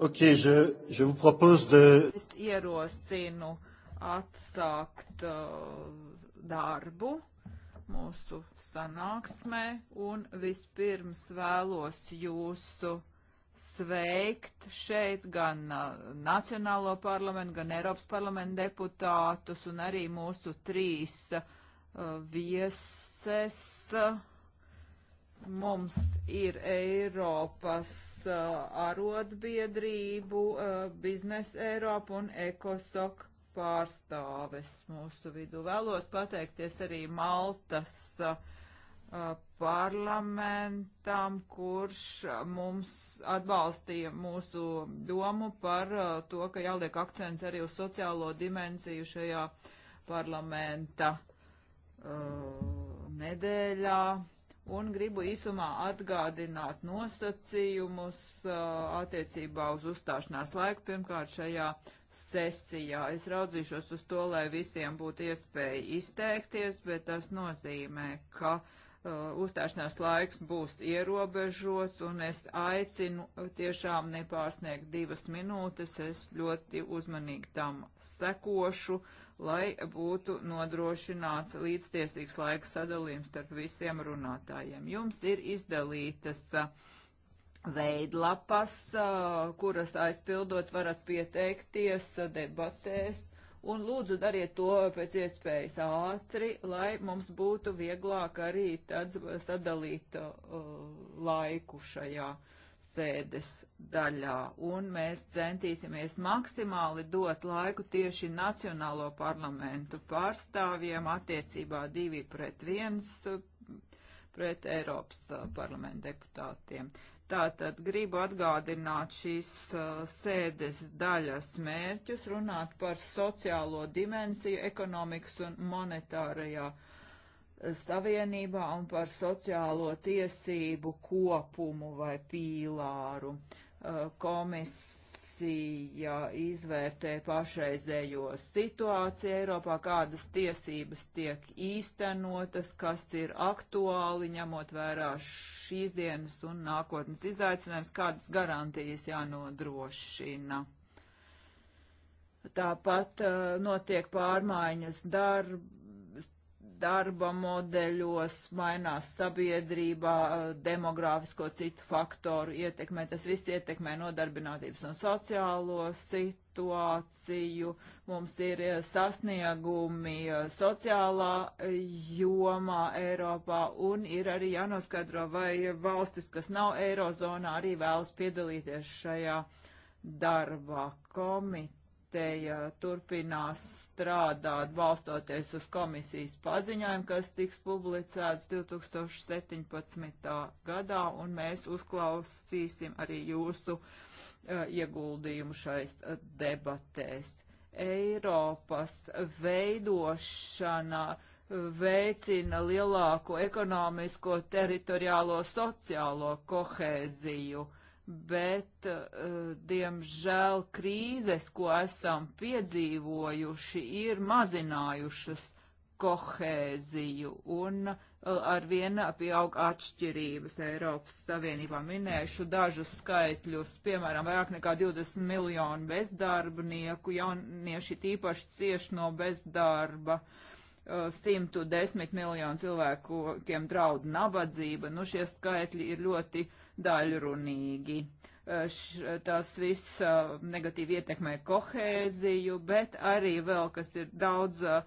Okay, je, je vous propose de... Es ierosinu atsākt uh, darbu mūsu sanāksmē un vispirms vēlos jūsu sveikt šeit gan uh, Nacionālo parlamentu, gan Eiropas parlamentu deputātus un arī mūsu trīs uh, vieses. Uh, Mums ir Eiropas uh, arotbiedrību, uh, biznesa Eiropa un ekosok pārstāves mūsu vidu. Vēlos pateikties arī Maltas uh, parlamentam, kurš mums atbalstīja mūsu domu par to, ka jāliek akcents arī uz sociālo dimensiju šajā parlamenta nedēļā un gribu īsumā atgādināt nosacījumus uh, attiecībā uz uzstāšanās laiku pirmkārt šajā sesijā. Es raudzīšos uz to, lai visiem būtu iespēja izteikties, bet tas nozīmē, ka uh, uzstāšanās laiks būs ierobežots, un es aicinu tiešām nepārsniegt divas minūtes. Es ļoti uzmanīgi tam sekošu. Uh, lai būtu nodrošināts līdztiesīgs laika sadalījums starp visiem runātājiem. Jums ir izdalītas veidlapas, kuras aizpildot varat pieteikties debatēs un lūdzu dariet to pēc iespējas ātri, lai mums būtu vieglāk arī tad sadalīt uh, laiku šajā sēdes daļā, un mēs centīsimies maksimāli dot laiku tieši Nacionālo parlamentu pārstāvjiem attiecībā divi pret viens pret Eiropas uh, parlamentu deputātiem. Tātad gribu atgādināt šīs uh, sēdes daļas mērķus, runāt par sociālo dimensiju ekonomikas un monetārajā uh, Savienībā un par sociālo tiesību kopumu vai pīlāru. Komisija izvērtē pašreizējo situāciju Eiropā, kādas tiesības tiek īstenotas, kas ir aktuāli, ņemot vērā šīs dienas un nākotnes izaicinājums, kādas garantijas jānodrošina. Tāpat uh, notiek pārmaiņas darba darba modeļos, mainās sabiedrībā, demogrāfisko citu faktoru ietekmē. Tas viss ietekmē nodarbinātības un sociālo situāciju. Mums ir eh, sasniegumi eh, sociālā jomā Eiropā un ir arī jānoskaidro, vai valstis, kas nav Eirozonā, arī vēlas piedalīties šajā darbā komitē komiteja turpinās strādāt balstoties uz komisijas paziņojumu, kas tiks publicēts 2017. gadā, un mēs uzklausīsim arī jūsu uh, ieguldījumu šais eh, debatēs. Eiropas veidošana eh, veicina lielāko ekonomisko, teritoriālo, sociālo kohēziju bet, uh, diemžēl, krīzes, ko esam piedzīvojuši, ir mazinājušas kohēziju un uh, arvien pieaug atšķirības Eiropas Savienībā. Minēšu dažus skaitļus, piemēram, vairāk nekā 20 miljonu bezdarbnieku, jaunieši tīpaši cieši no bezdarba. 110 eh, miljonu cilvēkiem draud nabadzība. Nu, šie skaitļi ir ļoti uh, daļrunīgi. Eh, š, tas viss eh, negatīvi ietekmē kohēziju, bet arī vēl, kas ir daudz eh,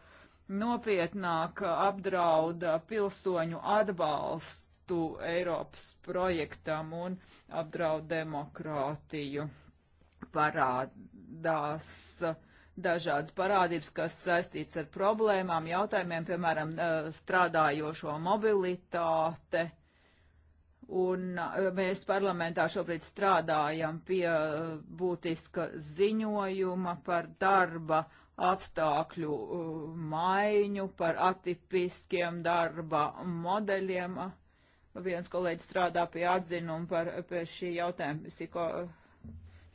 nopietnāk, apdrauda pilsoņu atbalstu Eiropas projektam un apdraud demokrātiju. Parādās dažādas parādības, kas saistīts ar problēmām, jautājumiem, piemēram, strādājošo mobilitāte Un eh, mēs parlamentā šobrīd strādājam pie eh, būtiska ziņojuma par darba apstākļu eh, maiņu, par atipiskiem darba modeļiem. Viens kolēģis strādā pie atzinuma par pie šī jautājuma psiko,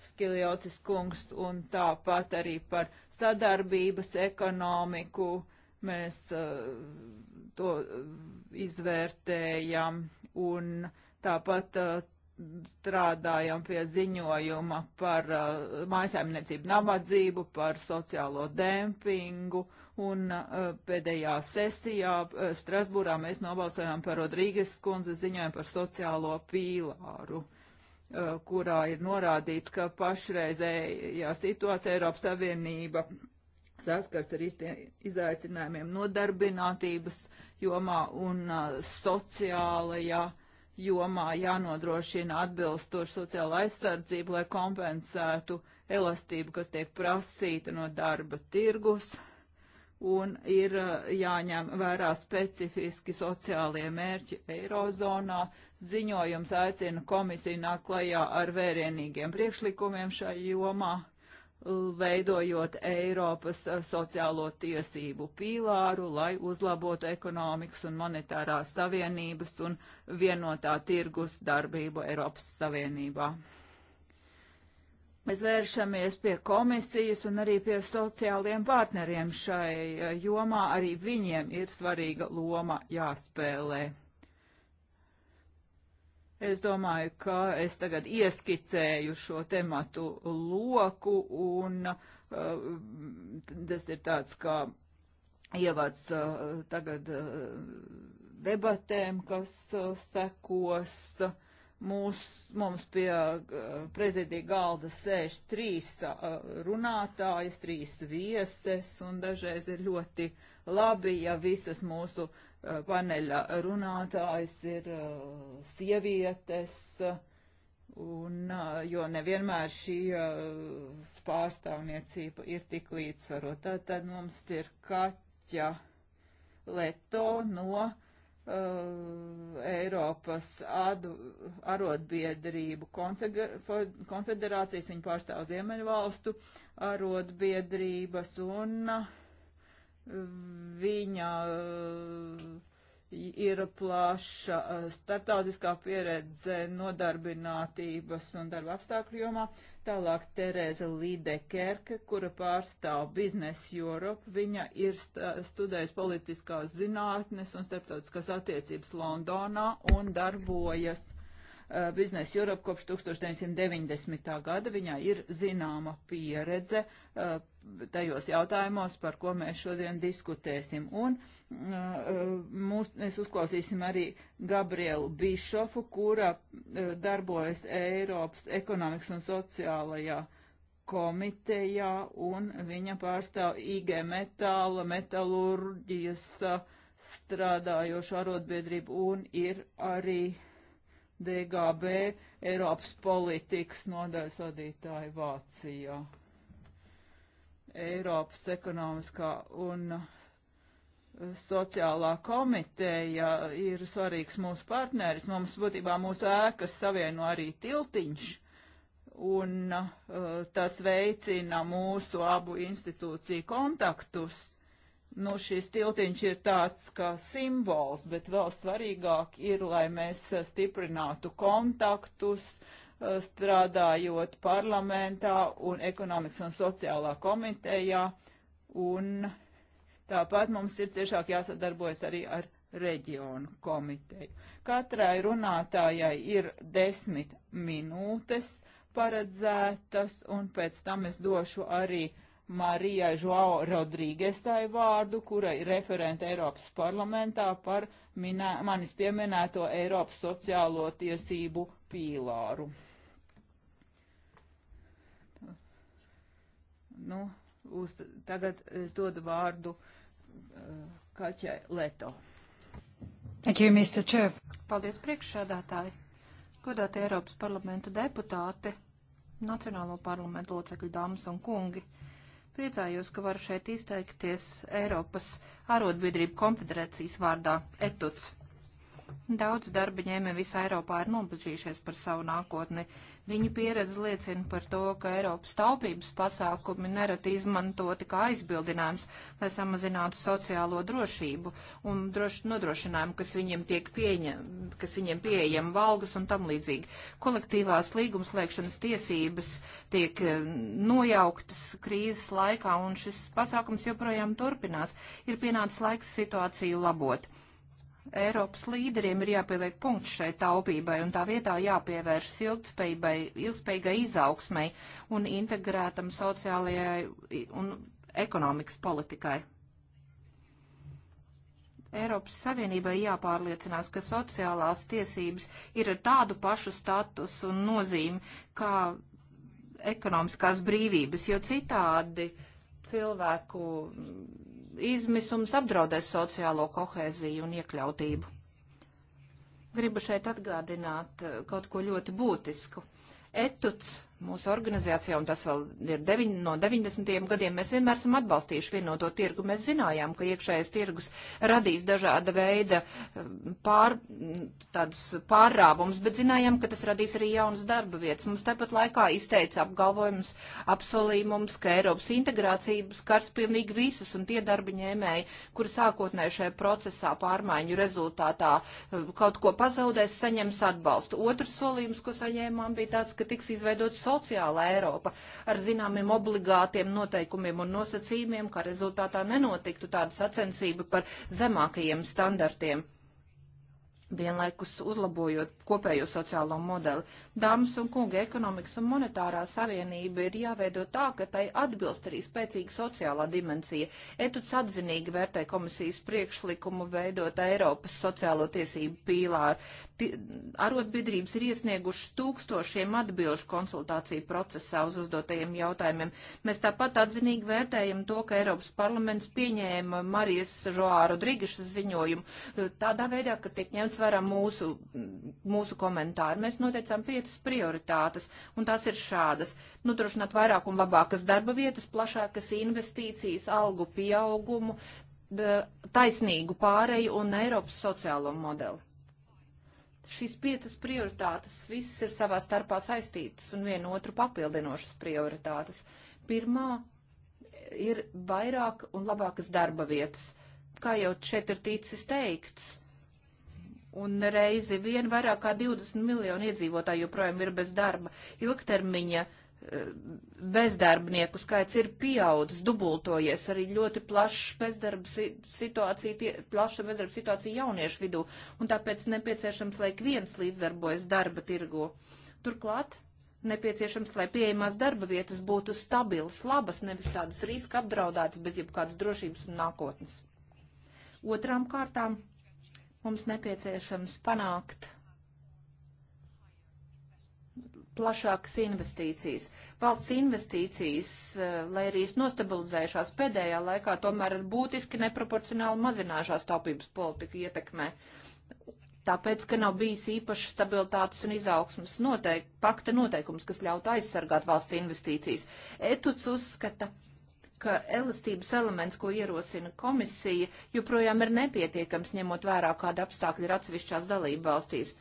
Skiljotis kungs un tāpat arī par sadarbības ekonomiku. Mēs uh, to izvērtējam un uh, Tāpat uh, strādājam pie ziņojuma par uh, mājasēmniecību nabadzību, par sociālo dempingu, un uh, pēdējā sesijā uh, Strasbūrā mēs nobalsojām par Rodrīgas skundze ziņojumu par sociālo pīlāru, uh, kurā ir norādīts, ka pašreizējā situācija Eiropas Savienība saskars ar izaicinājumiem nodarbinātības jomā un uh, sociālajā jomā jomā jānodrošina atbilstoša sociāla aizsardzība, lai kompensētu elastību, kas tiek prasīta no darba tirgus, un ir eh, jāņem vērā specifiski sociālie mērķi Eirozonā. Ziņojums aicina komisiju nāk klajā ar vērienīgiem priekšlikumiem šai jomā veidojot Eiropas eh, sociālo tiesību pīlāru, lai uzlabotu ekonomikas un monetārās savienības un vienotā tirgus darbību Eiropas Savienībā. Mēs vēršamies pie komisijas un arī pie sociāliem partneriem šai eh, jomā. Arī viņiem ir svarīga loma jāspēlē. Es domāju, ka es tagad ieskicēju šo tematu loku un uh, tas ir tāds kā ievads uh, tagad uh, debatēm, kas uh, sekos. Mūs, mums pie uh, prezidija galda sēž trīs uh, runātājas, trīs vieses, un dažreiz ir ļoti labi, ja visas mūsu uh, paneļa runātājs ir uh, sievietes, un, uh, jo nevienmēr šī uh, pārstāvniecība ir tik līdzsvarota. Tad mums ir Kaķa Leto no Uh, Eiropas adu, arotbiedrību konfederācijas, viņa pārstāv Ziemeļvalstu arotbiedrības un uh, Viņa uh, ir plaša uh, starptautiskā pieredze nodarbinātības un darba apstākļu jomā. Tālāk Tereza Līdekerke, kura pārstāv Business Europe. Viņa ir uh, studējusi politiskās zinātnes un starptautiskās attiecības Londonā un darbojas Uh, Business Europe kopš 1990. gada. Viņā ir zināma pieredze uh, tajos jautājumos, par ko mēs šodien diskutēsim. Un uh, mūs, mēs uzklausīsim arī Gabrielu Bišofu, kura darbojas Eiropas ekonomikas un sociālajā komitejā, un viņa pārstāv IG metāla, metalurģijas strādājošu arotbiedrību un ir arī DGB Eiropas politikas nodaļas vadītāju Vācijā. Eiropas ekonomiskā un eh, sociālā komiteja ir svarīgs mūsu partneris. Mums būtībā mūsu ēkas savieno arī tiltiņš, un uh, tas veicina mūsu abu institūciju kontaktus nu, šis tiltiņš ir tāds kā simbols, bet vēl svarīgāk ir, lai mēs stiprinātu kontaktus, eh, strādājot parlamentā un ekonomikas un sociālā komitejā. Un tāpat mums ir ciešāk jāsadarbojas arī ar reģionu komiteju. Katrai runātājai ir desmit minūtes paredzētas, un pēc tam es došu arī uh, Marijai Žuao Rodrīgesai vārdu, kura ir referente Eiropas parlamentā par minē, manis pieminēto Eiropas sociālo tiesību pīlāru. Nu, uz, tagad es dodu vārdu uh, Kaķai Leto. Thank you, Mr. Chair. Paldies priekšsēdētāji. Godātie Eiropas parlamenta deputāti, Nacionālo parlamentu locekļu dāmas un kungi. Uh, Priecājos, ka varu šeit izteikties Eiropas ārotbiedrību konfederācijas vārdā ETUC. Daudz darba ņēmē visā Eiropā ir nobežījušies par savu nākotni. Viņu pieredze liecina par to, ka Eiropas taupības pasākumi nereti izmantoti kā aizbildinājums, lai samazinātu sociālo drošību un droš, nodrošinājumu, kas viņiem tiek pieņem, kas viņiem pieejam valgas un tam līdzīgi. Kolektīvās līgumslēgšanas tiesības tiek eh, nojauktas krīzes laikā un šis pasākums joprojām turpinās. Ir pienācis laiks situāciju labot. Eiropas līderiem ir jāpieliek punkts šai taupībai un tā vietā jāpievērš ilgspējībai, ilgspējīgai izaugsmai un integrētam sociālajai un ekonomikas politikai. Eiropas Savienībai jāpārliecinās, ka sociālās tiesības ir ar tādu pašu statusu un nozīmi kā ekonomiskās brīvības, jo citādi cilvēku izmisums apdraudēs sociālo kohēziju un iekļautību. Gribu šeit atgādināt uh, kaut ko ļoti būtisku. Etuts mūsu organizācijā, un tas vēl ir deviņ, no 90. gadiem, mēs vienmēr esam atbalstījuši vienoto tirgu. Mēs zinājām, ka iekšējais tirgus radīs dažāda veida um, pār, tādus pārrāvumus, bet zinājām, ka tas radīs arī jaunas darba vietas. Mums tāpat laikā izteica apgalvojums, apsolījums, ka Eiropas integrācija skars pilnīgi visus, un tie darba ņēmēji, kuri sākotnēji šajā procesā pārmaiņu rezultātā um, kaut ko pazaudēs, saņems atbalstu. Otrs solījums, ko saņēmām, bija tāds, ka tiks izveidots sociāla Eiropa ar zināmiem obligātiem noteikumiem un nosacījumiem, kā rezultātā nenotiktu tāda sacensība par zemākajiem standartiem vienlaikus uzlabojot kopējo sociālo modeli. Dāmas un kungi, ekonomikas un monetārā savienība ir jāveido tā, ka tai atbilst arī spēcīga sociālā dimensija. Etuds atzinīgi vērtē komisijas priekšlikumu veidot Eiropas sociālo tiesību pīlāru. Arotbiedrības ir iesnieguši tūkstošiem atbilžu konsultāciju procesā uz uzdotajiem jautājumiem. Mēs tāpat atzinīgi vērtējam to, ka Eiropas parlaments pieņēma Marijas Žoā Rodrīgišas ziņojumu eh, tādā veidā, ka tiek ņemts līdzsvarā mūsu, mūsu komentāru. Mēs noteicām piecas prioritātes, un tās ir šādas. Nodrošināt vairāk un labākas darba vietas, plašākas investīcijas, algu pieaugumu, taisnīgu pāreju un Eiropas sociālo modeli. Šīs piecas prioritātes visas ir savā starpā saistītas un vienu otru papildinošas prioritātes. Pirmā ir vairāk un labākas darba vietas. Kā jau šeit ir ticis teikts, Un reizi vien vairāk kā 20 miljonu iedzīvotāju joprojām ir bez darba. Ilgtermiņa eh, bezdarbnieku skaits ir pieaudzis, dubultojies, arī ļoti plaša bezdarba situācija, plaša bezdarba situācija jauniešu vidū, un tāpēc nepieciešams, lai viens līdzdarbojas darba tirgu. Turklāt nepieciešams, lai pieejamās darba vietas būtu stabilas, labas, nevis tādas riska apdraudētas bez jebkādas drošības un nākotnes. Otrām kārtām Mums nepieciešams panākt plašākas investīcijas. Valsts investīcijas, eh, lai arī nostabilizējušās pēdējā laikā, tomēr ir būtiski neproporcionāli mazinājušās taupības politika ietekmē. Tāpēc, ka nav bijis īpaši stabilitātes un izaugsmas noteik pakta noteikums, kas ļautu aizsargāt valsts investīcijas. Etuc uzskata, ka ka elastības elements, ko ierosina komisija, joprojām ir nepietiekams, ņemot vērā, kāda apstākļa ir atsevišķās dalība valstīs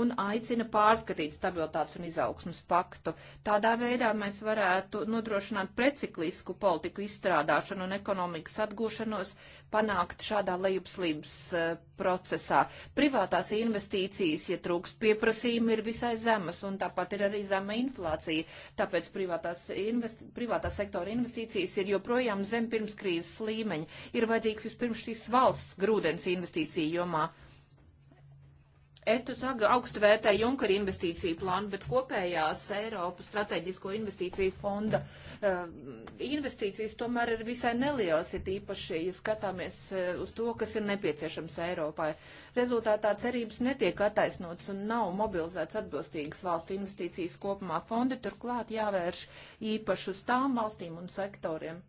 un aicina pārskatīt stabilitātes un izaugsmas paktu. Tādā veidā mēs varētu nodrošināt preciklisku politiku izstrādāšanu un ekonomikas atgūšanos, panākt šādā lejupslības uh, procesā. Privātās investīcijas, ja trūkst pieprasījumi, ir visai zemas, un tāpat ir arī zema inflācija. Tāpēc privātās, investi privātā sektora investīcijas ir joprojām zem pirms krīzes līmeņa. Ir vajadzīgs vispirms šīs valsts grūdens investīcija jomā. Uh, ETUS augstu vērtē Junkara investīciju plānu, bet kopējās Eiropas strateģisko investīciju fonda uh, investīcijas tomēr ir visai nelielas, ir īpaši, ja skatāmies uh, uz to, kas ir nepieciešams Eiropai. Rezultātā cerības netiek attaisnots un nav mobilizēts atbilstīgas valstu investīcijas kopumā fondi, turklāt jāvērš īpaši uz tām valstīm un sektoriem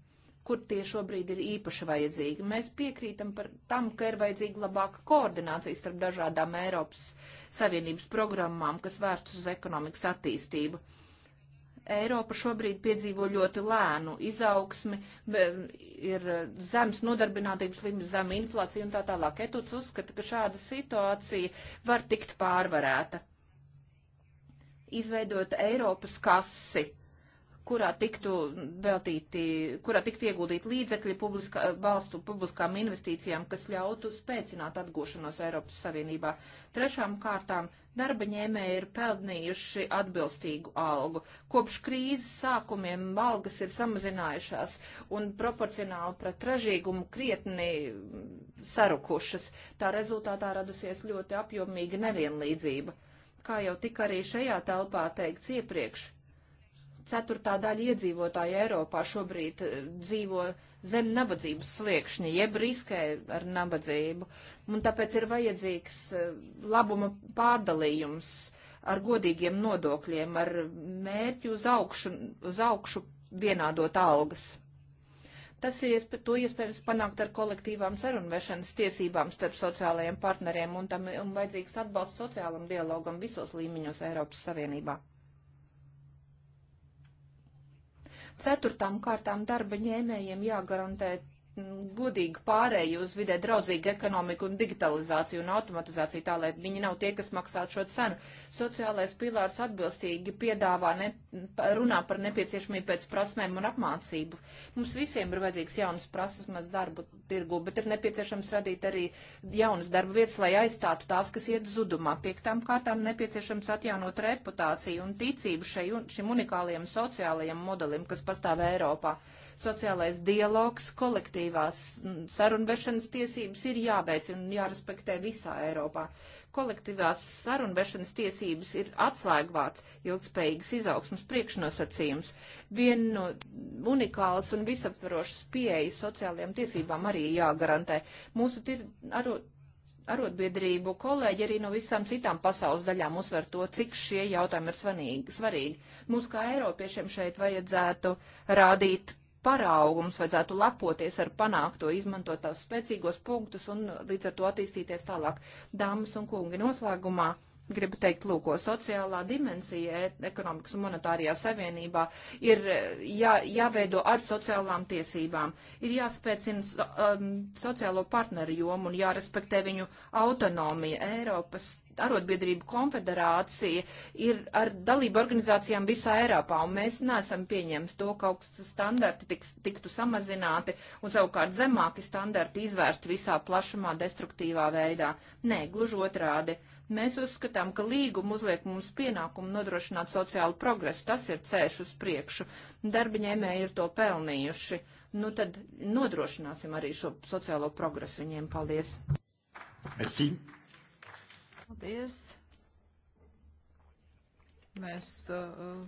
kur tie šobrīd ir īpaši vajadzīgi. Mēs piekrītam par tam, ka ir vajadzīga labāka koordinācija starp dažādām Eiropas Savienības programmām, kas vērstas uz ekonomikas attīstību. Eiropa šobrīd piedzīvo ļoti lēnu izaugsmi, ir zemes nodarbinātības līmenis, zema inflācija un tā tālāk. Etuts uzskata, ka šāda situācija var tikt pārvarēta. Izveidot Eiropas kasi, kurā tiktu veltīti, kurā tiktu ieguldīti līdzekļi publiskā, valstu publiskām investīcijām, kas ļautu spēcināt atgošanos Eiropas Savienībā. Trešām kārtām darba ņēmēji ir pelnījuši atbilstīgu algu. Kopš krīzes sākumiem algas ir samazinājušās un proporcionāli pret ražīgumu krietni sarukušas. Tā rezultātā radusies ļoti apjomīga nevienlīdzība. Kā jau tika arī šajā telpā teikts iepriekš, ceturtā daļa iedzīvotāja Eiropā šobrīd eh, dzīvo zem nabadzības sliekšņa, jeb riskē ar nabadzību. Un tāpēc ir vajadzīgs eh, labuma pārdalījums ar godīgiem nodokļiem, ar mērķi uz augšu, uz augšu vienādot algas. Tas ir iespē, to iespējams panākt ar kolektīvām sarunvešanas tiesībām starp sociālajiem partneriem un tam un vajadzīgs atbalsts sociālam dialogam visos līmeņos Eiropas Savienībā. Ceturtām kārtām darba ņēmējiem jāgarantē godīgu pārēju uz vidē draudzīgu ekonomiku un digitalizāciju un automatizāciju tā, lai viņi nav tie, kas maksā šo cenu. Sociālais pilārs atbilstīgi piedāvā, ne, runā par nepieciešamību pēc prasmēm un apmācību. Mums visiem ir vajadzīgs jaunas prasmes, maz darbu tirgu, bet ir nepieciešams radīt arī jaunas darba vietas, lai aizstātu tās, kas iet zudumā. Piektām kārtām nepieciešams atjaunot reputāciju un ticību šai, šim unikālajam sociālajam modelim, kas pastāv Eiropā sociālais dialogs, kolektīvās mm, sarunvešanas tiesības ir jābeidz un jārespektē visā Eiropā. Kolektīvās sarunvešanas tiesības ir atslēgvārds ilgspējīgas izaugsmas priekšnosacījums. Vien no unikāls un visaptvarošas pieejas sociālajām tiesībām arī jāgarantē. Mūsu tir, aro, arotbiedrību kolēģi arī no visām citām pasaules daļām uzsver to, cik šie jautājumi ir svarīgi. svarīgi. Mums kā Eiropiešiem šeit vajadzētu rādīt paraugu, mums vajadzētu lepoties ar panākto, izmantot tās spēcīgos punktus un līdz ar to attīstīties tālāk. Dāmas un kungi, noslēgumā gribu teikt, lūko, sociālā dimensija e- ekonomikas un monetārijā savienībā ir e, jā, jāveido ar sociālām tiesībām, ir jāspēcina so, um, sociālo partneru jomu un jārespektē viņu autonomija. Eiropas arotbiedrību konfederācija ir ar dalību organizācijām visā Eiropā, un mēs neesam pieņemti to, ka augsts standarti tiks, tiktu samazināti un savukārt zemāki standarti izvērst visā plašumā destruktīvā veidā. Nē, gluži otrādi. Mēs uzskatām, ka līguma uzliek mums pienākumu nodrošināt sociālu progresu. Tas ir ceļš uz priekšu. Darbiņēmēji ir to pelnījuši. Nu tad nodrošināsim arī šo sociālo progresu viņiem. Paldies! Merci. Paldies. Mēs uh,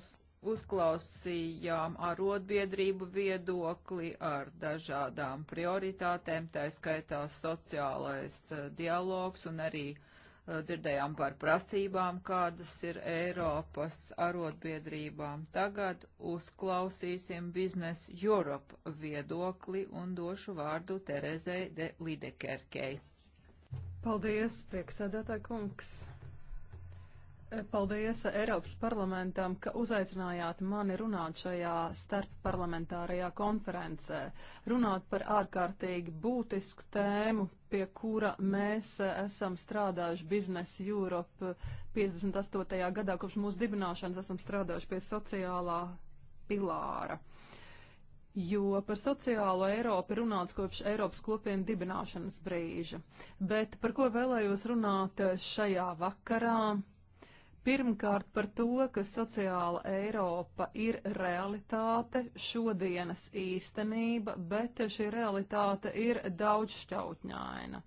uzklausījām arotbiedrību viedokli ar dažādām prioritātēm, tā skaitā sociālais uh, dialogs un arī uh, dzirdējām par prasībām, kādas ir Eiropas arotbiedrībām. Tagad uzklausīsim Business Europe viedokli un došu vārdu Terezei de Lidekerkei. Paldies, prieksēdētāji kungs! E, paldies Eiropas parlamentam, ka uzaicinājāt mani runāt šajā starpparlamentārajā konferencē. Runāt par ārkārtīgi būtisku tēmu, pie kura mēs esam strādājuši biznesa Europe 58. gadā, kopš mūsu dibināšanas esam strādājuši pie sociālā pilāra jo par sociālo Eiropu ir runāts kopš Eiropas kopienu dibināšanas brīža. Bet par ko vēlējos runāt eh, šajā vakarā? Pirmkārt par to, ka sociāla Eiropa ir realitāte, šodienas īstenība, bet šī realitāte ir daudzšķautņaina.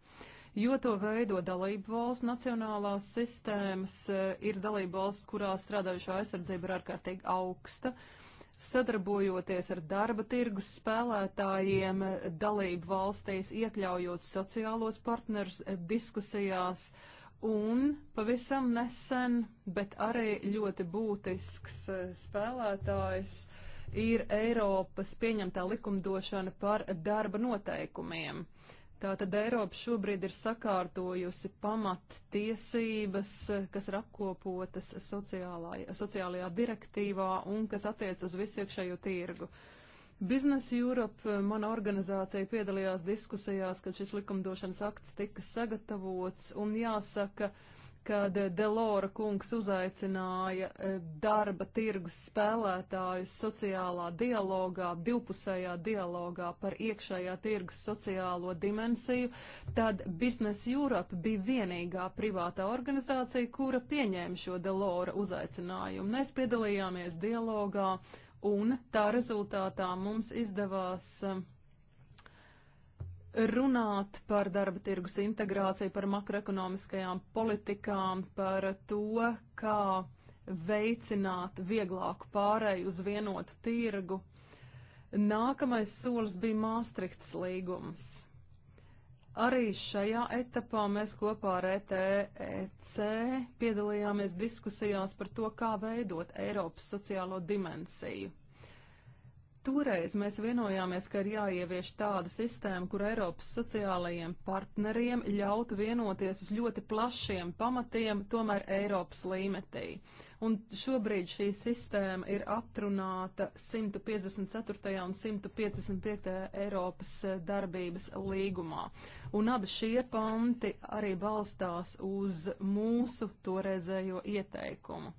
Jo to veido dalību valsts nacionālās sistēmas, eh, ir dalību valsts, kurās strādājušā aizsardzība ir ārkārtīgi augsta, uh, sadarbojoties ar darba tirgus spēlētājiem, dalību valstīs, iekļaujot sociālos partnerus diskusijās. Un pavisam nesen, bet arī ļoti būtisks eh, spēlētājs ir Eiropas pieņemtā likumdošana par darba noteikumiem. Tātad Eiropa šobrīd ir sakārtojusi pamat tiesības, kas ir apkopotas sociālā, sociālajā direktīvā un kas attiec uz visu iekšējo tirgu. Biznes Europe, eh, mana organizācija, piedalījās diskusijās, kad šis likumdošanas akts tika sagatavots, un jāsaka, uh, kad Delora kungs uzaicināja e, darba tirgus spēlētājus sociālā dialogā, divpusējā dialogā par iekšējā tirgus sociālo dimensiju, tad Business Europe bija vienīgā privātā organizācija, kura pieņēma šo Delora uzaicinājumu. Mēs piedalījāmies dialogā un tā rezultātā mums izdevās uh, runāt par darba tirgus integrāciju, par makroekonomiskajām politikām, par to, kā veicināt vieglāku pārēju uz vienotu tirgu. Nākamais solis bija Māstrihts līgums. Arī šajā etapā mēs kopā ar ETEC piedalījāmies diskusijās par to, kā veidot Eiropas sociālo dimensiju. Toreiz mēs vienojāmies, ka ir jāievieš tāda sistēma, kur Eiropas sociālajiem partneriem ļautu vienoties uz ļoti plašiem pamatiem, tomēr Eiropas līmetī un šobrīd šī sistēma ir atrunāta 154. un 155. Eiropas eh, darbības līgumā. Un abi šie panti arī balstās uz mūsu toreizējo ieteikumu.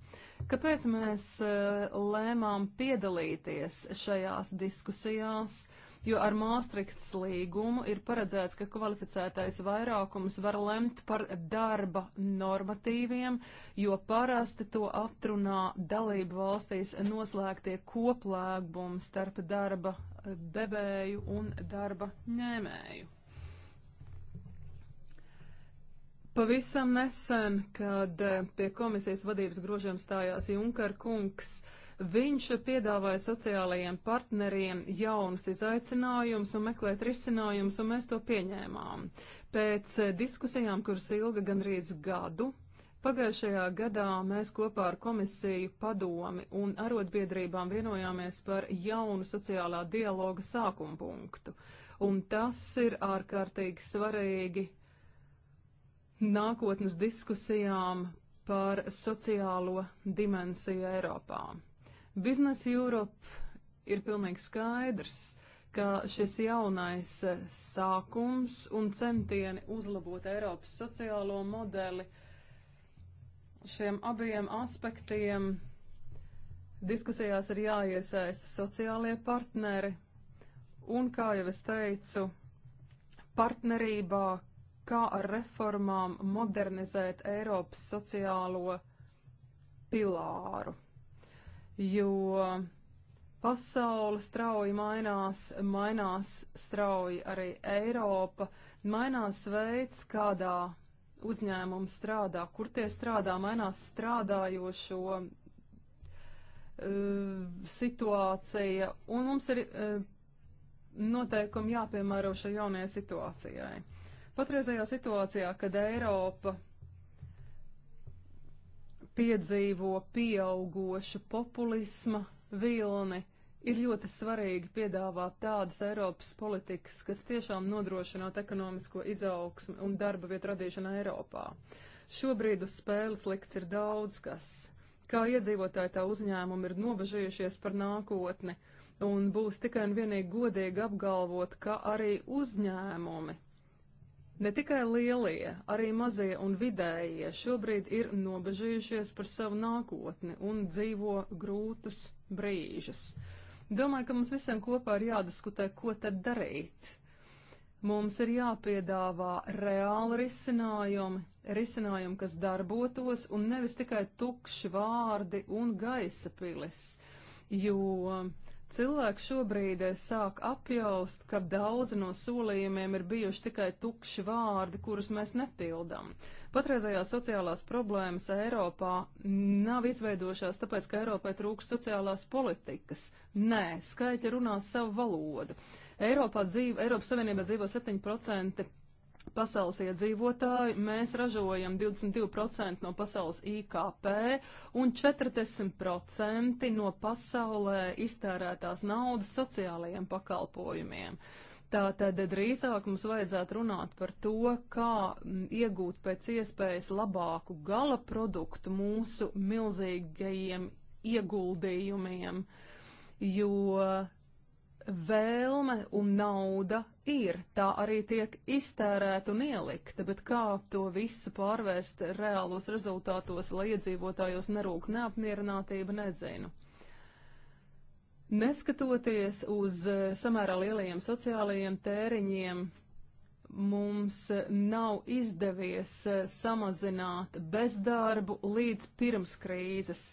Kāpēc mēs eh, lēmām piedalīties šajās diskusijās? jo ar Māstrikts līgumu ir paredzēts, ka kvalificētais vairākums var lemt par darba normatīviem, jo parasti to aptrunā dalību valstīs noslēgtie koplēgumi starp darba devēju un darba ņēmēju. Pavisam nesen, kad pie komisijas vadības grožiem stājās Junker kungs, uh, Viņš piedāvāja sociālajiem partneriem jaunus izaicinājumus un meklēt risinājumus, un mēs to pieņēmām. Pēc eh, diskusijām, kuras ilga gandrīz gadu, Pagājušajā gadā mēs kopā ar komisiju, padomi un arotbiedrībām vienojāmies par jaunu sociālā dialoga sākumu punktu. Un tas ir ārkārtīgi svarīgi nākotnes diskusijām par sociālo dimensiju Eiropā. Biznesa Europe ir pilnīgi skaidrs, ka šis jaunais sākums un centieni uzlabot Eiropas sociālo modeli šiem abiem aspektiem diskusijās ir jāiesaista sociālie partneri un, kā jau es teicu, partnerībā, kā ar reformām modernizēt Eiropas sociālo pilāru jo pasaule strauji mainās, mainās strauji arī Eiropa, mainās veids, kādā uzņēmumi strādā, kur tie strādā, mainās strādājošo eh, situācija, un mums ir eh, noteikumi jāpiemēro šai jaunajai situācijai. Patreizajā situācijā, kad Eiropa piedzīvo pieaugošu populisma vilni, ir ļoti svarīgi piedāvāt tādas Eiropas politikas, kas tiešām nodrošinātu ekonomisko izaugsmu un darba vietu radīšanu Eiropā. Šobrīd uz spēles likts ir daudz kas. Kā iedzīvotāji tā uzņēmumi ir nobežījušies par nākotni, un būs tikai un vienīgi godīgi apgalvot, ka arī uzņēmumi Ne tikai lielie, arī mazie un vidējie šobrīd ir nobežījušies par savu nākotni un dzīvo grūtus brīžus. Domāju, ka mums visiem kopā ir jādiskutē, ko tad darīt. Mums ir jāpiedāvā reāli risinājumi, risinājumi, kas darbotos, un nevis tikai tukši vārdi un gaisa pilis, jo Cilvēki šobrīd eh, sāk apjaust, ka daudzi no solījumiem ir bijuši tikai tukši vārdi, kurus mēs nepildam. Patreizējās sociālās problēmas Eiropā nav izveidošās tāpēc, ka Eiropai trūks sociālās politikas. Nē, skaitļi runā savu valodu. Eiropā dzīvo, Eiropas Savienībā dzīvo 7% pasaules iedzīvotāji, mēs ražojam 22% no pasaules IKP un 40% no pasaulē iztērētās naudas sociālajiem pakalpojumiem. Tātad drīzāk mums vajadzētu runāt par to, kā iegūt pēc iespējas labāku gala produktu mūsu milzīgajiem ieguldījumiem, jo vēlme un nauda ir, tā arī tiek iztērēta un ielikta, bet kā to visu pārvērst reālos rezultātos, lai iedzīvotājos nerūk neapmierinātība, nezinu. Neskatoties uz e, samērā lielajiem sociālajiem tēriņiem, mums nav izdevies e, samazināt bezdarbu līdz pirms krīzes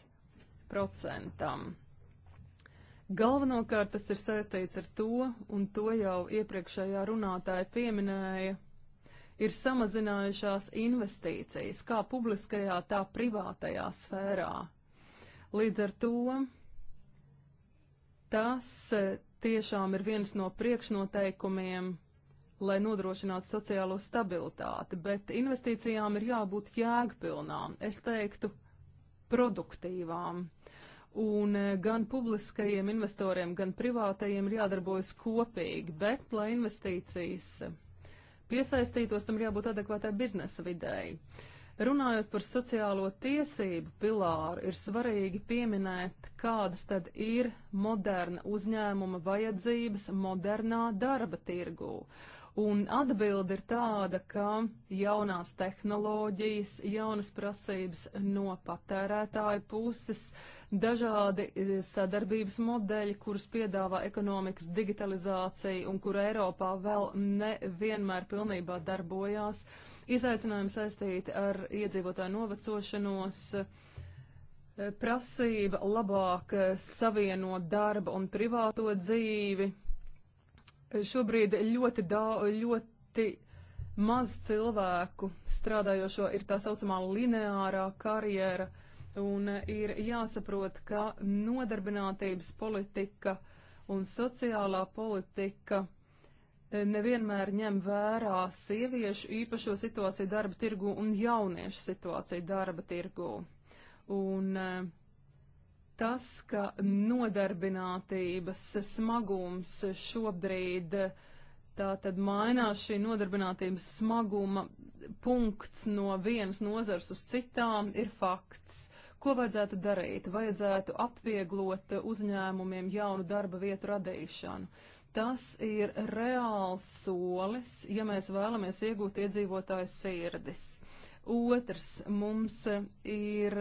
procentam. Galvenokārt tas ir saistīts ar to, un to jau iepriekšējā runātāja pieminēja, ir samazinājušās investīcijas kā publiskajā, tā privātajā sfērā. Līdz ar to tas e, tiešām ir viens no priekšnoteikumiem, lai nodrošinātu sociālo stabilitāti, bet investīcijām ir jābūt jēgpilnām, es teiktu, produktīvām. Uh, Un eh, gan publiskajiem investoriem, gan privātajiem ir jādarbojas kopīgi, bet, lai investīcijas piesaistītos, tam ir jābūt adekvātai biznesa vidēji. Runājot par sociālo tiesību pilāru, ir svarīgi pieminēt, kādas tad ir moderna uzņēmuma vajadzības modernā darba tirgū. Un atbilde ir tāda, ka jaunās tehnoloģijas, jaunas prasības no patērētāju puses, dažādi eh, sadarbības modeļi, kurus piedāvā ekonomikas digitalizācija un kur Eiropā vēl nevienmēr pilnībā darbojās, izaicinājumi saistīti ar iedzīvotāju novecošanos eh, prasība labāk eh, savienot darba un privāto dzīvi, šobrīd ļoti, daudz, ļoti maz cilvēku strādājošo ir tā saucamā lineārā karjera, un ir jāsaprot, ka nodarbinātības politika un sociālā politika eh, nevienmēr ņem vērā sieviešu īpašo situāciju darba tirgu un jauniešu situāciju darba tirgu. Un, uh, tas, ka nodarbinātības smagums šobrīd tā tad mainās šī nodarbinātības smaguma punkts no vienas nozars uz citām, ir fakts. Ko vajadzētu darīt? Vajadzētu apvieglot uzņēmumiem jaunu darba vietu radīšanu. Tas ir reāls solis, ja mēs vēlamies iegūt iedzīvotāju sirdis. Otrs mums ir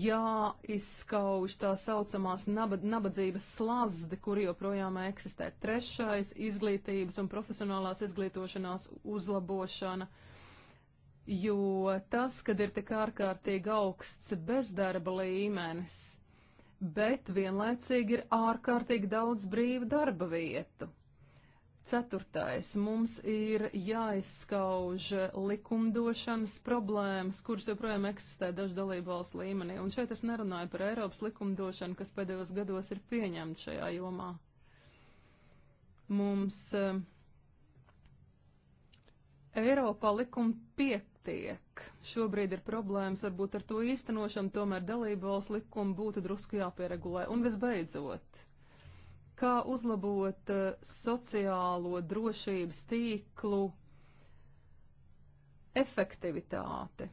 jāizskauž tā saucamās nabad, nabadzības slazde, kur joprojām eksistē. Trešais - izglītības un profesionālās izglītošanās uzlabošana, jo tas, kad ir tik ārkārtīgi augsts bezdarba līmenis, bet vienlaicīgi ir ārkārtīgi daudz brīvu darba vietu. Ceturtais. Mums ir jāizskauž likumdošanas problēmas, kuras joprojām eksistē dažu dalību valsts līmenī. Un šeit es nerunāju par Eiropas likumdošanu, kas pēdējos gados ir pieņemta šajā jomā. Mums uh, Eiropā likuma pietiek. Šobrīd ir problēmas varbūt ar to īstenošanu, tomēr dalību valsts likuma būtu drusku jāpieregulē. Un visbeidzot kā uzlabot eh, sociālo drošības tīklu efektivitāti,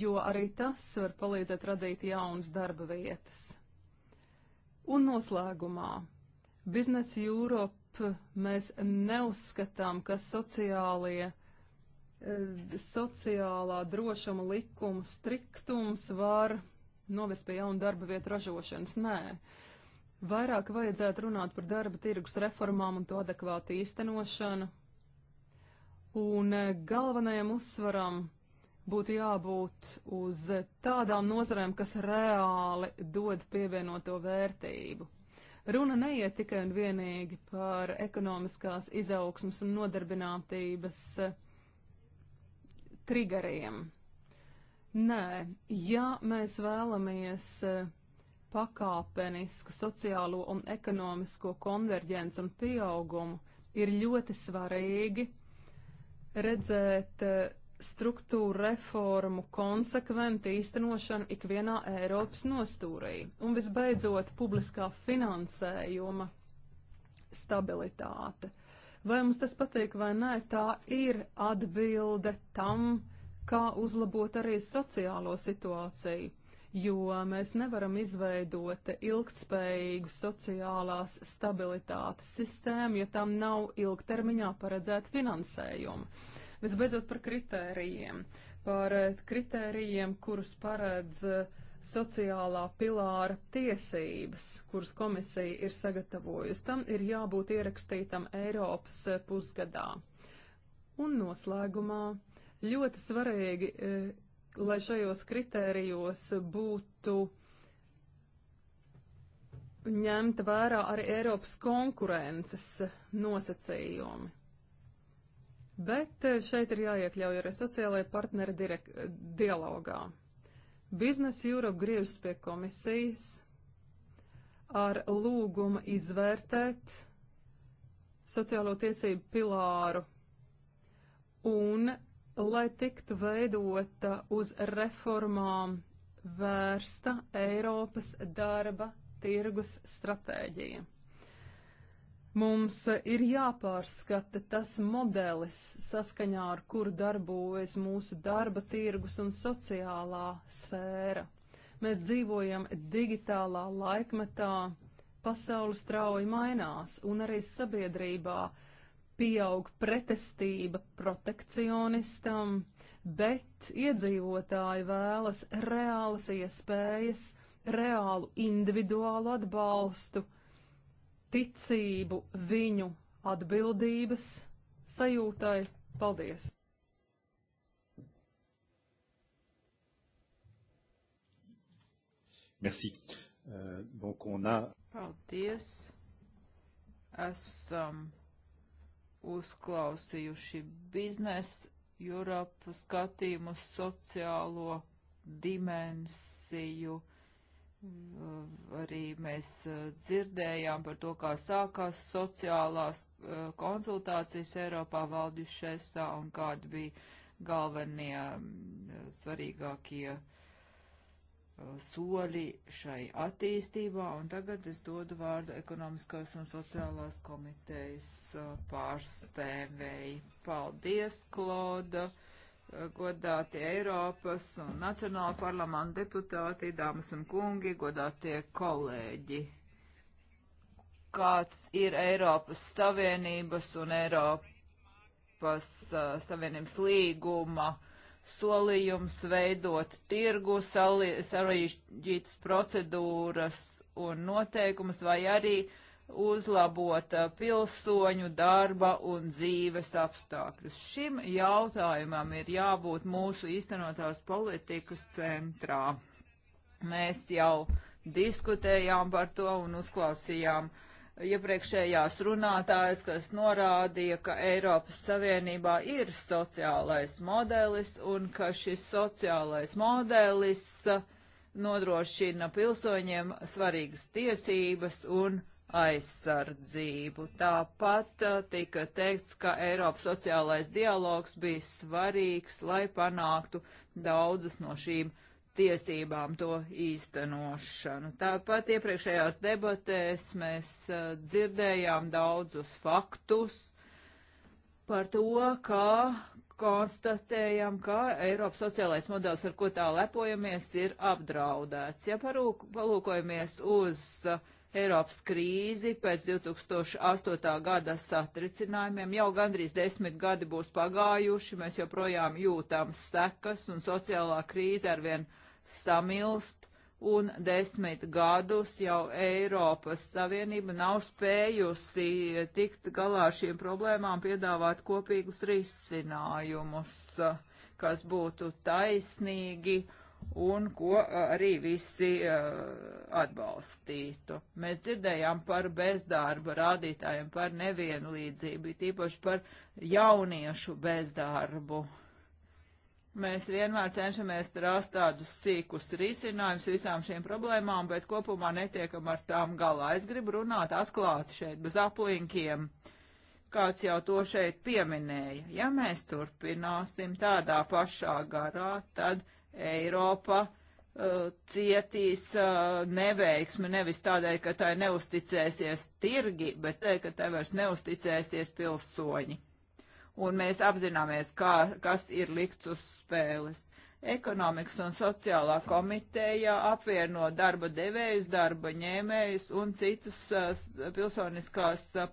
jo arī tas var palīdzēt radīt jaunas darba vietas. Un noslēgumā Biznes Europe mēs neuzskatām, ka sociālie, eh, sociālā drošuma likuma striktums var novest pie jaunu darba vietu ražošanas. Nē, Vairāk vajadzētu runāt par darba tirgus reformām un to adekvātu īstenošanu. Un eh, galvenajam uzsvaram būtu jābūt uz tādām nozarēm, kas reāli dod pievienoto vērtību. Runa neiet tikai un vienīgi par ekonomiskās izaugsmas un nodarbinātības eh, trigeriem. Nē, ja mēs vēlamies uh, pakāpenisku sociālo un ekonomisko konverģenci un pieaugumu, ir ļoti svarīgi redzēt eh, struktūra reformu konsekventu īstenošanu ikvienā Eiropas nostūrī. Un visbeidzot, publiskā finansējuma stabilitāte. Vai mums tas patīk vai nē, tā ir atbilde tam, kā uzlabot arī sociālo situāciju jo mēs nevaram izveidot ilgtspējīgu sociālās stabilitātes sistēmu, ja tam nav ilgtermiņā paredzēta finansējuma. Visbeidzot par kritērijiem, par kritērijiem, kurus paredz eh, sociālā pilāra tiesības, kuras komisija ir sagatavojusi. Tam ir jābūt ierakstītam Eiropas eh, pusgadā. Un noslēgumā ļoti svarīgi eh, lai šajos kritērijos būtu ņemta vērā arī Eiropas konkurences nosacījumi. Bet eh, šeit ir jāiekļauj arī sociālajie partneri dialogā. Biznes Europe griežas pie komisijas ar lūgumu izvērtēt sociālo tiesību pilāru un lai tiktu veidota uz reformām vērsta Eiropas darba tirgus stratēģija. Mums ir jāpārskata tas modelis, saskaņā ar kuru darbojas mūsu darba tirgus un sociālā sfēra. Mēs dzīvojam digitālā laikmetā, pasaule strauji mainās, un arī sabiedrībā pieaug pretestība protekcionistam, bet iedzīvotāji vēlas reālas iespējas, reālu individuālu atbalstu, ticību viņu atbildības sajūtai. Paldies! Merci. Euh, donc on a. Paldies. Esam. Um uzklausījuši biznesa Europa skatījumu sociālo dimensiju. Arī mēs eh, dzirdējām par to, kā sākās sociālās eh, konsultācijas Eiropā valdjušesā un kādi bija galvenie mm, svarīgākie uh, soļi šai attīstībā, un tagad es dodu vārdu ekonomiskās un sociālās komitejas pārstāvēji. Paldies, Klauda, godātie Eiropas un Nacionāla parlamenta deputāti, dāmas un kungi, godātie kolēģi. Kāds ir Eiropas Savienības un Eiropas uh, Savienības līguma uh, solījums veidot tirgu, sarežģītas procedūras un noteikumus, vai arī uzlabot uh, pilsoņu darba un dzīves apstākļus. Šim jautājumam ir jābūt mūsu īstenotās politikas centrā. Mēs jau diskutējām par to un uzklausījām uh, iepriekšējās runātājas, kas norādīja, ka Eiropas Savienībā ir sociālais modelis un ka šis sociālais modelis nodrošina pilsoņiem svarīgas tiesības un aizsardzību. Tāpat uh, tika teikts, ka Eiropas sociālais dialogs bija svarīgs, lai panāktu daudzas no šīm tiesībām tiesībām to īstenošanu. Tāpat iepriekšējās debatēs mēs uh, dzirdējām daudzus faktus par to, kā konstatējam, ka Eiropas sociālais modelis, ar ko tā lepojamies, ir apdraudēts. Ja parūk, palūkojamies uz uh, Eiropas krīzi pēc 2008. gada satricinājumiem, jau gandrīz desmit gadi būs pagājuši, mēs joprojām jūtam sekas un sociālā krīze arvien vien samilst, un desmit gadus jau Eiropas Savienība nav spējusi tikt galā ar šīm problēmām, piedāvāt kopīgus risinājumus, kas būtu taisnīgi un ko arī visi atbalstītu. Mēs dzirdējām par bezdarba rādītājiem, par nevienlīdzību, tīpaši par jauniešu bezdarbu. Mēs vienmēr cenšamies rast tādus sīkus risinājumus visām šīm problēmām, bet kopumā netiekam ar tām galā. Es gribu runāt atklāti šeit, bez aplinkiem. Kāds jau to šeit pieminēja. Ja mēs turpināsim tādā pašā garā, tad Eiropa uh, cietīs uh, neveiksmi nevis tādēļ, ka tai neusticēsies tirgi, bet tādēļ, ka tai vairs neusticēsies pilsoņi un mēs apzināmies, kā, kas ir likts uz spēles. Ekonomikas un sociālā komiteja apvieno darba devējus, darba ņēmējus un citus uh, pilsoniskās uh,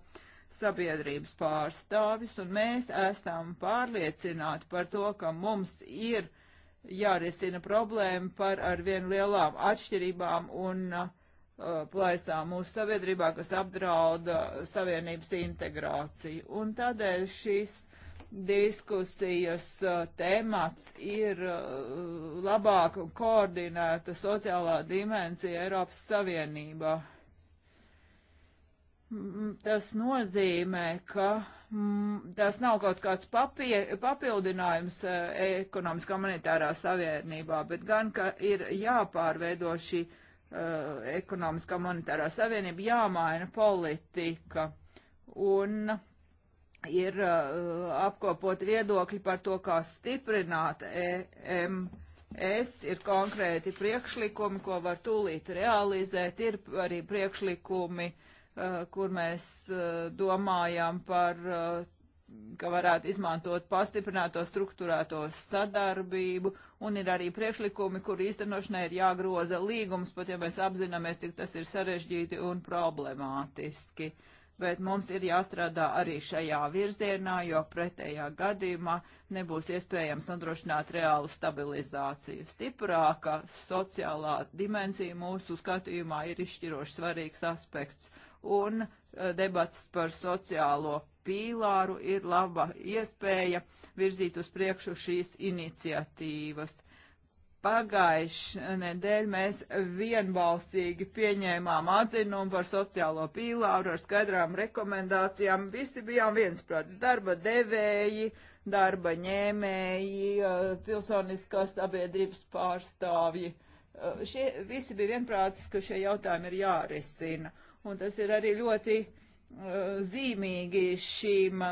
sabiedrības pārstāvis, un mēs esam pārliecināti par to, ka mums ir jārisina problēma par arvien lielām atšķirībām un uh, plaisām mūsu sabiedrībā, kas apdrauda savienības integrāciju. Un tādēļ šīs diskusijas uh, temats ir uh, labāk koordinēta sociālā dimensija Eiropas Savienībā. Mm, tas nozīmē, ka mm, tas nav kaut kāds papie, papildinājums uh, ekonomiskā monetārā savienībā, bet gan, ka ir jāpārveido šī uh, ekonomiskā monetārā savienība, jāmaina politika. Un ir uh, apkopot viedokļi par to, kā stiprināt EMS, ir konkrēti priekšlikumi, ko var tūlīt realizēt, ir arī priekšlikumi, uh, kur mēs uh, domājam par, uh, ka varētu izmantot pastiprināto struktūrēto sadarbību, un ir arī priekšlikumi, kur īstenošanai ir jāgroza līgums, pat ja mēs apzināmies, cik tas ir sarežģīti un problemātiski. Uh, bet mums ir jāstrādā arī šajā virzienā, jo pretējā gadījumā nebūs iespējams nodrošināt reālu stabilizāciju. Stiprāka sociālā dimensija mūsu skatījumā ir izšķiroši svarīgs aspekts, un eh, debats par sociālo pīlāru ir laba iespēja virzīt uz priekšu šīs iniciatīvas. Pagājušajā nedēļā mēs vienbalsīgi pieņēmām atzinumu par sociālo pīlāru ar skaidrām rekomendācijām. Visi bijām viensprāts - darba devēji, darba ņēmēji, eh, pilsoniskās sabiedrības pārstāvji. Eh, šie visi bija vienprātis, ka šie jautājumi ir jārisina. Un tas ir arī ļoti uh, zīmīgi šīm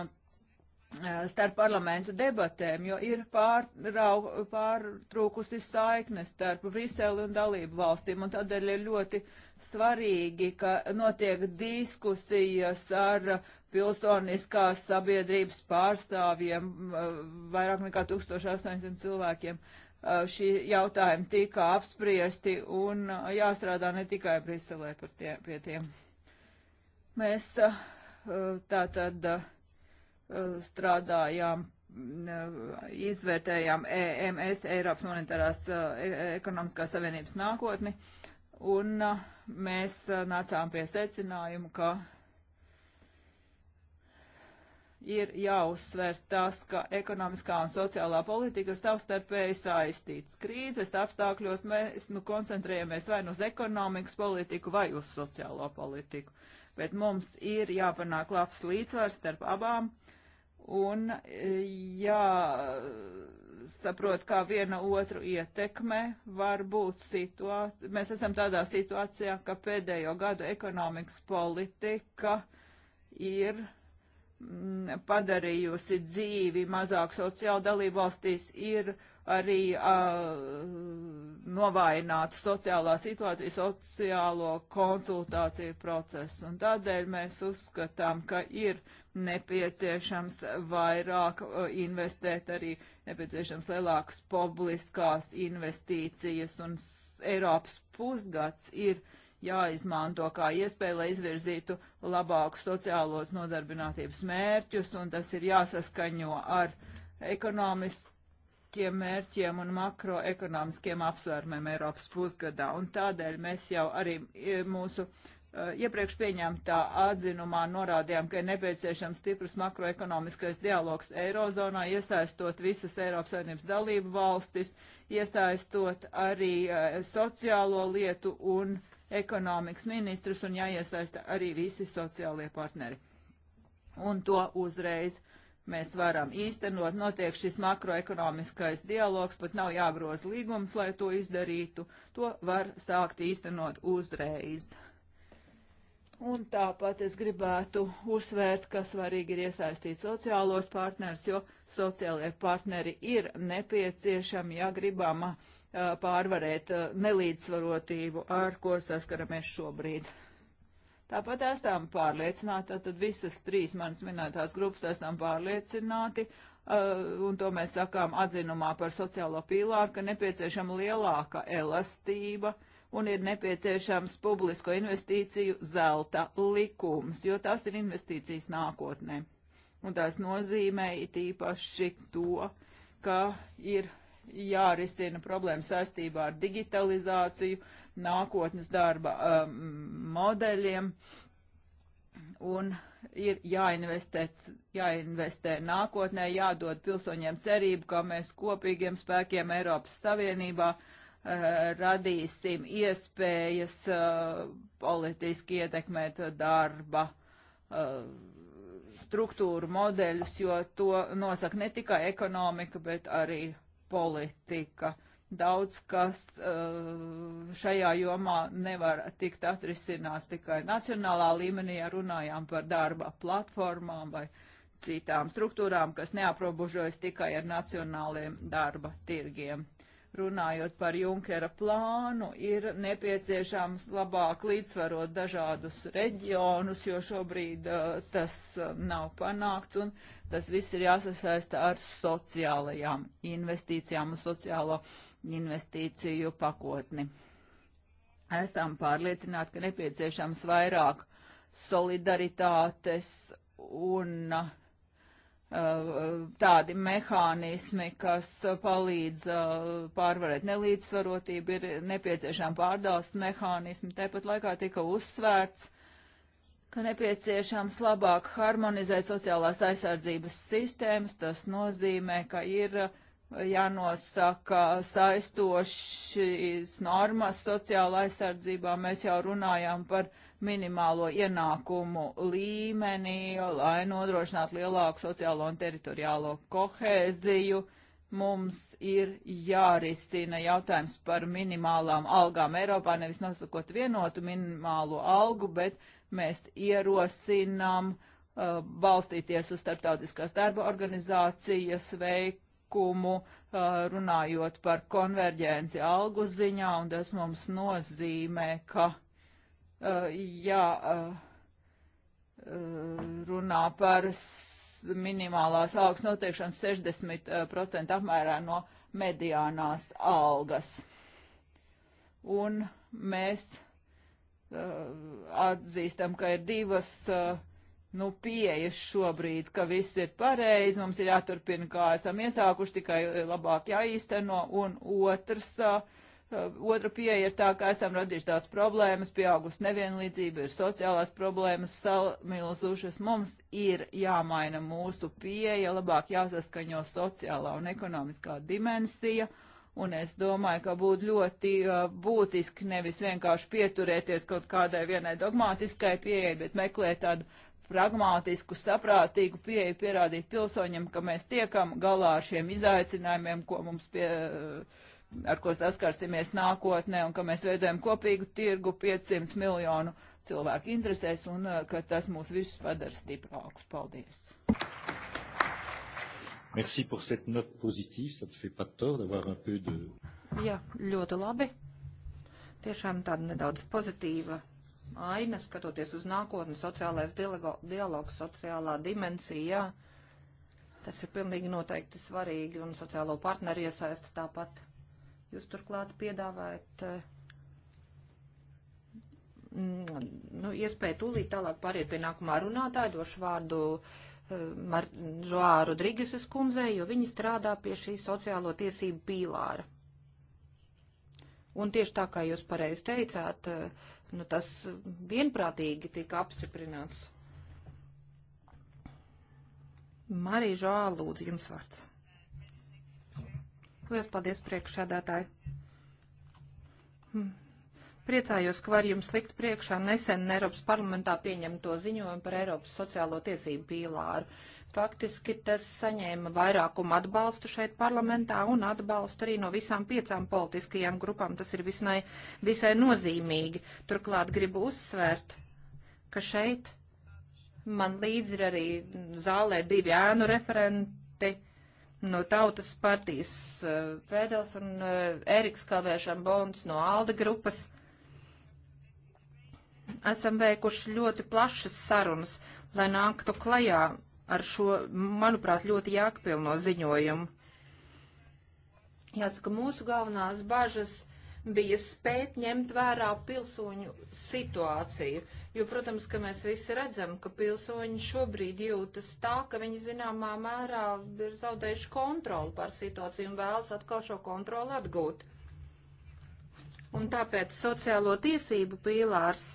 starp parlamentu debatēm, jo ir pārtraukusi pār saiknes starp Briseli un dalību valstīm, un tādēļ ir ļoti svarīgi, ka notiek diskusijas ar pilsoniskās sabiedrības pārstāvjiem, vairāk nekā 1800 cilvēkiem. Šī jautājuma tika apspriesti un jāstrādā ne tikai Briselē par tie, pie tiem. Mēs tātad. Uh, Eh, strādājām, eh, izvērtējām EMS, Eiropas monetārās eh, e, ekonomiskās savienības nākotni, un mēs nācām pie secinājumu, ka ir jāuzsver tas, ka ekonomiskā un sociālā politika ir savstarpēji saistītas. Krīzes apstākļos mēs nu, koncentrējamies vai nu uz ekonomikas politiku, vai uz sociālo politiku. Bet mums ir jāpanāk labs līdzsvars starp abām un eh, jāsaprot, kā viena otru ietekmē var būt situācija. Mēs esam tādā situācijā, ka pēdējo gadu ekonomikas politika ir Mm, padarījusi dzīvi mazāk sociāli dalībvalstīs, ir arī uh, novājināta sociālā situācija, sociālo konsultāciju procesu. Un tādēļ mēs uzskatām, ka ir nepieciešams vairāk uh, investēt, arī nepieciešams lielākas publiskās investīcijas, un Eiropas pusgads ir uh, jāizmanto kā iespēja, lai izvirzītu labākus sociālos nodarbinātības mērķus, un tas ir jāsaskaņo ar ekonomiskiem mērķiem un makroekonomiskiem apsvērumiem Eiropas pusgadā. Un tādēļ mēs jau arī e, mūsu e, iepriekš pieņemtā atzinumā norādījām, ka ir nepieciešams stiprs makroekonomiskais dialogs Eirozonā, iesaistot visas Eiropas Savienības dalību valstis, iesaistot arī e, sociālo lietu un uh, ekonomikas ministrus un jāiesaista arī visi sociālie partneri. Un to uzreiz mēs varam īstenot. Notiek šis makroekonomiskais dialogs, pat nav jāgroz līgums, lai to izdarītu. To var sākt īstenot uzreiz. Un tāpat es gribētu uzsvērt, ka svarīgi ir iesaistīt sociālos partnerus, jo sociālie partneri ir nepieciešami, ja gribama pārvarēt nelīdzsvarotību, ar ko saskaramies šobrīd. Tāpat esam pārliecināti, tad visas trīs manas minētās grupas esam pārliecināti, un to mēs sakām atzinumā par sociālo pīlāru, ka nepieciešama lielāka elastība un ir nepieciešams publisko investīciju zelta likums, jo tās ir investīcijas nākotnē. Un tās nozīmē it īpaši to, ka ir jārisina problēma saistībā ar digitalizāciju, nākotnes darba um, modeļiem un ir jāinvestē, jāinvestē nākotnē, jādod pilsoņiem cerību, ka mēs kopīgiem spēkiem Eiropas Savienībā uh, radīsim iespējas uh, politiski ietekmēt darba uh, struktūru modeļus, jo to nosaka ne tikai ekonomika, bet arī politika. Daudz kas eh, šajā jomā nevar tikt atrisināts tikai nacionālā līmenī, ja runājām par darba platformām vai citām struktūrām, kas neaprobežojas tikai ar nacionāliem darba tirgiem runājot par Junkera plānu, ir nepieciešams labāk līdzsvarot dažādus reģionus, jo šobrīd uh, tas uh, nav panākts, un tas viss ir jāsasaista ar sociālajām investīcijām un sociālo investīciju pakotni. Esam pārliecināti, ka nepieciešams vairāk solidaritātes un uh, tādi mehānismi, kas palīdz uh, pārvarēt nelīdzsvarotību, ir nepieciešama pārdales mehānismi. Tāpat laikā tika uzsvērts, ka nepieciešams labāk harmonizēt sociālās aizsardzības sistēmas. Tas nozīmē, ka ir uh, jānosaka saistošas normas sociālā aizsardzībā. Mēs jau runājām par minimālo ienākumu līmenī, lai nodrošinātu lielāku sociālo un teritoriālo kohēziju. Mums ir jārisina jautājums par minimālām algām Eiropā, nevis nosakot vienotu minimālo algu, bet mēs ierosinām uh, balstīties uz starptautiskās darba organizācijas veikumu, uh, runājot par konverģenci algu ziņā, un tas mums nozīmē, ka Uh, jā, uh, runā par minimālās algas noteikšanu 60% uh, apmērā no mediānās algas. Un mēs atzīstam, ka ir divas nu, pieejas šobrīd, ka viss ir pareizi, mums ir jāturpina, kā esam iesākuši, tikai labāk jāīsteno, un otrs uh, Eh, otra pieeja ir tā, ka esam radījuši daudz problēmas, pieaugusi nevienlīdzība, ir sociālās problēmas samilzušas. Mums ir jāmaina mūsu pieeja, labāk jāsaskaņo sociālā un ekonomiskā dimensija. Un es domāju, ka būtu ļoti uh, būtiski nevis vienkārši pieturēties kaut kādai vienai dogmātiskai pieejai, bet meklēt tādu pragmātisku, saprātīgu pieeju, pierādīt pilsoņiem, ka mēs tiekam galā ar šiem izaicinājumiem, ko mums pie. Uh, ar ko saskarsimies nākotnē, un ka mēs veidojam kopīgu tirgu 500 miljonu cilvēku interesēs, un uh, ka tas mūs visus padara stiprākus. Paldies! Merci pour cette note positive, ça ne fait pas tort d'avoir un peu de... Jā, ļoti labi. Tiešām tāda nedaudz pozitīva aina, skatoties uz nākotni, sociālais dialogs, sociālā dimensija, tas ir pilnīgi noteikti svarīgi, un sociālo partneru iesaista tāpat. Jūs turklāt piedāvājat eh, mm, nu, iespēju tūlīt tālāk pāriet pie nākamā runātāja, došu vārdu eh, Mar Žoā Rodrīgeses kundzei, jo viņi strādā pie šī sociālo tiesību pīlāra. Un tieši tā, kā jūs pareizi teicāt, eh, nu, tas vienprātīgi tika apstiprināts. Marija Žoā, lūdzu, jums vārds. Lielas paldies priekšādātāji. Hmm. Priecājos, ka var jums likt priekšā nesen Eiropas parlamentā pieņemto ziņojumu par Eiropas sociālo tiesību pīlāru. Faktiski tas saņēma vairākumu atbalstu šeit parlamentā un atbalstu arī no visām piecām politiskajām grupām. Tas ir visnai, visai nozīmīgi. Turklāt gribu uzsvērt, ka šeit man līdzi ir arī zālē divi ēnu referenti no Tautas partijas Pēdels eh, un eh, Eriks Kalvēšana Bons no Alda grupas. Esam veikuši ļoti plašas sarunas, lai nāktu klajā ar šo, manuprāt, ļoti jākpilno ziņojumu. Jāsaka, mūsu galvenās bažas bija spēt ņemt vērā pilsoņu situāciju. Jo, protams, ka mēs visi redzam, ka pilsoņi šobrīd jūtas tā, ka viņi zināmā mērā ir zaudējuši kontroli pār situāciju un vēlas atkal šo kontroli atgūt. Un tāpēc sociālo tiesību pīlārs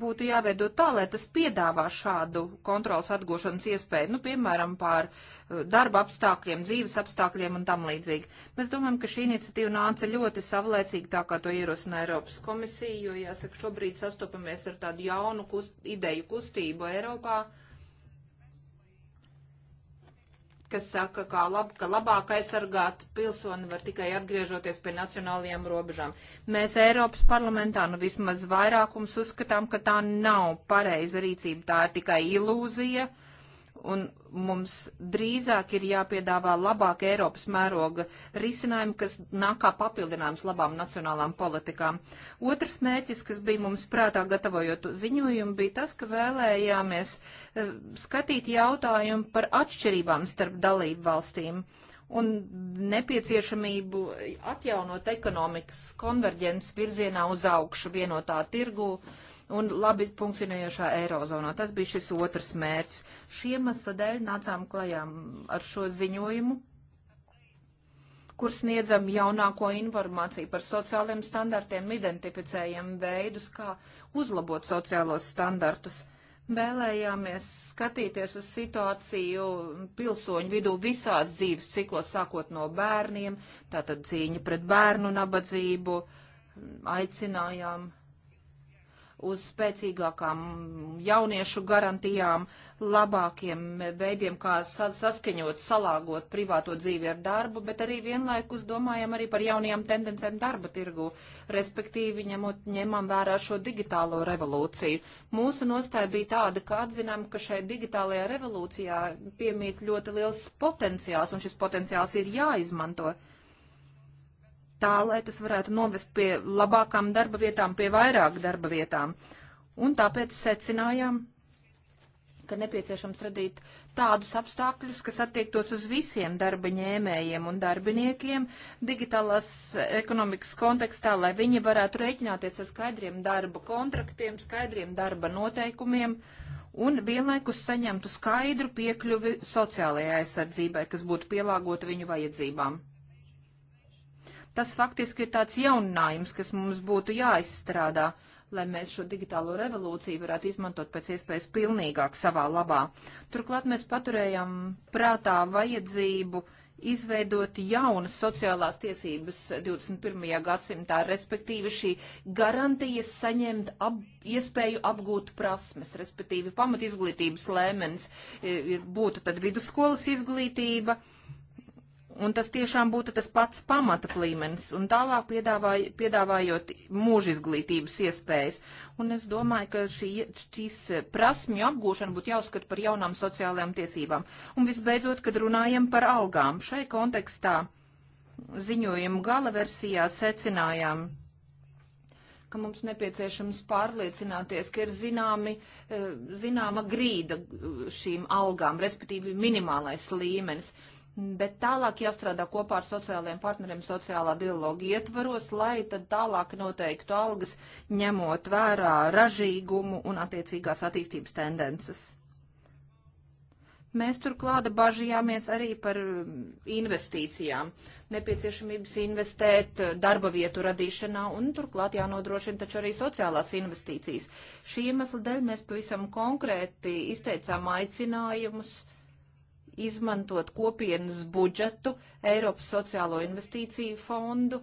būtu jāveido tā, lai tas piedāvā šādu kontrolas atgūšanas iespēju, nu, piemēram, pār uh, darba apstākļiem, dzīves apstākļiem un tam līdzīgi. Mēs domājam, ka šī iniciatīva nāca ļoti savlaicīgi tā, kā to ierosina Eiropas komisija, jo, jāsaka, šobrīd sastopamies ar tādu jaunu kust, ideju kustību Eiropā, uh, kas saka, kā lab, ka labāk aizsargāt pilsoni var tikai atgriežoties pie nacionālajām robežām. Mēs Eiropas parlamentā, nu vismaz vairākums uzskatām, ka tā nav pareiza rīcība, tā ir tikai ilūzija. Uh, un mums drīzāk ir jāpiedāvā labāk Eiropas mēroga risinājumi, kas nāk kā papildinājums labām nacionālām politikām. Otrs mērķis, kas bija mums prātā gatavojot ziņojumu, bija tas, ka vēlējāmies eh, skatīt jautājumu par atšķirībām starp dalību valstīm un nepieciešamību atjaunot ekonomikas konverģences virzienā uz augšu vienotā tirgu. Uh, un labi funkcionējošā eirozonā. Tas bija šis otrs mērķis. Šiem masadēļ nācām klajām ar šo ziņojumu kur sniedzam jaunāko informāciju par sociāliem standartiem, identificējam veidus, kā uzlabot sociālos standartus vēlējāmies skatīties uz situāciju pilsoņu vidū visās dzīves ciklos, sākot no bērniem, tātad cīņa pret bērnu nabadzību, aicinājām uz spēcīgākām jauniešu garantijām, labākiem veidiem, kā saskaņot, salāgot privāto dzīvi ar darbu, bet arī vienlaikus domājam arī par jaunajām tendencēm darba tirgu, respektīvi ņemot, ņemam vērā šo digitālo revolūciju. Mūsu nostāja bija tāda, ka atzinām, ka šai digitālajā revolūcijā piemīt ļoti liels potenciāls, un šis potenciāls ir jāizmanto tā, lai tas varētu novest pie labākām darba vietām, pie vairāk darba vietām. Un tāpēc secinājām, ka nepieciešams radīt tādus apstākļus, kas attiektos uz visiem darba ņēmējiem un darbiniekiem digitālās ekonomikas kontekstā, lai viņi varētu rēķināties ar skaidriem darba kontraktiem, skaidriem darba noteikumiem un vienlaikus saņemtu skaidru piekļuvi sociālajai aizsardzībai, kas būtu pielāgota viņu vajadzībām. Tas faktiski ir tāds jauninājums, kas mums būtu jāizstrādā, lai mēs šo digitālo revolūciju varētu izmantot pēc iespējas pilnīgāk savā labā. Turklāt mēs paturējam prātā vajadzību izveidot jaunas sociālās tiesības 21. gadsimtā, respektīvi šī garantijas saņemt ab, iespēju apgūt prasmes, respektīvi pamatizglītības lēmenis e, ir, būtu tad vidusskolas izglītība. Uh, Un tas tiešām būtu tas pats pamata līmenis, un tālāk piedāvāj, piedāvājot mūža izglītības iespējas. Un es domāju, ka šī, šīs prasmju apgūšana būtu jāuzskata par jaunām sociālajām tiesībām. Un visbeidzot, kad runājam par algām, šai kontekstā ziņojumu gala versijā secinājām ka mums nepieciešams pārliecināties, ka ir zināmi, eh, zināma grīda šīm algām, respektīvi minimālais līmenis bet tālāk jāstrādā kopā ar sociālajiem partneriem sociālā dialoga ietvaros, lai tad tālāk noteiktu algas, ņemot vērā ražīgumu un attiecīgās attīstības tendences. Mēs turklāt bažījāmies arī par investīcijām, nepieciešamības investēt darba vietu radīšanā un turklāt jānodrošina taču arī sociālās investīcijas. Šī iemesla dēļ mēs pavisam konkrēti izteicām aicinājumus uh, izmantot kopienas budžetu, Eiropas sociālo investīciju fondu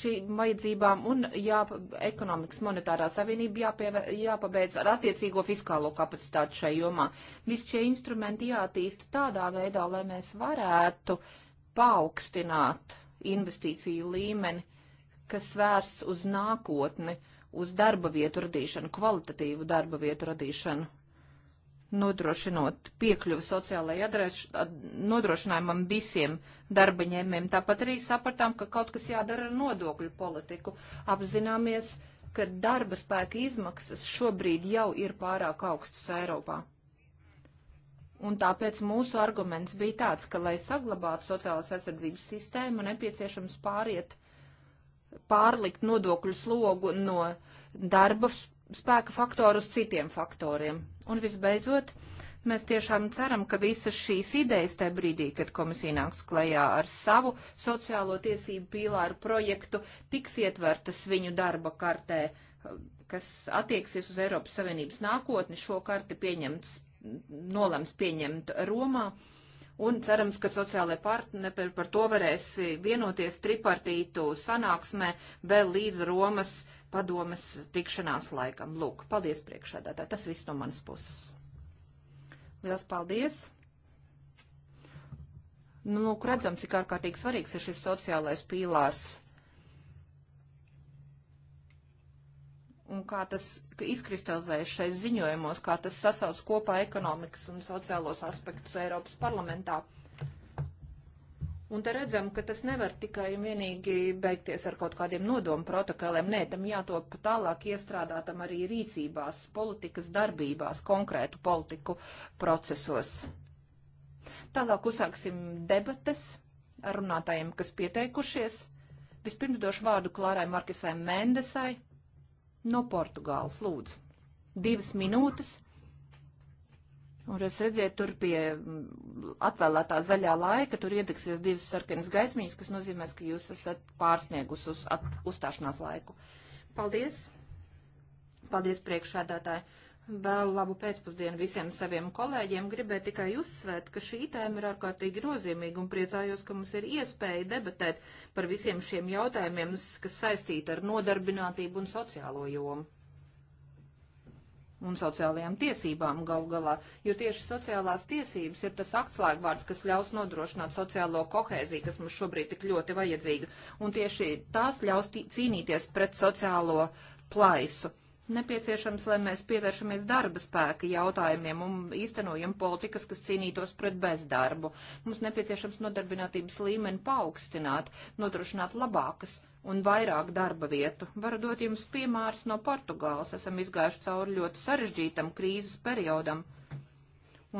šīm vajadzībām un jā, ekonomikas monetārā savienība jāpieve, jāpabeidz ar attiecīgo fiskālo kapacitāti šai jomā. Visi šie instrumenti jātīsta tādā veidā, lai mēs varētu paaugstināt investīciju līmeni, kas vērsts uz nākotni, uz darba vietu radīšanu, kvalitatīvu darba vietu radīšanu nodrošinot piekļuvu sociālajai nodrošinājumam visiem darbaņēmiem. Tāpat arī sapratām, ka kaut kas jādara ar nodokļu politiku. Apzināmies, ka darba spēka izmaksas šobrīd jau ir pārāk augstas Eiropā. Un tāpēc mūsu arguments bija tāds, ka, lai saglabātu sociālās aizsardzības sistēmu, nepieciešams pāriet, pārlikt nodokļu slogu no darba spēka faktoru uz citiem faktoriem Un visbeidzot, mēs tiešām ceram, ka visas šīs idejas tajā brīdī, kad komisija nāks klajā ar savu sociālo tiesību pīlāru projektu, tiks ietvertas viņu darba kartē, kas attieksies uz Eiropas Savienības nākotni. Šo karti pieņemts, nolems pieņemt Romā. Un cerams, ka sociālai partneri par to varēs vienoties tripartītu sanāksmē vēl līdz Romas uh, padomes tikšanās laikam. Lūk, paldies priekšādātāji. Tas viss no manas puses. Liels paldies! Nu, lūk, redzam, cik ārkārtīgi svarīgs ir šis sociālais pīlārs. Un kā tas izkristalizējas šais ziņojumos, kā tas sasauc kopā ekonomikas un sociālos aspektus Eiropas parlamentā. Un te redzam, ka tas nevar tikai un vienīgi beigties ar kaut kādiem nodomu protokoliem. Nē, tam jātop tālāk iestrādātam arī rīcībās, politikas darbībās, konkrētu politiku procesos. Tālāk uzsāksim debates ar runātājiem, kas pieteikušies. Vispirms došu vārdu Klārai Markisai Mendesai no Portugāles. Lūdzu, divas minūtes Un es redzēju, tur pie mm, atvēlētā zaļā laika, tur iedegsies divas sarkanas gaismiņas, kas nozīmēs, ka jūs esat pārsniegus uz at, uzstāšanās laiku. Paldies! Paldies priekšādātāji! Vēl labu pēcpusdienu visiem saviem kolēģiem. Gribēju tikai uzsvērt, ka šī tēma ir ārkārtīgi nozīmīga un priecājos, ka mums ir iespēja debatēt par visiem šiem jautājumiem, kas saistīti ar nodarbinātību un sociālo jomu un sociālajām tiesībām gal galā, jo tieši sociālās tiesības ir tas akslēgvārds, kas ļaus nodrošināt sociālo kohēziju, kas mums šobrīd tik ļoti vajadzīga, un tieši tās ļaus cīnīties pret sociālo plaisu nepieciešams, lai mēs pievēršamies darba spēka jautājumiem un īstenojam politikas, kas cīnītos pret bezdarbu. Mums nepieciešams nodarbinātības līmeni paaugstināt, nodrošināt labākas un vairāk darba vietu. Varu dot jums piemērus no Portugāles. Esam izgājuši cauri ļoti sarežģītam krīzes periodam,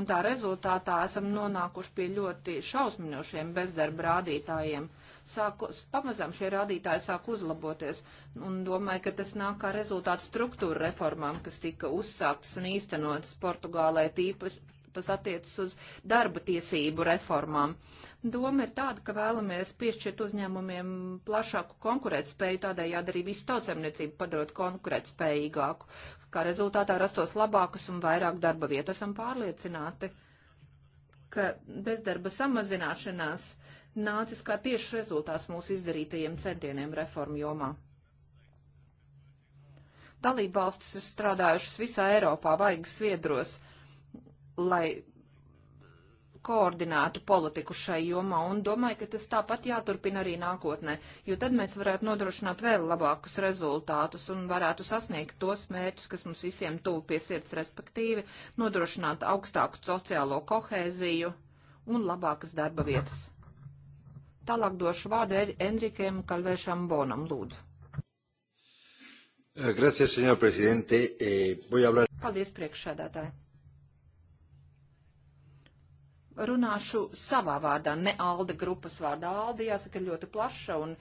un tā rezultātā esam nonākuši pie ļoti šausminošiem bezdarba rādītājiem. Sāku, pamazām šie rādītāji sāk uzlaboties, un domāju, ka tas nāk kā rezultāts struktūra reformām, kas tika uzsāktas un īstenotas Portugālē tīpaši. Tas attiecas uz darba tiesību reformām. Uh, Doma ir tāda, ka vēlamies piešķirt uzņēmumiem plašāku konkurētspēju, tādējādi arī visu tautsēmniecību padarot konkurētspējīgāku, kā rezultātā rastos labākas un vairāk darba vietu. Esam pārliecināti, ka bezdarba samazināšanās nācis kā tieši rezultāts mūsu izdarītajiem centieniem reformu jomā. Dalībvalstis ir strādājušas visā Eiropā, vaigas viedros, lai koordinētu politiku šai jomā un domāju, ka tas tāpat jāturpina arī nākotnē, jo tad mēs varētu nodrošināt vēl labākus rezultātus un varētu sasniegt tos mērķus, kas mums visiem tuvu pie sirds, respektīvi nodrošināt augstāku sociālo kohēziju un labākas darba vietas. Tālāk došu vārdu Enrikiem Kalvēšam Bonam, lūdzu. Gracias, señor presidente. Eh, voy a hablar. Paldies, priekšsēdētāji runāšu savā vārdā, ne Alda grupas vārdā. Alda, jāsaka, ir ļoti plaša un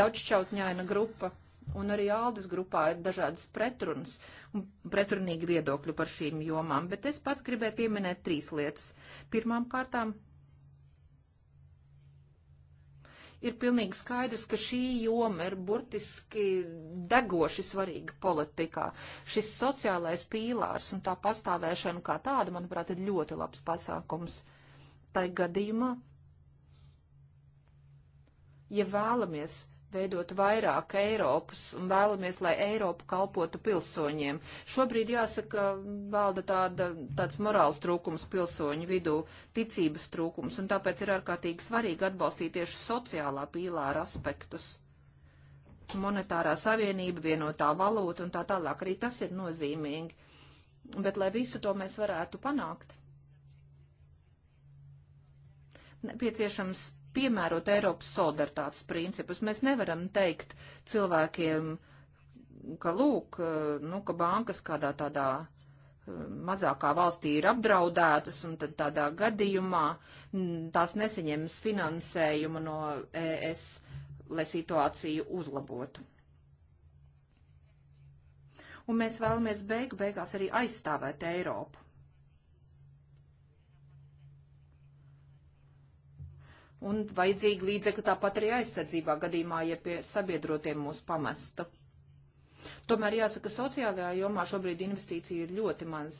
daudzšķautņaina grupa. Un arī Aldas grupā ir dažādas pretrunas un pretrunīgi viedokļi par šīm jomām, bet es pats gribēju pieminēt trīs lietas. Pirmām kārtām ir pilnīgi skaidrs, ka šī joma ir burtiski degoši svarīga politikā. Šis sociālais pīlārs un tā pastāvēšana kā tāda, manuprāt, ir ļoti labs pasākums. Uh, tai gadījumā, ja vēlamies veidot vairāk Eiropas un vēlamies, lai Eiropa kalpotu pilsoņiem. Šobrīd, jāsaka, valda tāda, tāds morāls trūkums pilsoņu vidū, ticības trūkums, un tāpēc ir ārkārtīgi svarīgi atbalstīt tieši sociālā pīlāra aspektus. Monetārā savienība, vienotā valūta un tā tālāk arī tas ir nozīmīgi. Bet, lai visu to mēs varētu panākt, nepieciešams piemērot Eiropas solidaritātes principus. Mēs nevaram teikt cilvēkiem, ka lūk, nu, ka bankas kādā tādā eh, mazākā valstī ir apdraudētas, un tad tādā gadījumā tās nesaņems finansējumu no ES, lai situāciju uzlabotu. Un mēs vēlamies beigu beigās arī aizstāvēt Eiropu. un vajadzīgi līdzekļi tāpat arī aizsardzībā gadījumā, ja pie sabiedrotiem mūs pamestu. Tomēr jāsaka, sociālajā jomā šobrīd investīcija ir ļoti maz.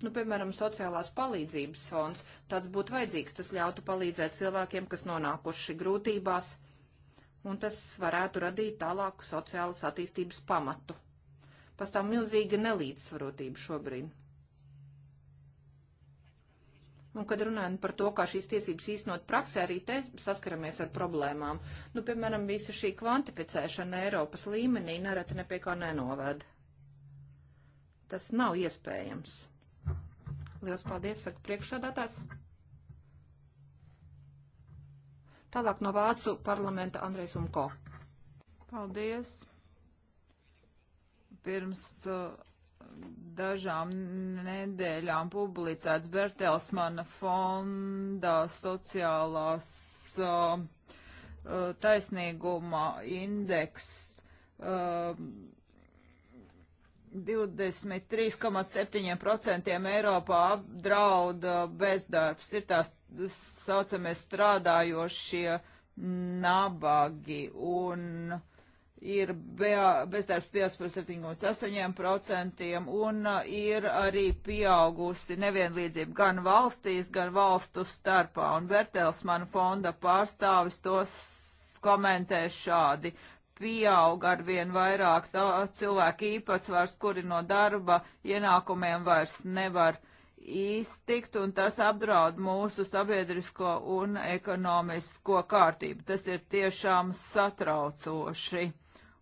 Nu, piemēram, sociālās palīdzības fonds, tāds būtu vajadzīgs, tas ļautu palīdzēt cilvēkiem, kas nonākuši grūtībās, un tas varētu radīt tālāku sociālas attīstības pamatu. Pastāv milzīga nelīdzsvarotība šobrīd. Un, kad runājam par to, kā šīs tiesības īstenot praksē, arī te saskaramies ar problēmām. Nu, piemēram, visa šī kvantificēšana Eiropas līmenī nereti ne pie kā nenovada. Tas nav iespējams. Lielas paldies, saka priekšsādātājs. Tālāk no Vācu parlamenta Andrejs Umko. Paldies. Pirms uh, dažām nedēļām publicēts Bertelsmana fonda sociālās um, uh, taisnīguma indeks um, uh, 23,7% Eiropā apdrauda bezdarbs. Ir tās saucamie strādājošie nabagi un uh, ir bezdarbs 5,78% un uh, ir arī pieaugusi nevienlīdzība gan valstīs, gan valstu starpā. Un Bertelsmana fonda pārstāvis tos komentē šādi. Pieaug ar vien vairāk tā, cilvēku īpatsvars, kuri no darba ienākumiem vairs nevar iztikt, un tas apdraud mūsu sabiedrisko un ekonomisko kārtību. Tas ir tiešām satraucoši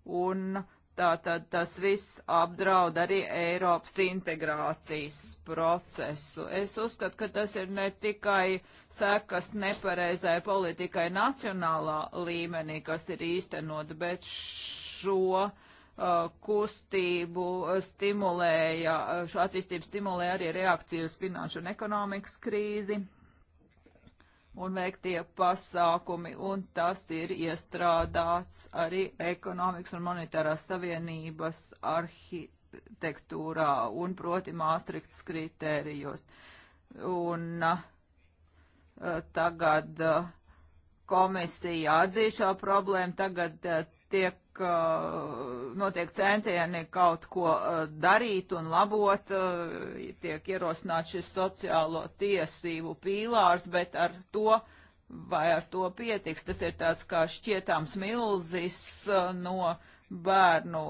un tātad tas viss apdraud arī Eiropas integrācijas procesu. Es uzskatu, ka tas ir ne tikai sekas nepareizai politikai nacionālā līmenī, kas ir īstenot, bet šo uh, kustību stimulēja, šo attīstību stimulēja arī reakcija uz finanšu un ekonomikas krīzi un veiktie pasākumi, un tas ir iestrādāts arī ekonomikas un monetārās savienības arhitektūrā un proti Māstriktas kritērijos. Un a, eh, tagad a, eh, komisija atzīst šo problēmu, tagad a, eh, tiek Uh, notiek centieni kaut ko uh, darīt un labot, uh, tiek ierosināts šis sociālo tiesību pīlārs, bet ar to, vai ar to pietiks, tas ir tāds kā šķietāms milzis no bērnu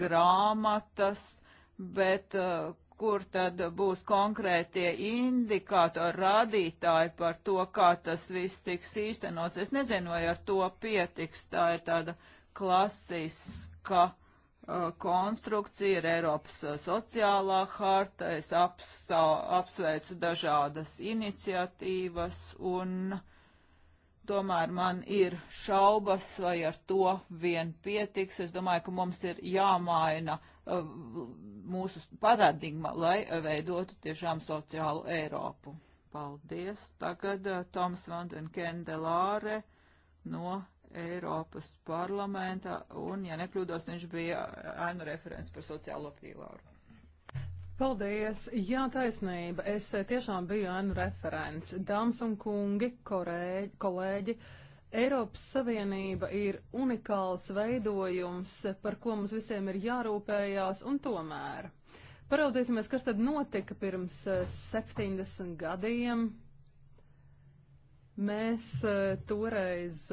grāmatas, bet kur tad būs konkrētie indikātori radītāji par to, kā tas viss tiks īstenots. Es nezinu, vai ar to pietiks, tā ir tāda uh, klasiska uh, konstrukcija ir Eiropas uh, sociālā harta. Es apsa, apsveicu dažādas iniciatīvas un tomēr man ir šaubas, vai ar to vien pietiks. Es domāju, ka mums ir jāmaina uh, mūsu paradigma, lai veidotu tiešām sociālu Eiropu. Paldies. Tagad uh, Toms Vandenkendelāre no Eiropas parlamenta, un, ja nekļūdos, viņš bija ainu referents par sociālo pīlāru. Paldies! Jā, taisnība. Es eh, tiešām biju ainu referents. Dāmas un kungi, korēģi, kolēģi, Eiropas Savienība ir unikāls veidojums, par ko mums visiem ir jārūpējās, un tomēr. Paraudzīsimies, kas tad notika pirms 70 eh, gadiem. Mēs eh, toreiz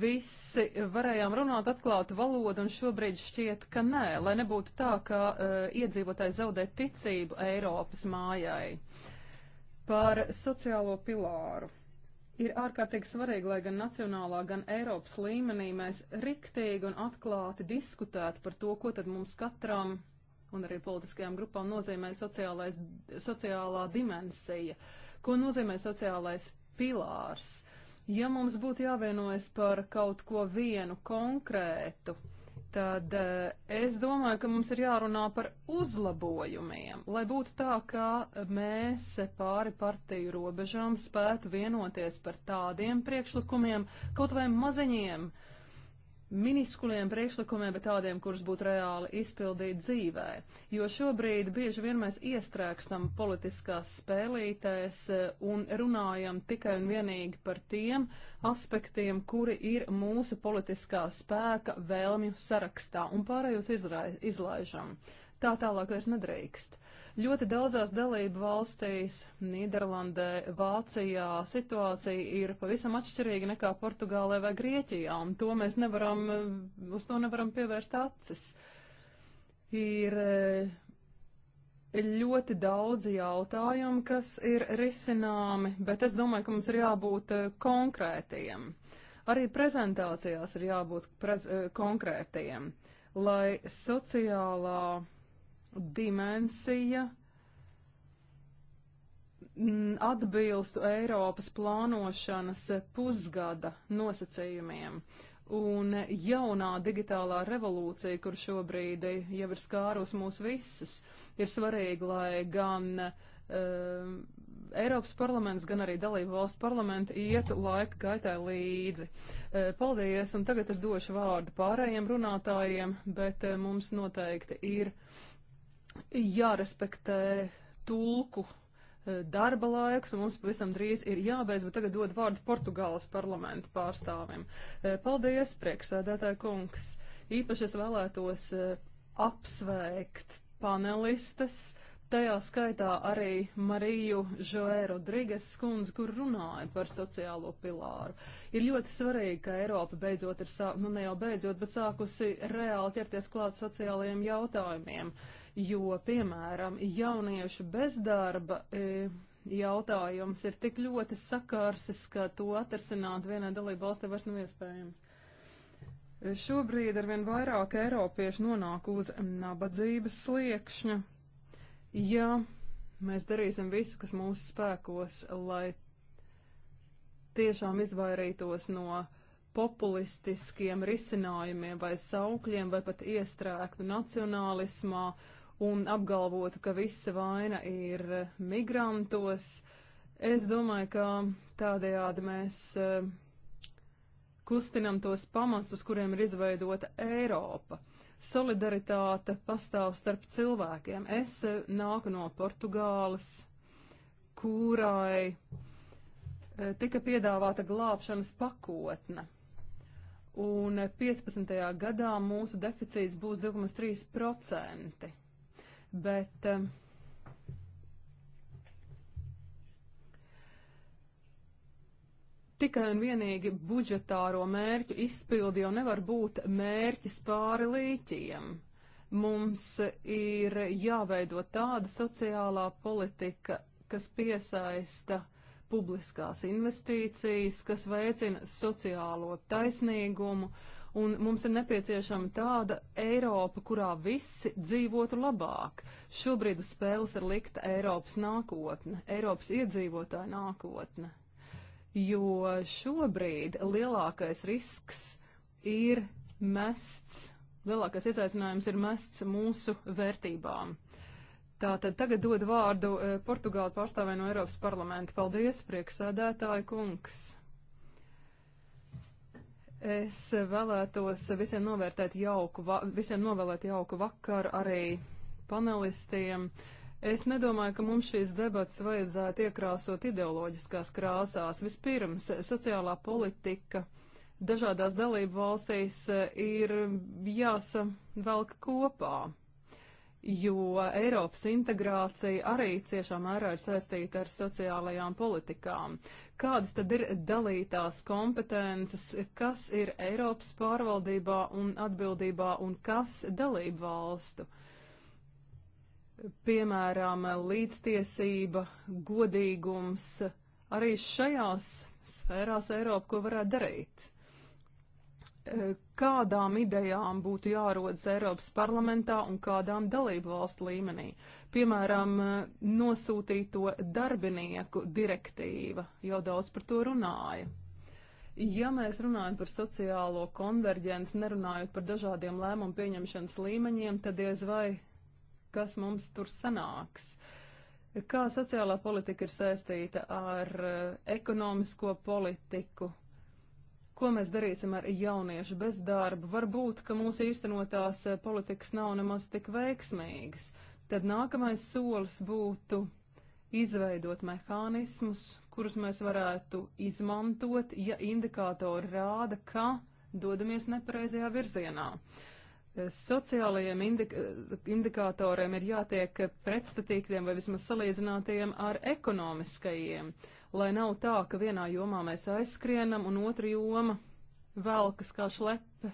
visi varējām runāt atklātu valodu, un šobrīd šķiet, ka nē, lai nebūtu tā, ka uh, iedzīvotāji zaudē ticību Eiropas mājai. Par sociālo pilāru. Ir ārkārtīgi svarīgi, lai gan nacionālā, gan Eiropas līmenī mēs riktīgi un atklāti diskutētu par to, ko tad mums katram un arī politiskajām grupām nozīmē sociālais, sociālā dimensija, ko nozīmē sociālais pilārs Ja mums būtu jāvienojas par kaut ko vienu konkrētu, tad eh, es domāju, ka mums ir jārunā par uzlabojumiem, lai būtu tā, ka mēs pāri partiju robežām spētu vienoties par tādiem priekšlikumiem, kaut vai maziņiem, uh, miniskuliem priekšlikumiem, bet tādiem, kurus būtu reāli izpildīt dzīvē. Jo šobrīd bieži vien mēs iestrēgstam politiskās spēlītēs e, un runājam tikai un vienīgi par tiem aspektiem, kuri ir mūsu politiskā spēka vēlmju sarakstā un pārējos izlaižam. Tā tālāk vairs nedrīkst. Ļoti daudzās dalību valstīs, Nīderlandē, Vācijā situācija ir pavisam atšķirīga nekā Portugālē vai Grieķijā, un to mēs nevaram, eh, uz to nevaram pievērst acis. Ir eh, ļoti daudz jautājumu, kas ir risināmi, bet es domāju, ka mums ir jābūt eh, konkrētiem. Arī prezentācijās ir jābūt prez konkrētiem, lai sociālā dimensija atbilstu Eiropas plānošanas pusgada nosacījumiem. Un jaunā digitālā revolūcija, kur šobrīd jau ir skārus mūs visus, ir svarīgi, lai gan uh, Eiropas parlaments, gan arī dalību valstu parlamenti ietu laika gaitā līdzi. Uh, paldies, un tagad es došu vārdu pārējiem runātājiem, bet uh, mums noteikti ir uh, jārespektē tulku e, darba laiks, un mums pavisam drīz ir jābeidz, bet tagad dod vārdu Portugāles parlamenta pārstāvim. E, paldies, prieksēdētāji kungs! Īpaši es vēlētos e, apsveikt panelistas, tajā skaitā arī Mariju Žoē Rodriges skundzi, kur runāja par sociālo pilāru. Ir ļoti svarīgi, ka Eiropa beidzot ir, sā... nu ne jau beidzot, bet sākusi reāli ķerties klāt sociālajiem jautājumiem. Uh, jo, piemēram, jauniešu bezdarba e, jautājums ir tik ļoti sakārsis, ka to atrasināt vienā dalība valstī vairs nav iespējams. E, šobrīd arvien vairāk eiropiešu nonāk uz nabadzības sliekšņa. Ja mēs darīsim visu, kas mūsu spēkos, lai tiešām izvairītos no populistiskiem risinājumiem vai saukļiem, vai pat iestrēgtu nacionālismā, uh, un apgalvotu, ka visa vaina ir e, migrantos, es domāju, ka tādējādi mēs e, kustinam tos pamats, uz kuriem ir izveidota Eiropa. Solidaritāte pastāv starp cilvēkiem. Es e, nāku no Portugāles, kurai tika piedāvāta glābšanas pakotne. Un 15. gadā mūsu deficīts būs 2,3% bet um, tikai un vienīgi budžetāro mērķu izpildi jau nevar būt mērķis pāri līķiem. Mums ir jāveido tāda sociālā politika, kas piesaista publiskās investīcijas, kas veicina sociālo taisnīgumu un mums ir nepieciešama tāda Eiropa, kurā visi dzīvotu labāk. Šobrīd uz spēles ir likta Eiropas nākotne, Eiropas iedzīvotāja nākotne, jo šobrīd lielākais risks ir mests, lielākais izaicinājums ir mests mūsu vērtībām. Tātad tagad dod vārdu eh, Portugāla pārstāvē no Eiropas parlamenta. Paldies, prieksēdētāji kungs! Es vēlētos visiem novērtēt jauku, visiem novēlēt jauku vakaru arī panelistiem. Es nedomāju, ka mums šīs debatas vajadzētu iekrāsot ideoloģiskās krāsās. Vispirms, sociālā politika dažādās dalību valstīs eh, ir jāsavelk kopā jo Eiropas integrācija arī ciešā mērā ir saistīta ar sociālajām politikām. Kādas tad ir dalītās kompetences, kas ir Eiropas pārvaldībā un atbildībā un kas dalību valstu? Piemēram, līdztiesība, godīgums, arī šajās sfērās Eiropa, ko varētu darīt kādām idejām būtu jārodas Eiropas parlamentā un kādām dalību valstu līmenī. Piemēram, nosūtīto darbinieku direktīva jau daudz par to runāja. Ja mēs runājam par sociālo konverģenci, nerunājot par dažādiem lēmumu pieņemšanas līmeņiem, tad diez vai kas mums tur sanāks. Kā sociālā politika ir saistīta ar eh, ekonomisko politiku, Ko mēs darīsim ar jauniešu bezdarbu? Varbūt, ka mūsu īstenotās eh, politikas nav nemaz tik veiksmīgas. Tad nākamais solis būtu izveidot mehānismus, kurus mēs varētu izmantot, ja indikātori rāda, ka dodamies nepareizajā virzienā. Eh, sociālajiem indik eh, indikatoriem ir jātiek pretstatīgiem vai vismaz salīdzinātiem ar ekonomiskajiem lai nav tā, ka vienā jomā mēs aizskrienam un otra joma velkas kā šlepe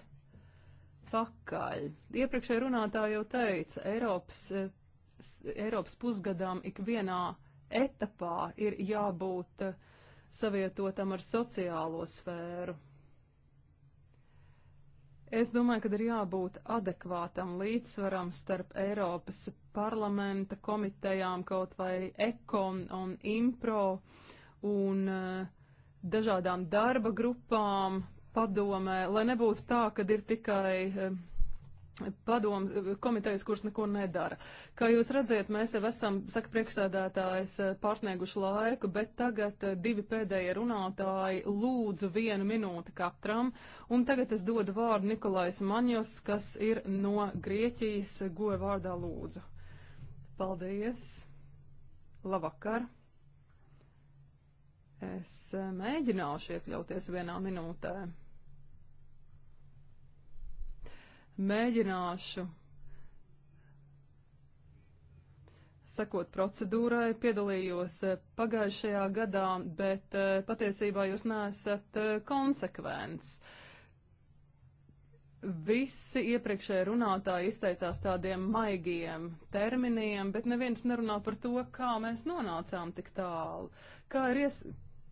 pakaļ. Iepriekšēji runātā jau teica, Eiropas, eh, Eiropas pusgadām ikvienā etapā ir jābūt eh, savietotam ar sociālo sfēru. Es domāju, ka ir jābūt adekvātam līdzsvaram starp Eiropas parlamenta komitejām, kaut vai ekon un impro. Uh, un eh, dažādām darba grupām padomē, lai nebūtu tā, ka ir tikai eh, padomu komitejas, kuras neko nedara. Kā jūs redzat, mēs jau esam, saka priekšsēdētājs, eh, pārsnieguši laiku, bet tagad divi pēdējie runātāji lūdzu vienu minūti katram. Un tagad es dodu vārdu Nikolais Maņos, kas ir no Grieķijas goja vārdā lūdzu. Paldies! Labvakar! Es eh, mēģināšu iekļauties vienā minūtē. Mēģināšu sekot procedūrai, piedalījos eh, pagājušajā gadā, bet eh, patiesībā jūs neesat konsekvents. Visi iepriekšēji runātāji izteicās tādiem maigiem terminiem, bet neviens nerunā par to, kā mēs nonācām tik tālu. Kā ir ies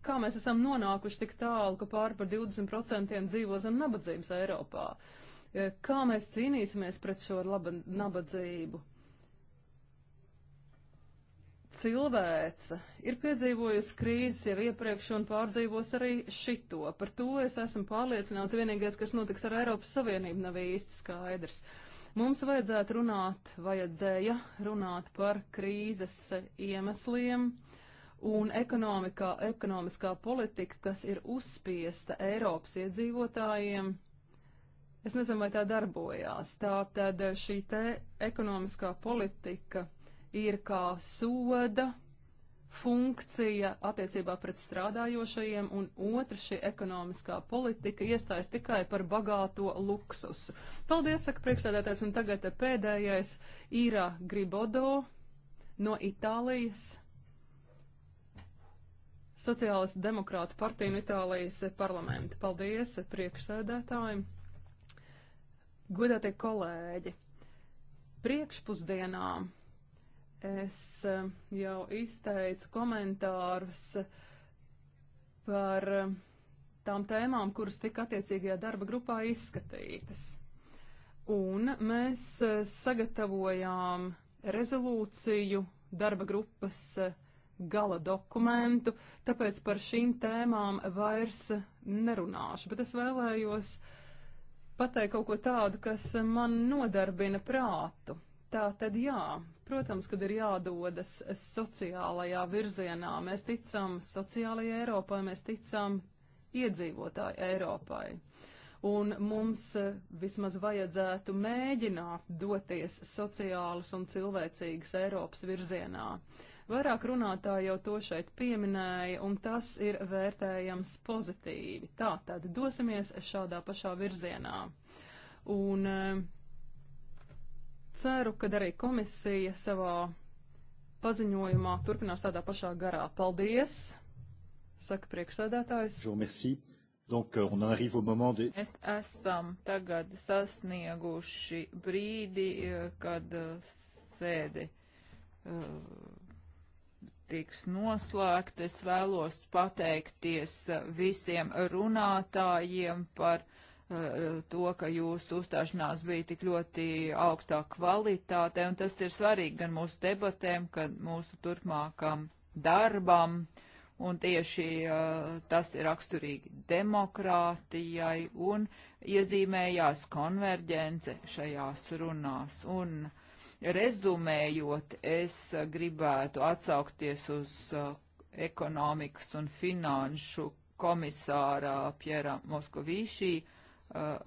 Kā mēs esam nonākuši tik tālu, ka pār par 20% dzīvo zem nabadzības Eiropā? E, kā mēs cīnīsimies pret šo laba, nabadzību? Cilvēce ir piedzīvojusi krīzes jau iepriekš un pārdzīvos arī šito. Par to es esmu pārliecināts. Vienīgais, kas notiks ar Eiropas Savienību, nav īsti skaidrs. Mums vajadzētu runāt, vajadzēja runāt par krīzes iemesliem un ekonomikā, ekonomiskā politika, kas ir uzspiesta Eiropas iedzīvotājiem, es nezinu, vai tā darbojās. Tā tad šī te ekonomiskā politika ir kā soda funkcija attiecībā pret strādājošajiem, un otra šī ekonomiskā politika iestājas tikai par bagāto luksusu. Paldies, saka priekšsēdētājs, un tagad pēdējais Ira Gribodo no Itālijas. Sociālistu demokrātu partiju un Itālijas parlamenta. Paldies priekšsēdētājiem! Godātie kolēģi! Priekšpusdienā es eh, jau izteicu komentārus eh, par eh, tām tēmām, kuras tika attiecīgajā darba grupā izskatītas. Un mēs sagatavojām rezolūciju darba grupas uh, gala dokumentu, tāpēc par šīm tēmām vairs nerunāšu, bet es vēlējos pateikt kaut ko tādu, kas man nodarbina prātu. Tā tad jā, protams, kad ir jādodas sociālajā virzienā, mēs ticam sociālajai Eiropai, mēs ticam iedzīvotāju Eiropai un mums vismaz vajadzētu mēģināt doties sociālas un cilvēcīgas Eiropas virzienā. Vairāk runātāji jau to šeit pieminēja, un tas ir vērtējams pozitīvi. Tātad dosimies šādā pašā virzienā. Un eh, ceru, ka arī komisija savā paziņojumā turpinās tādā pašā garā. Paldies! Saka priekšsēdētājs. Donc, euh, on arrive au moment des... Mēs esam tagad sasnieguši brīdi, eh, kad eh, sēdi. Uh, tiks noslēgta. Es vēlos pateikties visiem runātājiem par eh, to, ka jūsu uzstāšanās bija tik ļoti augstā kvalitāte, un tas ir svarīgi gan mūsu debatēm, gan mūsu turpmākam darbam, un tieši uh, tas ir raksturīgi demokrātijai, un iezīmējās konverģence šajās runās, un Rezumējot, es gribētu atsaukties uz uh, ekonomikas un finanšu komisārā Pjera Moskovīšī uh, uh,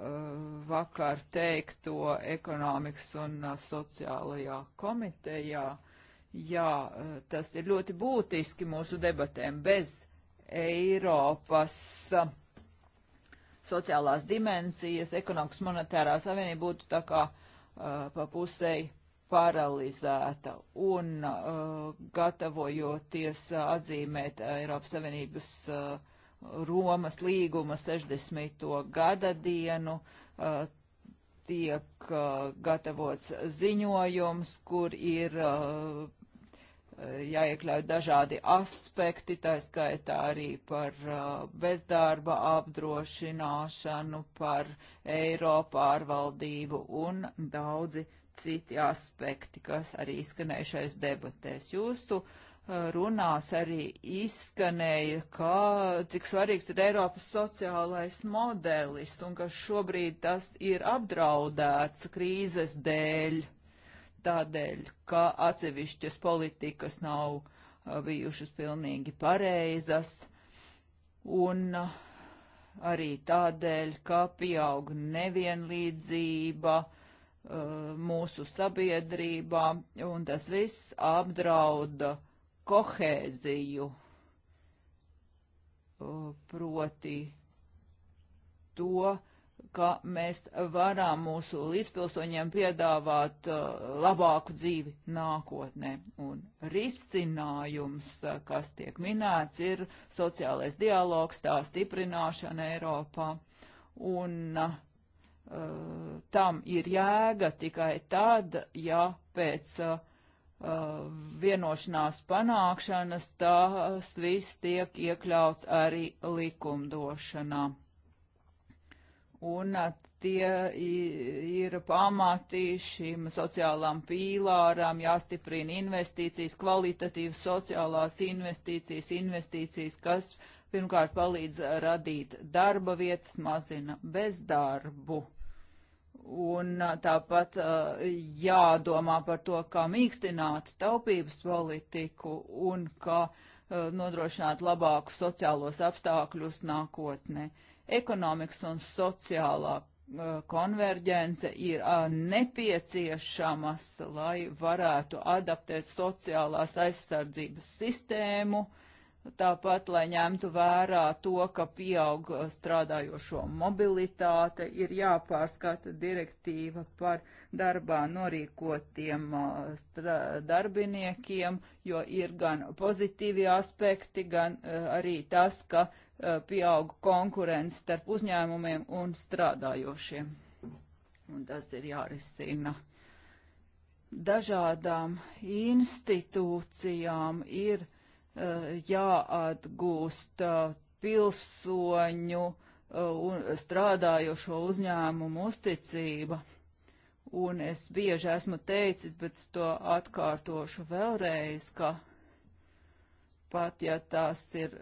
vakar teikto ekonomikas un sociālajā komitejā. Jā, tas ir ļoti būtiski mūsu debatēm. Bez Eiropas sociālās dimensijas, ekonomikas monetārā savienība būtu tā kā uh, pa pusēji paralizēta un uh, gatavojoties uh, atzīmēt uh, Eiropas Savienības uh, Romas līguma 60. gada dienu, uh, tiek uh, gatavots ziņojums, kur ir uh, jāiekļauj dažādi aspekti, tā skaitā arī par uh, bezdarba apdrošināšanu, par Eiropā pārvaldību un daudzi citi aspekti, kas arī izskanējušais debatēs. Jūsu uh, runās arī izskanēja, ka cik svarīgs ir Eiropas sociālais modelis un ka šobrīd tas ir apdraudēts krīzes dēļ, tādēļ, ka atsevišķas politikas nav uh, bijušas pilnīgi pareizas un uh, arī tādēļ, ka pieaug nevienlīdzība, Uh, mūsu sabiedrībā, un tas viss apdrauda kohēziju, uh, proti to, ka mēs varam mūsu līdzpilsoņiem piedāvāt uh, labāku dzīvi nākotnē. Un risinājums, kas tiek minēts, ir sociālais dialogs, tā stiprināšana Eiropā. Un uh, Uh, tam ir jēga tikai tad, ja pēc uh, vienošanās panākšanas tās viss tiek iekļauts arī likumdošanā. Un uh, tie ir pamati šim sociālām pīlārām, jāstiprina investīcijas, kvalitatīvas sociālās investīcijas, investīcijas, kas pirmkārt palīdz radīt darba vietas, mazina bezdarbu Un tāpat uh, jādomā par to, kā mīkstināt taupības politiku un kā uh, nodrošināt labākus sociālos apstākļus nākotnē. Ekonomikas un sociālā uh, konverģence ir nepieciešamas, lai varētu adaptēt sociālās aizsardzības sistēmu uh, Tāpat, lai ņemtu vērā to, ka pieaug uh, strādājošo mobilitāte, ir jāpārskata direktīva par darbā norīkotiem uh, darbiniekiem, jo ir gan pozitīvi aspekti, gan uh, arī tas, ka pieaug konkurence starp uzņēmumiem un strādājošiem. Un tas ir jārisina. Dažādām institūcijām ir jāatgūst pilsoņu un strādājošo uzņēmumu uzticība. Un es bieži esmu teicis, bet to atkārtošu vēlreiz, ka pat ja tās ir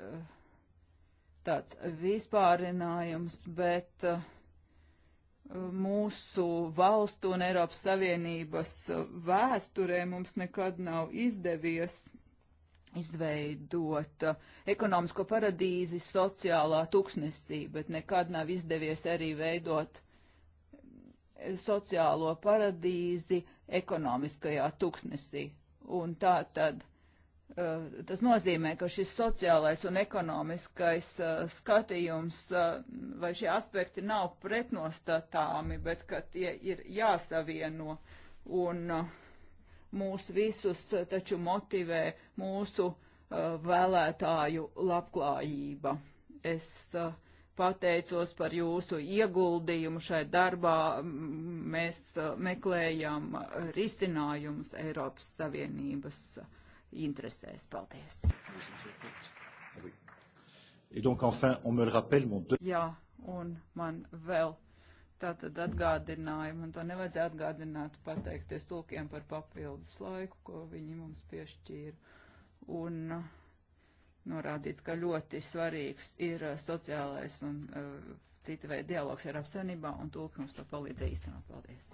tāds vispārinājums, bet uh, mūsu valstu un Eiropas Savienības vēsturē mums nekad nav izdevies izveidot uh, ekonomisko paradīzi sociālā tuksnesī, bet nekad nav izdevies arī veidot eh, sociālo paradīzi ekonomiskajā tuksnesī. Un tā tad eh, tas nozīmē, ka šis sociālais un ekonomiskais eh, skatījums vai šie aspekti nav pretnostatāmi, bet ka tie ir jāsavieno. Un uh, mūs visus taču motivē mūsu uh, vēlētāju labklājība. Es uh, pateicos par jūsu ieguldījumu šai darbā. Mēs uh, meklējam risinājumus Eiropas Savienības uh, interesēs. Paldies! Et donc enfin, on me le rappelle, mon deux... Jā, un man vēl tātad atgādinājumu, un to nevajadzēja atgādināt, pateikties tulkiem par papildus laiku, ko viņi mums piešķīra. Un uh, norādīts, ka ļoti svarīgs ir uh, sociālais un uh, cita veida dialogs ar apsainībā, un tulki mums to palīdzēja īstenot. Paldies!